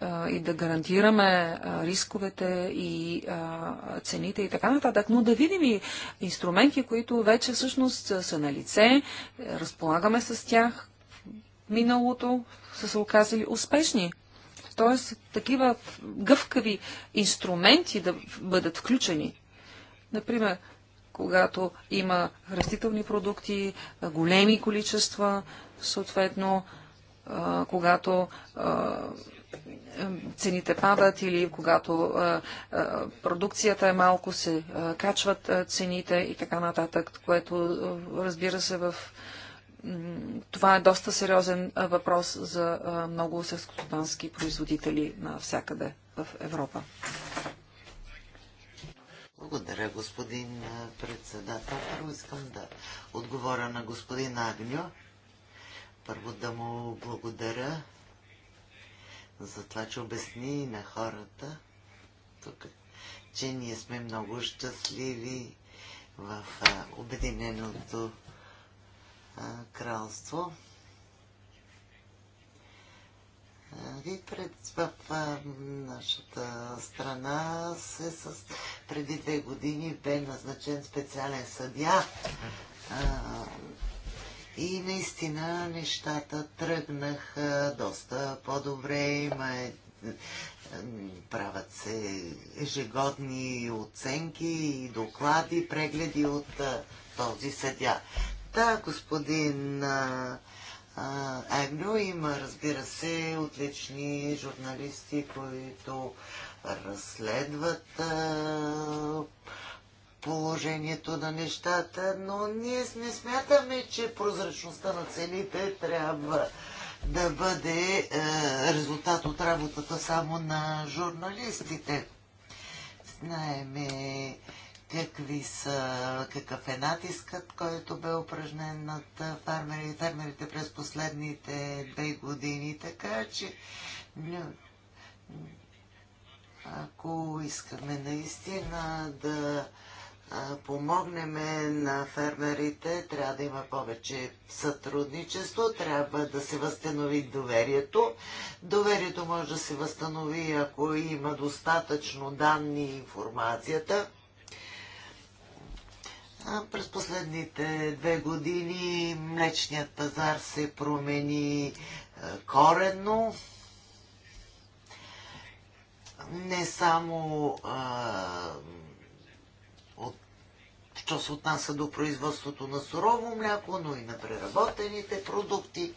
а, и да гарантираме а, рисковете и а, цените и така нататък, но да видим и инструменти, които вече всъщност са на лице, разполагаме с тях миналото, са се оказали успешни. Тоест, такива гъвкави инструменти да бъдат включени. Например, когато има растителни продукти, големи количества, съответно, когато цените падат или когато продукцията е малко, се качват цените и така нататък, което разбира се в това е доста сериозен въпрос за много сърскостопански производители навсякъде в Европа. Благодаря, господин председател. Първо искам да отговоря на господин Агньо. Първо да му благодаря за това, че обясни на хората тук, че ние сме много щастливи в Обединеното кралство. И пред, в, нашата страна се с, преди две години бе назначен специален съдя. А, и наистина нещата тръгнаха доста по-добре. Има е, правят се ежегодни оценки и доклади, прегледи от този съдя. Да, господин Агню има, разбира се, отлични журналисти, които разследват а, положението на нещата, но ние не смятаме, че прозрачността на целите трябва да бъде а, резултат от работата само на журналистите. Знаеме, какви са, какъв е натискът, който бе упражнен над фермери, фермерите през последните две години. Така че, ако искаме наистина да помогнем на фермерите, трябва да има повече сътрудничество, трябва да се възстанови доверието. Доверието може да се възстанови, ако има достатъчно данни и информацията през последните две години млечният пазар се промени е, коренно. Не само е, от, що се отнася до производството на сурово мляко, но и на преработените продукти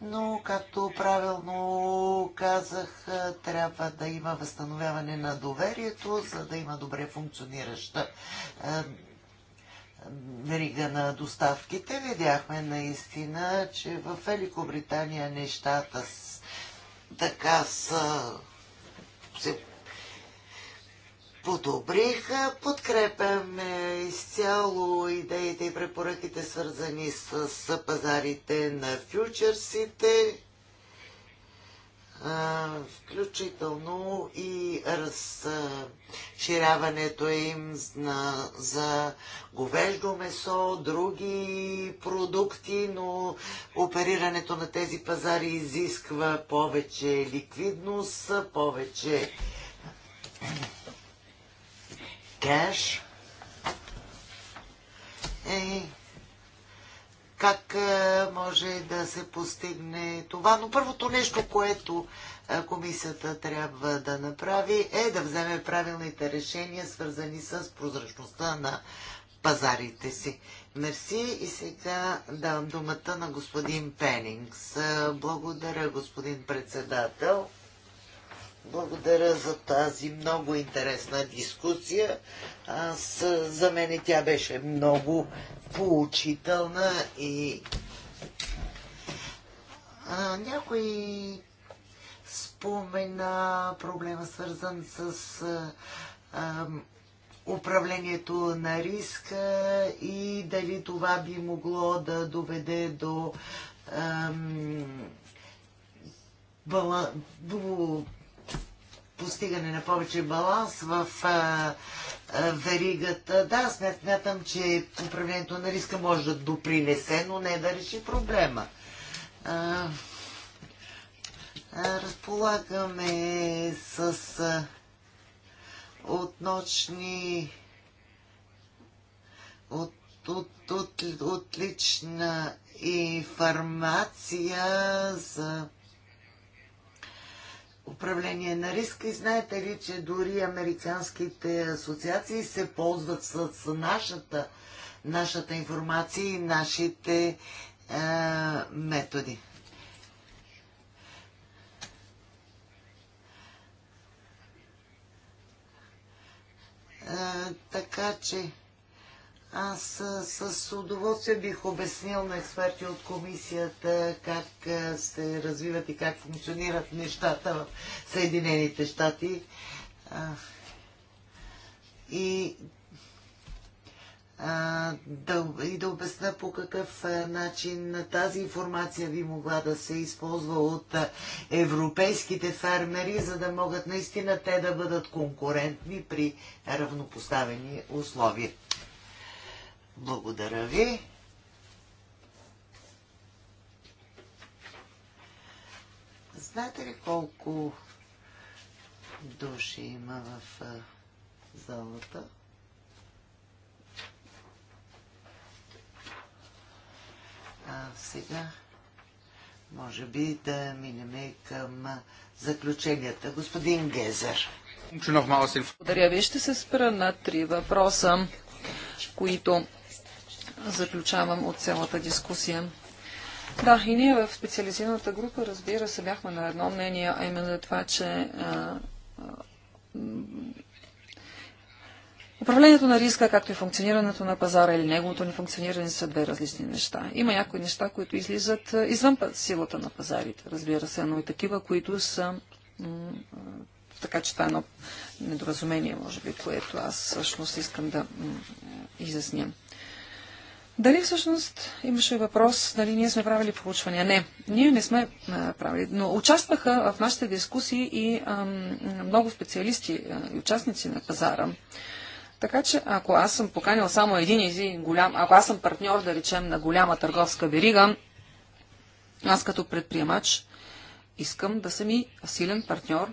но както правилно казах, е, трябва да има възстановяване на доверието, за да има добре функционираща верига на доставките. Видяхме наистина, че в Великобритания нещата с, така са се подобриха. Подкрепяме изцяло идеите и препоръките, свързани с, пазарите на фьючерсите, включително и разширяването им на, за говеждо месо, други продукти, но оперирането на тези пазари изисква повече ликвидност, повече кеш е как е, може да се постигне това. Но първото нещо, което е, комисията трябва да направи е да вземе правилните решения, свързани с прозрачността на пазарите си. Мерси и сега давам думата на господин Пенингс. Благодаря, господин председател. Благодаря за тази много интересна дискусия. Аз, за мен тя беше много поучителна и а, някой спомена проблема свързан с а, управлението на риска и дали това би могло да доведе до А, бала, до постигане на повече баланс в а, а, веригата. Да, смятам, че управлението на риска може да допринесе, но не да реши проблема. А, разполагаме с а, отночни от, от, от, отлична информация за управление на риска и знаете ли, че дори американските асоциации се ползват с нашата, нашата информация и нашите е, методи. Е, така че аз с удоволствие бих обяснил на експерти от комисията как се развиват и как функционират нещата в Съединените щати. И да, и да обясна по какъв начин тази информация би могла да се използва от европейските фермери, за да могат наистина те да бъдат конкурентни при равнопоставени условия. Благодаря ви. Знаете ли колко души има в залата? А сега може би да минем към заключенията. Господин Гезер. Благодаря ви. Ще се спра на три въпроса, които заключавам от цялата дискусия. Да, и ние в специализираната група, разбира се, бяхме на едно мнение, а именно това, че Управлението на риска, както и функционирането на пазара или неговото не функциониране са две различни неща. Има някои неща, които излизат извън силата на пазарите, разбира се, но и такива, които са... Така че това е едно недоразумение, може би, което аз всъщност искам да изясня. Дали всъщност имаше въпрос, дали ние сме правили проучвания? Не, ние не сме а, правили, но участваха в нашите дискусии и а, много специалисти и участници на пазара. Така че, ако аз съм поканил само един изи, голям, ако аз съм партньор, да речем, на голяма търговска верига, аз като предприемач искам да съм и силен партньор,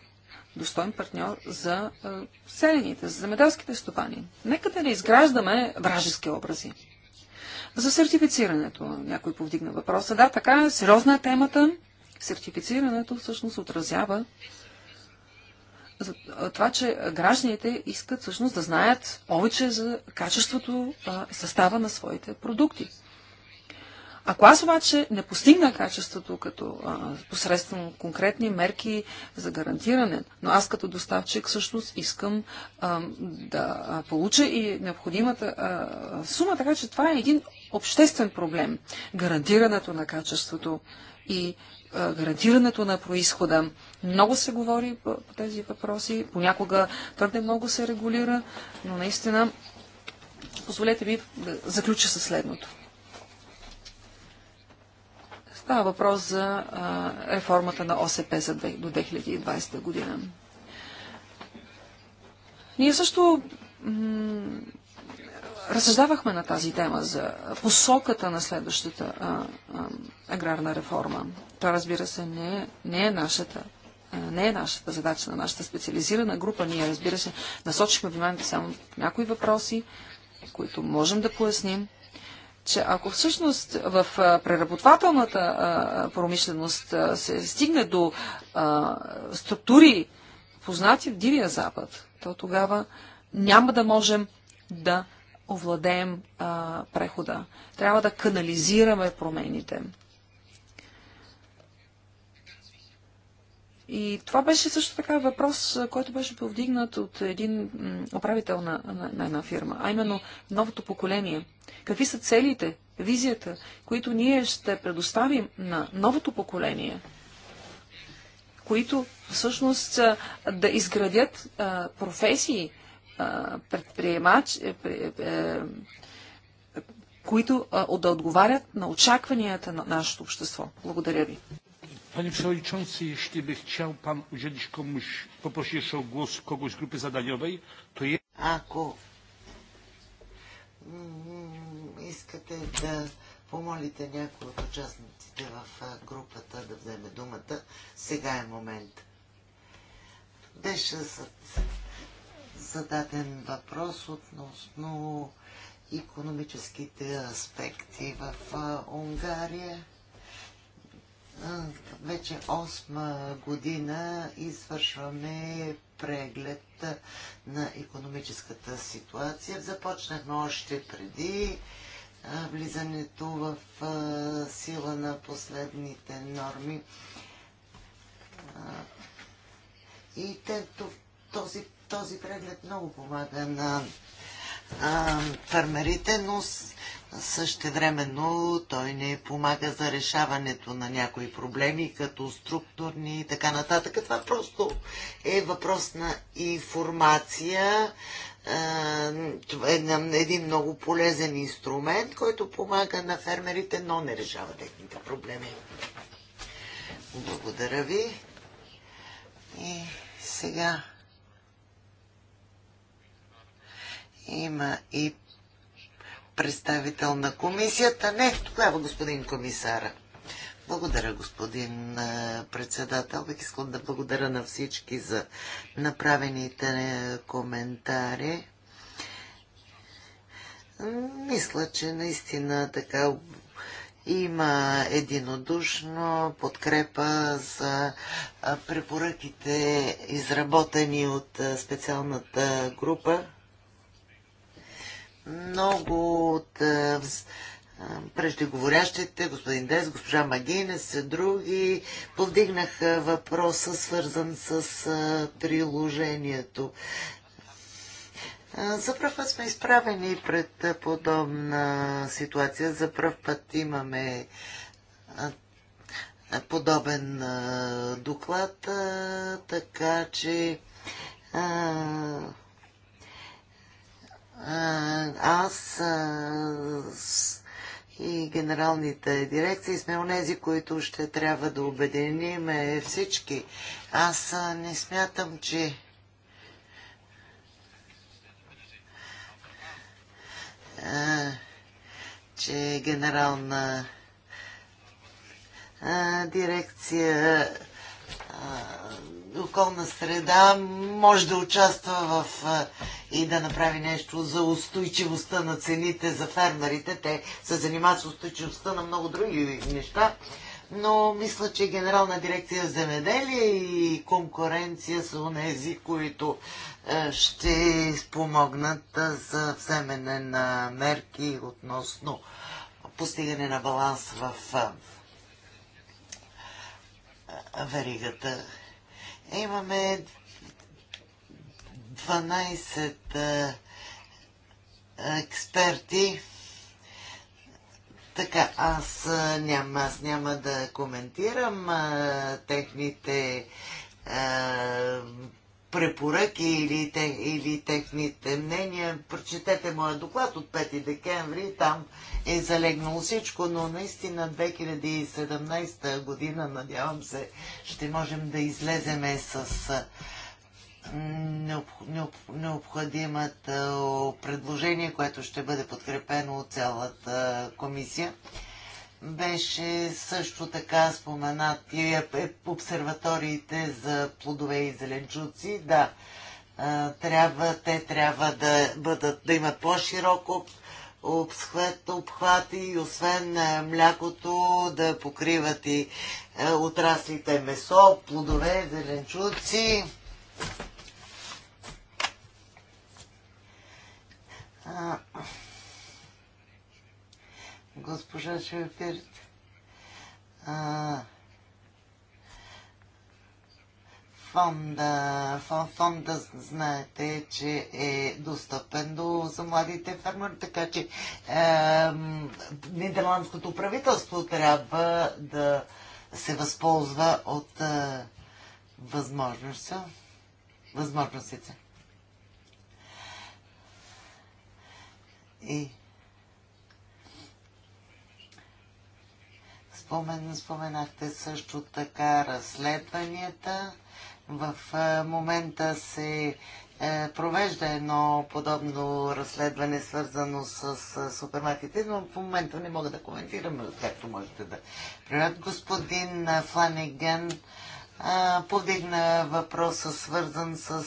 достоен партньор за а, селените, за земеделските стопани. Нека да не изграждаме вражески образи. За сертифицирането някой повдигна въпроса. Да, така, е. сериозна е темата. Сертифицирането всъщност отразява за това, че гражданите искат всъщност да знаят повече за качеството и състава на своите продукти. Ако аз обаче не постигна качеството като а, посредством конкретни мерки за гарантиране, но аз като доставчик всъщност искам а, да получа и необходимата а, сума, така че това е един обществен проблем. Гарантирането на качеството и е, гарантирането на происхода. Много се говори по тези въпроси, понякога твърде много се регулира, но наистина, позволете ми да заключа със следното. Става въпрос за реформата на ОСП за, до 2020 година. Ние също разсъждавахме на тази тема за посоката на следващата а, а, аграрна реформа. Това, разбира се, не, не е нашата не е нашата задача на нашата специализирана група. Ние, разбира се, насочихме вниманието само някои въпроси, които можем да поясним, че ако всъщност в преработвателната промишленост се стигне до а, структури, познати в Дивия Запад, то тогава няма да можем да овладеем а, прехода. Трябва да канализираме промените. И това беше също така въпрос, който беше повдигнат от един управител на, на, на една фирма, а именно новото поколение. Какви са целите, визията, които ние ще предоставим на новото поколение, които всъщност да изградят а, професии, предприемач, е, е, които да отговарят на очакванията на нашето общество. Благодаря ви. Panie Przewodniczący, jeśli by chciał Pan udzielić komuś, poprosić jeszcze o głos kogoś z grupy zadaniowej, to jest... Ако искате да помолите някой от участниците в групата да вземе думата, сега е момент. Беше с зададен въпрос относно економическите аспекти в Унгария. Вече 8 година извършваме преглед на економическата ситуация. Започнахме още преди влизането в сила на последните норми. И те. този този преглед много помага на а, фармерите, но същевременно той не помага за решаването на някои проблеми, като структурни и така нататък. Това просто е въпрос на информация. Това е един много полезен инструмент, който помага на фермерите, но не решава техните проблеми. Благодаря ви. И сега Има и представител на комисията. Не, тогава господин комисара. Благодаря, господин председател. Бих искал да благодаря на всички за направените коментари. Мисля, че наистина така има единодушно подкрепа за препоръките, изработени от специалната група много от е, е, преждеговорящите, господин Дес, госпожа Магинес, други, повдигнаха въпроса, свързан с е, приложението. За първ път сме изправени пред подобна ситуация. За първ път имаме подобен доклад, така че аз и генералните дирекции сме онези, които ще трябва да обединим всички. Аз не смятам, че че генерална дирекция околна среда може да участва в и да направи нещо за устойчивостта на цените за фермерите. Те се занимават с устойчивостта на много други неща, но мисля, че Генерална дирекция земеделие и конкуренция са у нези, които ще спомогнат за вземене на мерки относно постигане на баланс в веригата. Имаме 12 експерти. Така, аз няма, аз няма да коментирам а, техните а, препоръки или, те, или техните мнения. Прочетете моя доклад от 5 декември, там е залегнало всичко, но наистина 2017 година, надявам се, ще можем да излеземе с необ, необ, необходимата предложение, което ще бъде подкрепено от цялата комисия. Беше също така споменат и е, е обсерваториите за плодове и зеленчуци. Да, трябва, те трябва да, бъдат, да имат по-широко обхват, обхват и освен млякото да покриват и отраслите месо, плодове, зеленчуци. А, госпожа Шеферт. Фонда, фон, фонда знаете, че е достъпен до за младите фермери, така че е, нидерландското правителство трябва да се възползва от е, възможността, възможностите. И спомен, споменахте също така разследванията. В момента се е, провежда едно подобно разследване, свързано с, супермаркетите, но в момента не мога да коментирам, както можете да. Привет, господин Фланеген повдигна въпроса, свързан с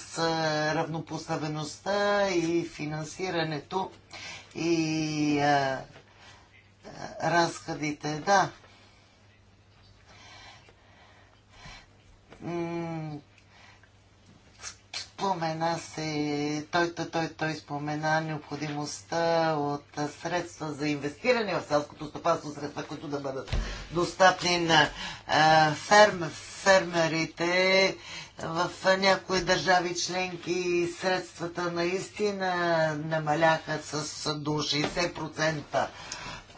равнопоставеността и финансирането и разходите. Да, спомена се, той, той, той, той спомена необходимостта от средства за инвестиране в селското стопанство, средства, които да бъдат достъпни на ферм, фермерите в някои държави членки средствата наистина намаляха с до 60%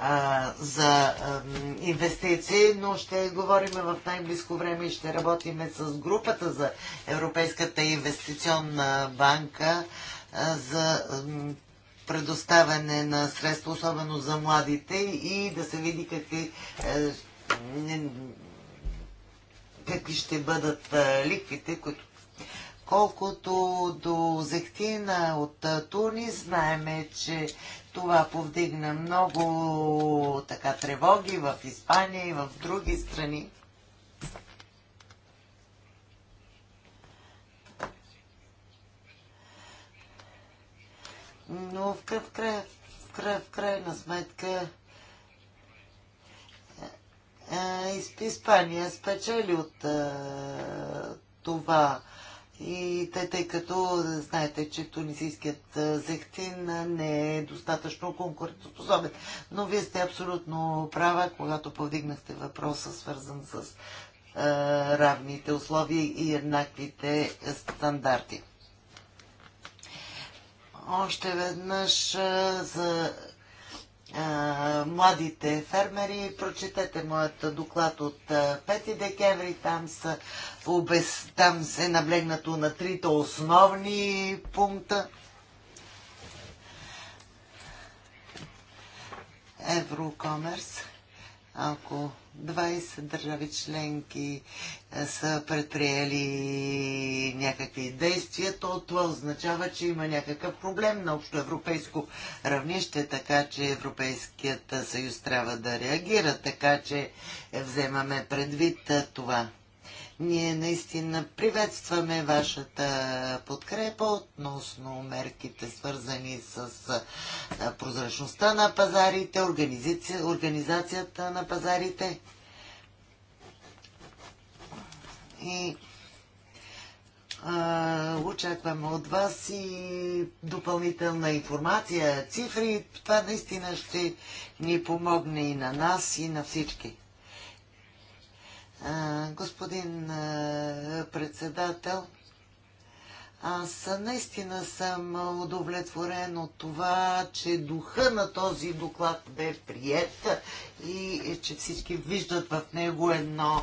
а, за а, инвестиции, но ще говорим в най-близко време и ще работим с групата за Европейската инвестиционна банка а, за предоставяне на средства, особено за младите и да се види какви е, какви ще бъдат е, ликвите, които Колкото до зехтина от е, Тунис, знаеме, че това повдигна много така тревоги в Испания и в други страни. Но в, кръв, в кръв, в крайна сметка е, е, Испания спечели от е, това и тъй, тъй като знаете, че тунисийският зехтин не е достатъчно конкурентоспособен. Но вие сте абсолютно права, когато повдигнахте въпроса, свързан с равните условия и еднаквите стандарти. Още веднъж за младите фермери. Прочетете моят доклад от 5 декември. Там са обез... там се наблегнато на трите основни пункта. Еврокомерс. Ако 20 държави членки е, са предприели някакви действия, то това означава, че има някакъв проблем на общоевропейско равнище, така че Европейският съюз трябва да реагира, така че вземаме предвид е, това. Ние наистина приветстваме вашата подкрепа относно мерките, свързани с прозрачността на пазарите, организацията на пазарите. И очакваме от вас и допълнителна информация, цифри. Това наистина ще ни помогне и на нас, и на всички. Господин председател, аз наистина съм удовлетворен от това, че духа на този доклад бе прият и че всички виждат в него едно,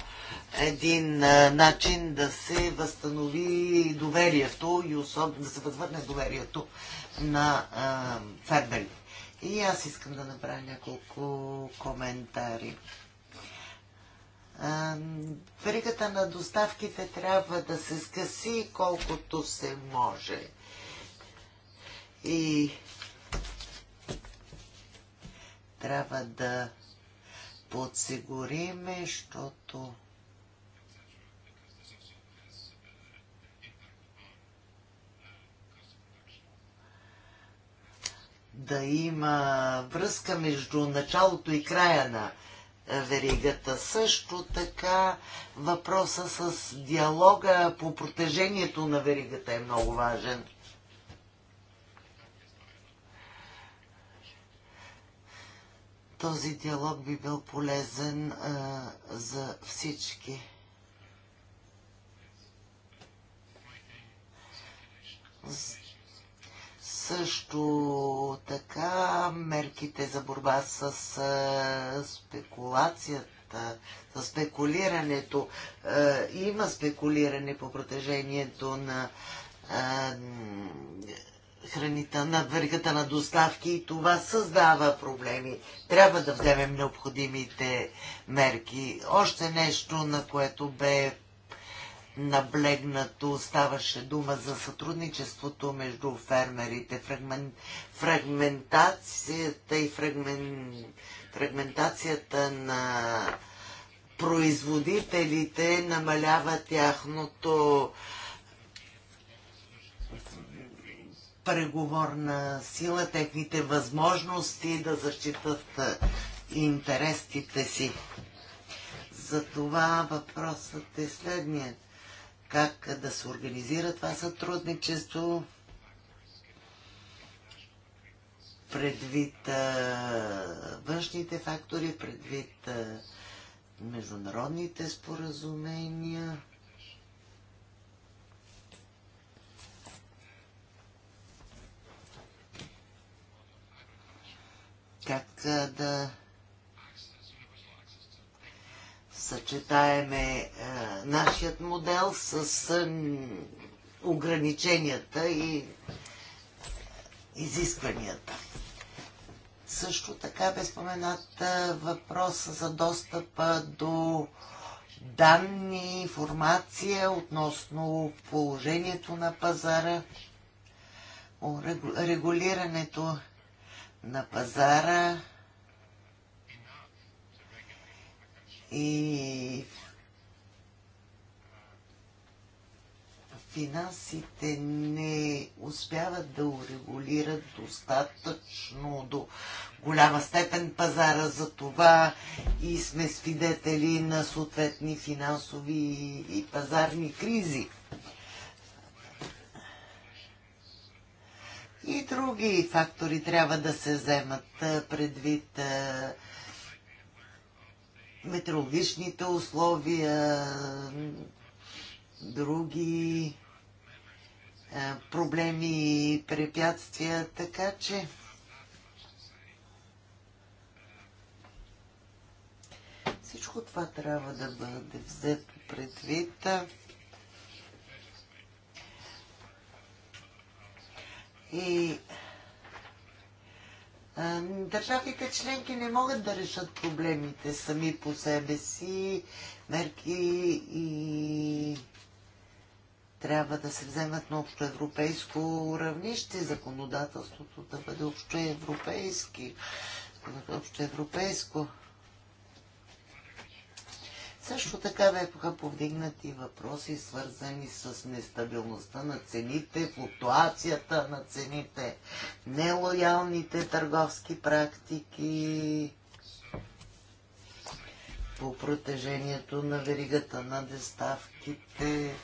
един начин да се възстанови доверието и особено да се възвърне доверието на а, И аз искам да направя няколко коментари. Веригата на доставките трябва да се скъси колкото се може. И трябва да подсигуриме, защото да има връзка между началото и края на веригата. Също така въпроса с диалога по протежението на веригата е много важен. Този диалог би бил полезен а, за всички. За също така мерките за борба с спекулацията, с спекулирането. Има спекулиране по протежението на храните, на веригата на доставки и това създава проблеми. Трябва да вземем необходимите мерки. Още нещо, на което бе наблегнато ставаше дума за сътрудничеството между фермерите, фрагмен, фрагментацията и фрагмен, фрагментацията на производителите намалява тяхното преговорна сила, техните възможности да защитат интересите си. Затова въпросът е следният как да се организира това сътрудничество предвид а, външните фактори, предвид а, международните споразумения. Как а, да съчетаеме е, нашият модел с е, ограниченията и изискванията. Също така бе споменат е, въпрос за достъпа до данни, информация относно положението на пазара, регулирането на пазара, и финансите не успяват да урегулират достатъчно до голяма степен пазара. За това и сме свидетели на съответни финансови и пазарни кризи. И други фактори трябва да се вземат предвид метеорологичните условия, други проблеми и препятствия, така че всичко това трябва да бъде взето предвид. И Държавите членки не могат да решат проблемите сами по себе си. Мерки и трябва да се вземат на общоевропейско равнище, законодателството да бъде общоевропейски, общоевропейско. Също така бяха повдигнати въпроси, свързани с нестабилността на цените, флуктуацията на цените, нелоялните търговски практики по протежението на веригата на доставките.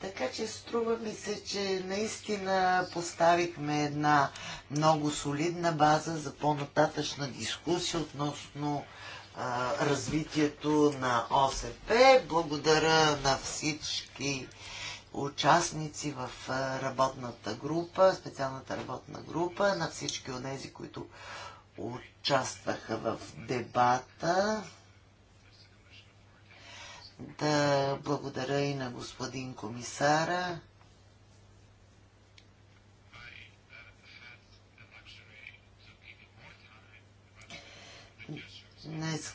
Така че струва ми се, че наистина поставихме една много солидна база за по-нататъчна дискусия относно развитието на ОСП. Благодаря на всички участници в работната група, специалната работна група, на всички от тези, които участваха в дебата. Да благодаря и на господин комисара Днес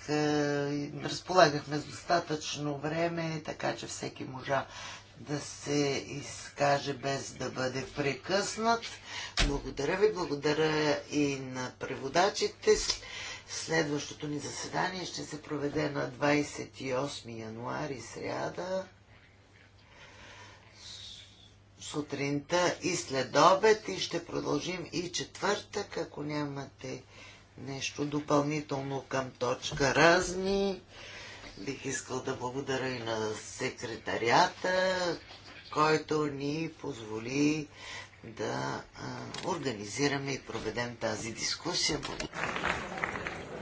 разполагахме с достатъчно време, така че всеки можа да се изкаже без да бъде прекъснат. Благодаря ви, благодаря и на преводачите. Следващото ни заседание ще се проведе на 28 януари, сряда, сутринта и след обед и ще продължим и четвъртък, ако нямате нещо допълнително към точка разни. Бих искал да благодаря и на секретарията, който ни позволи да организираме и проведем тази дискусия. Благодаря.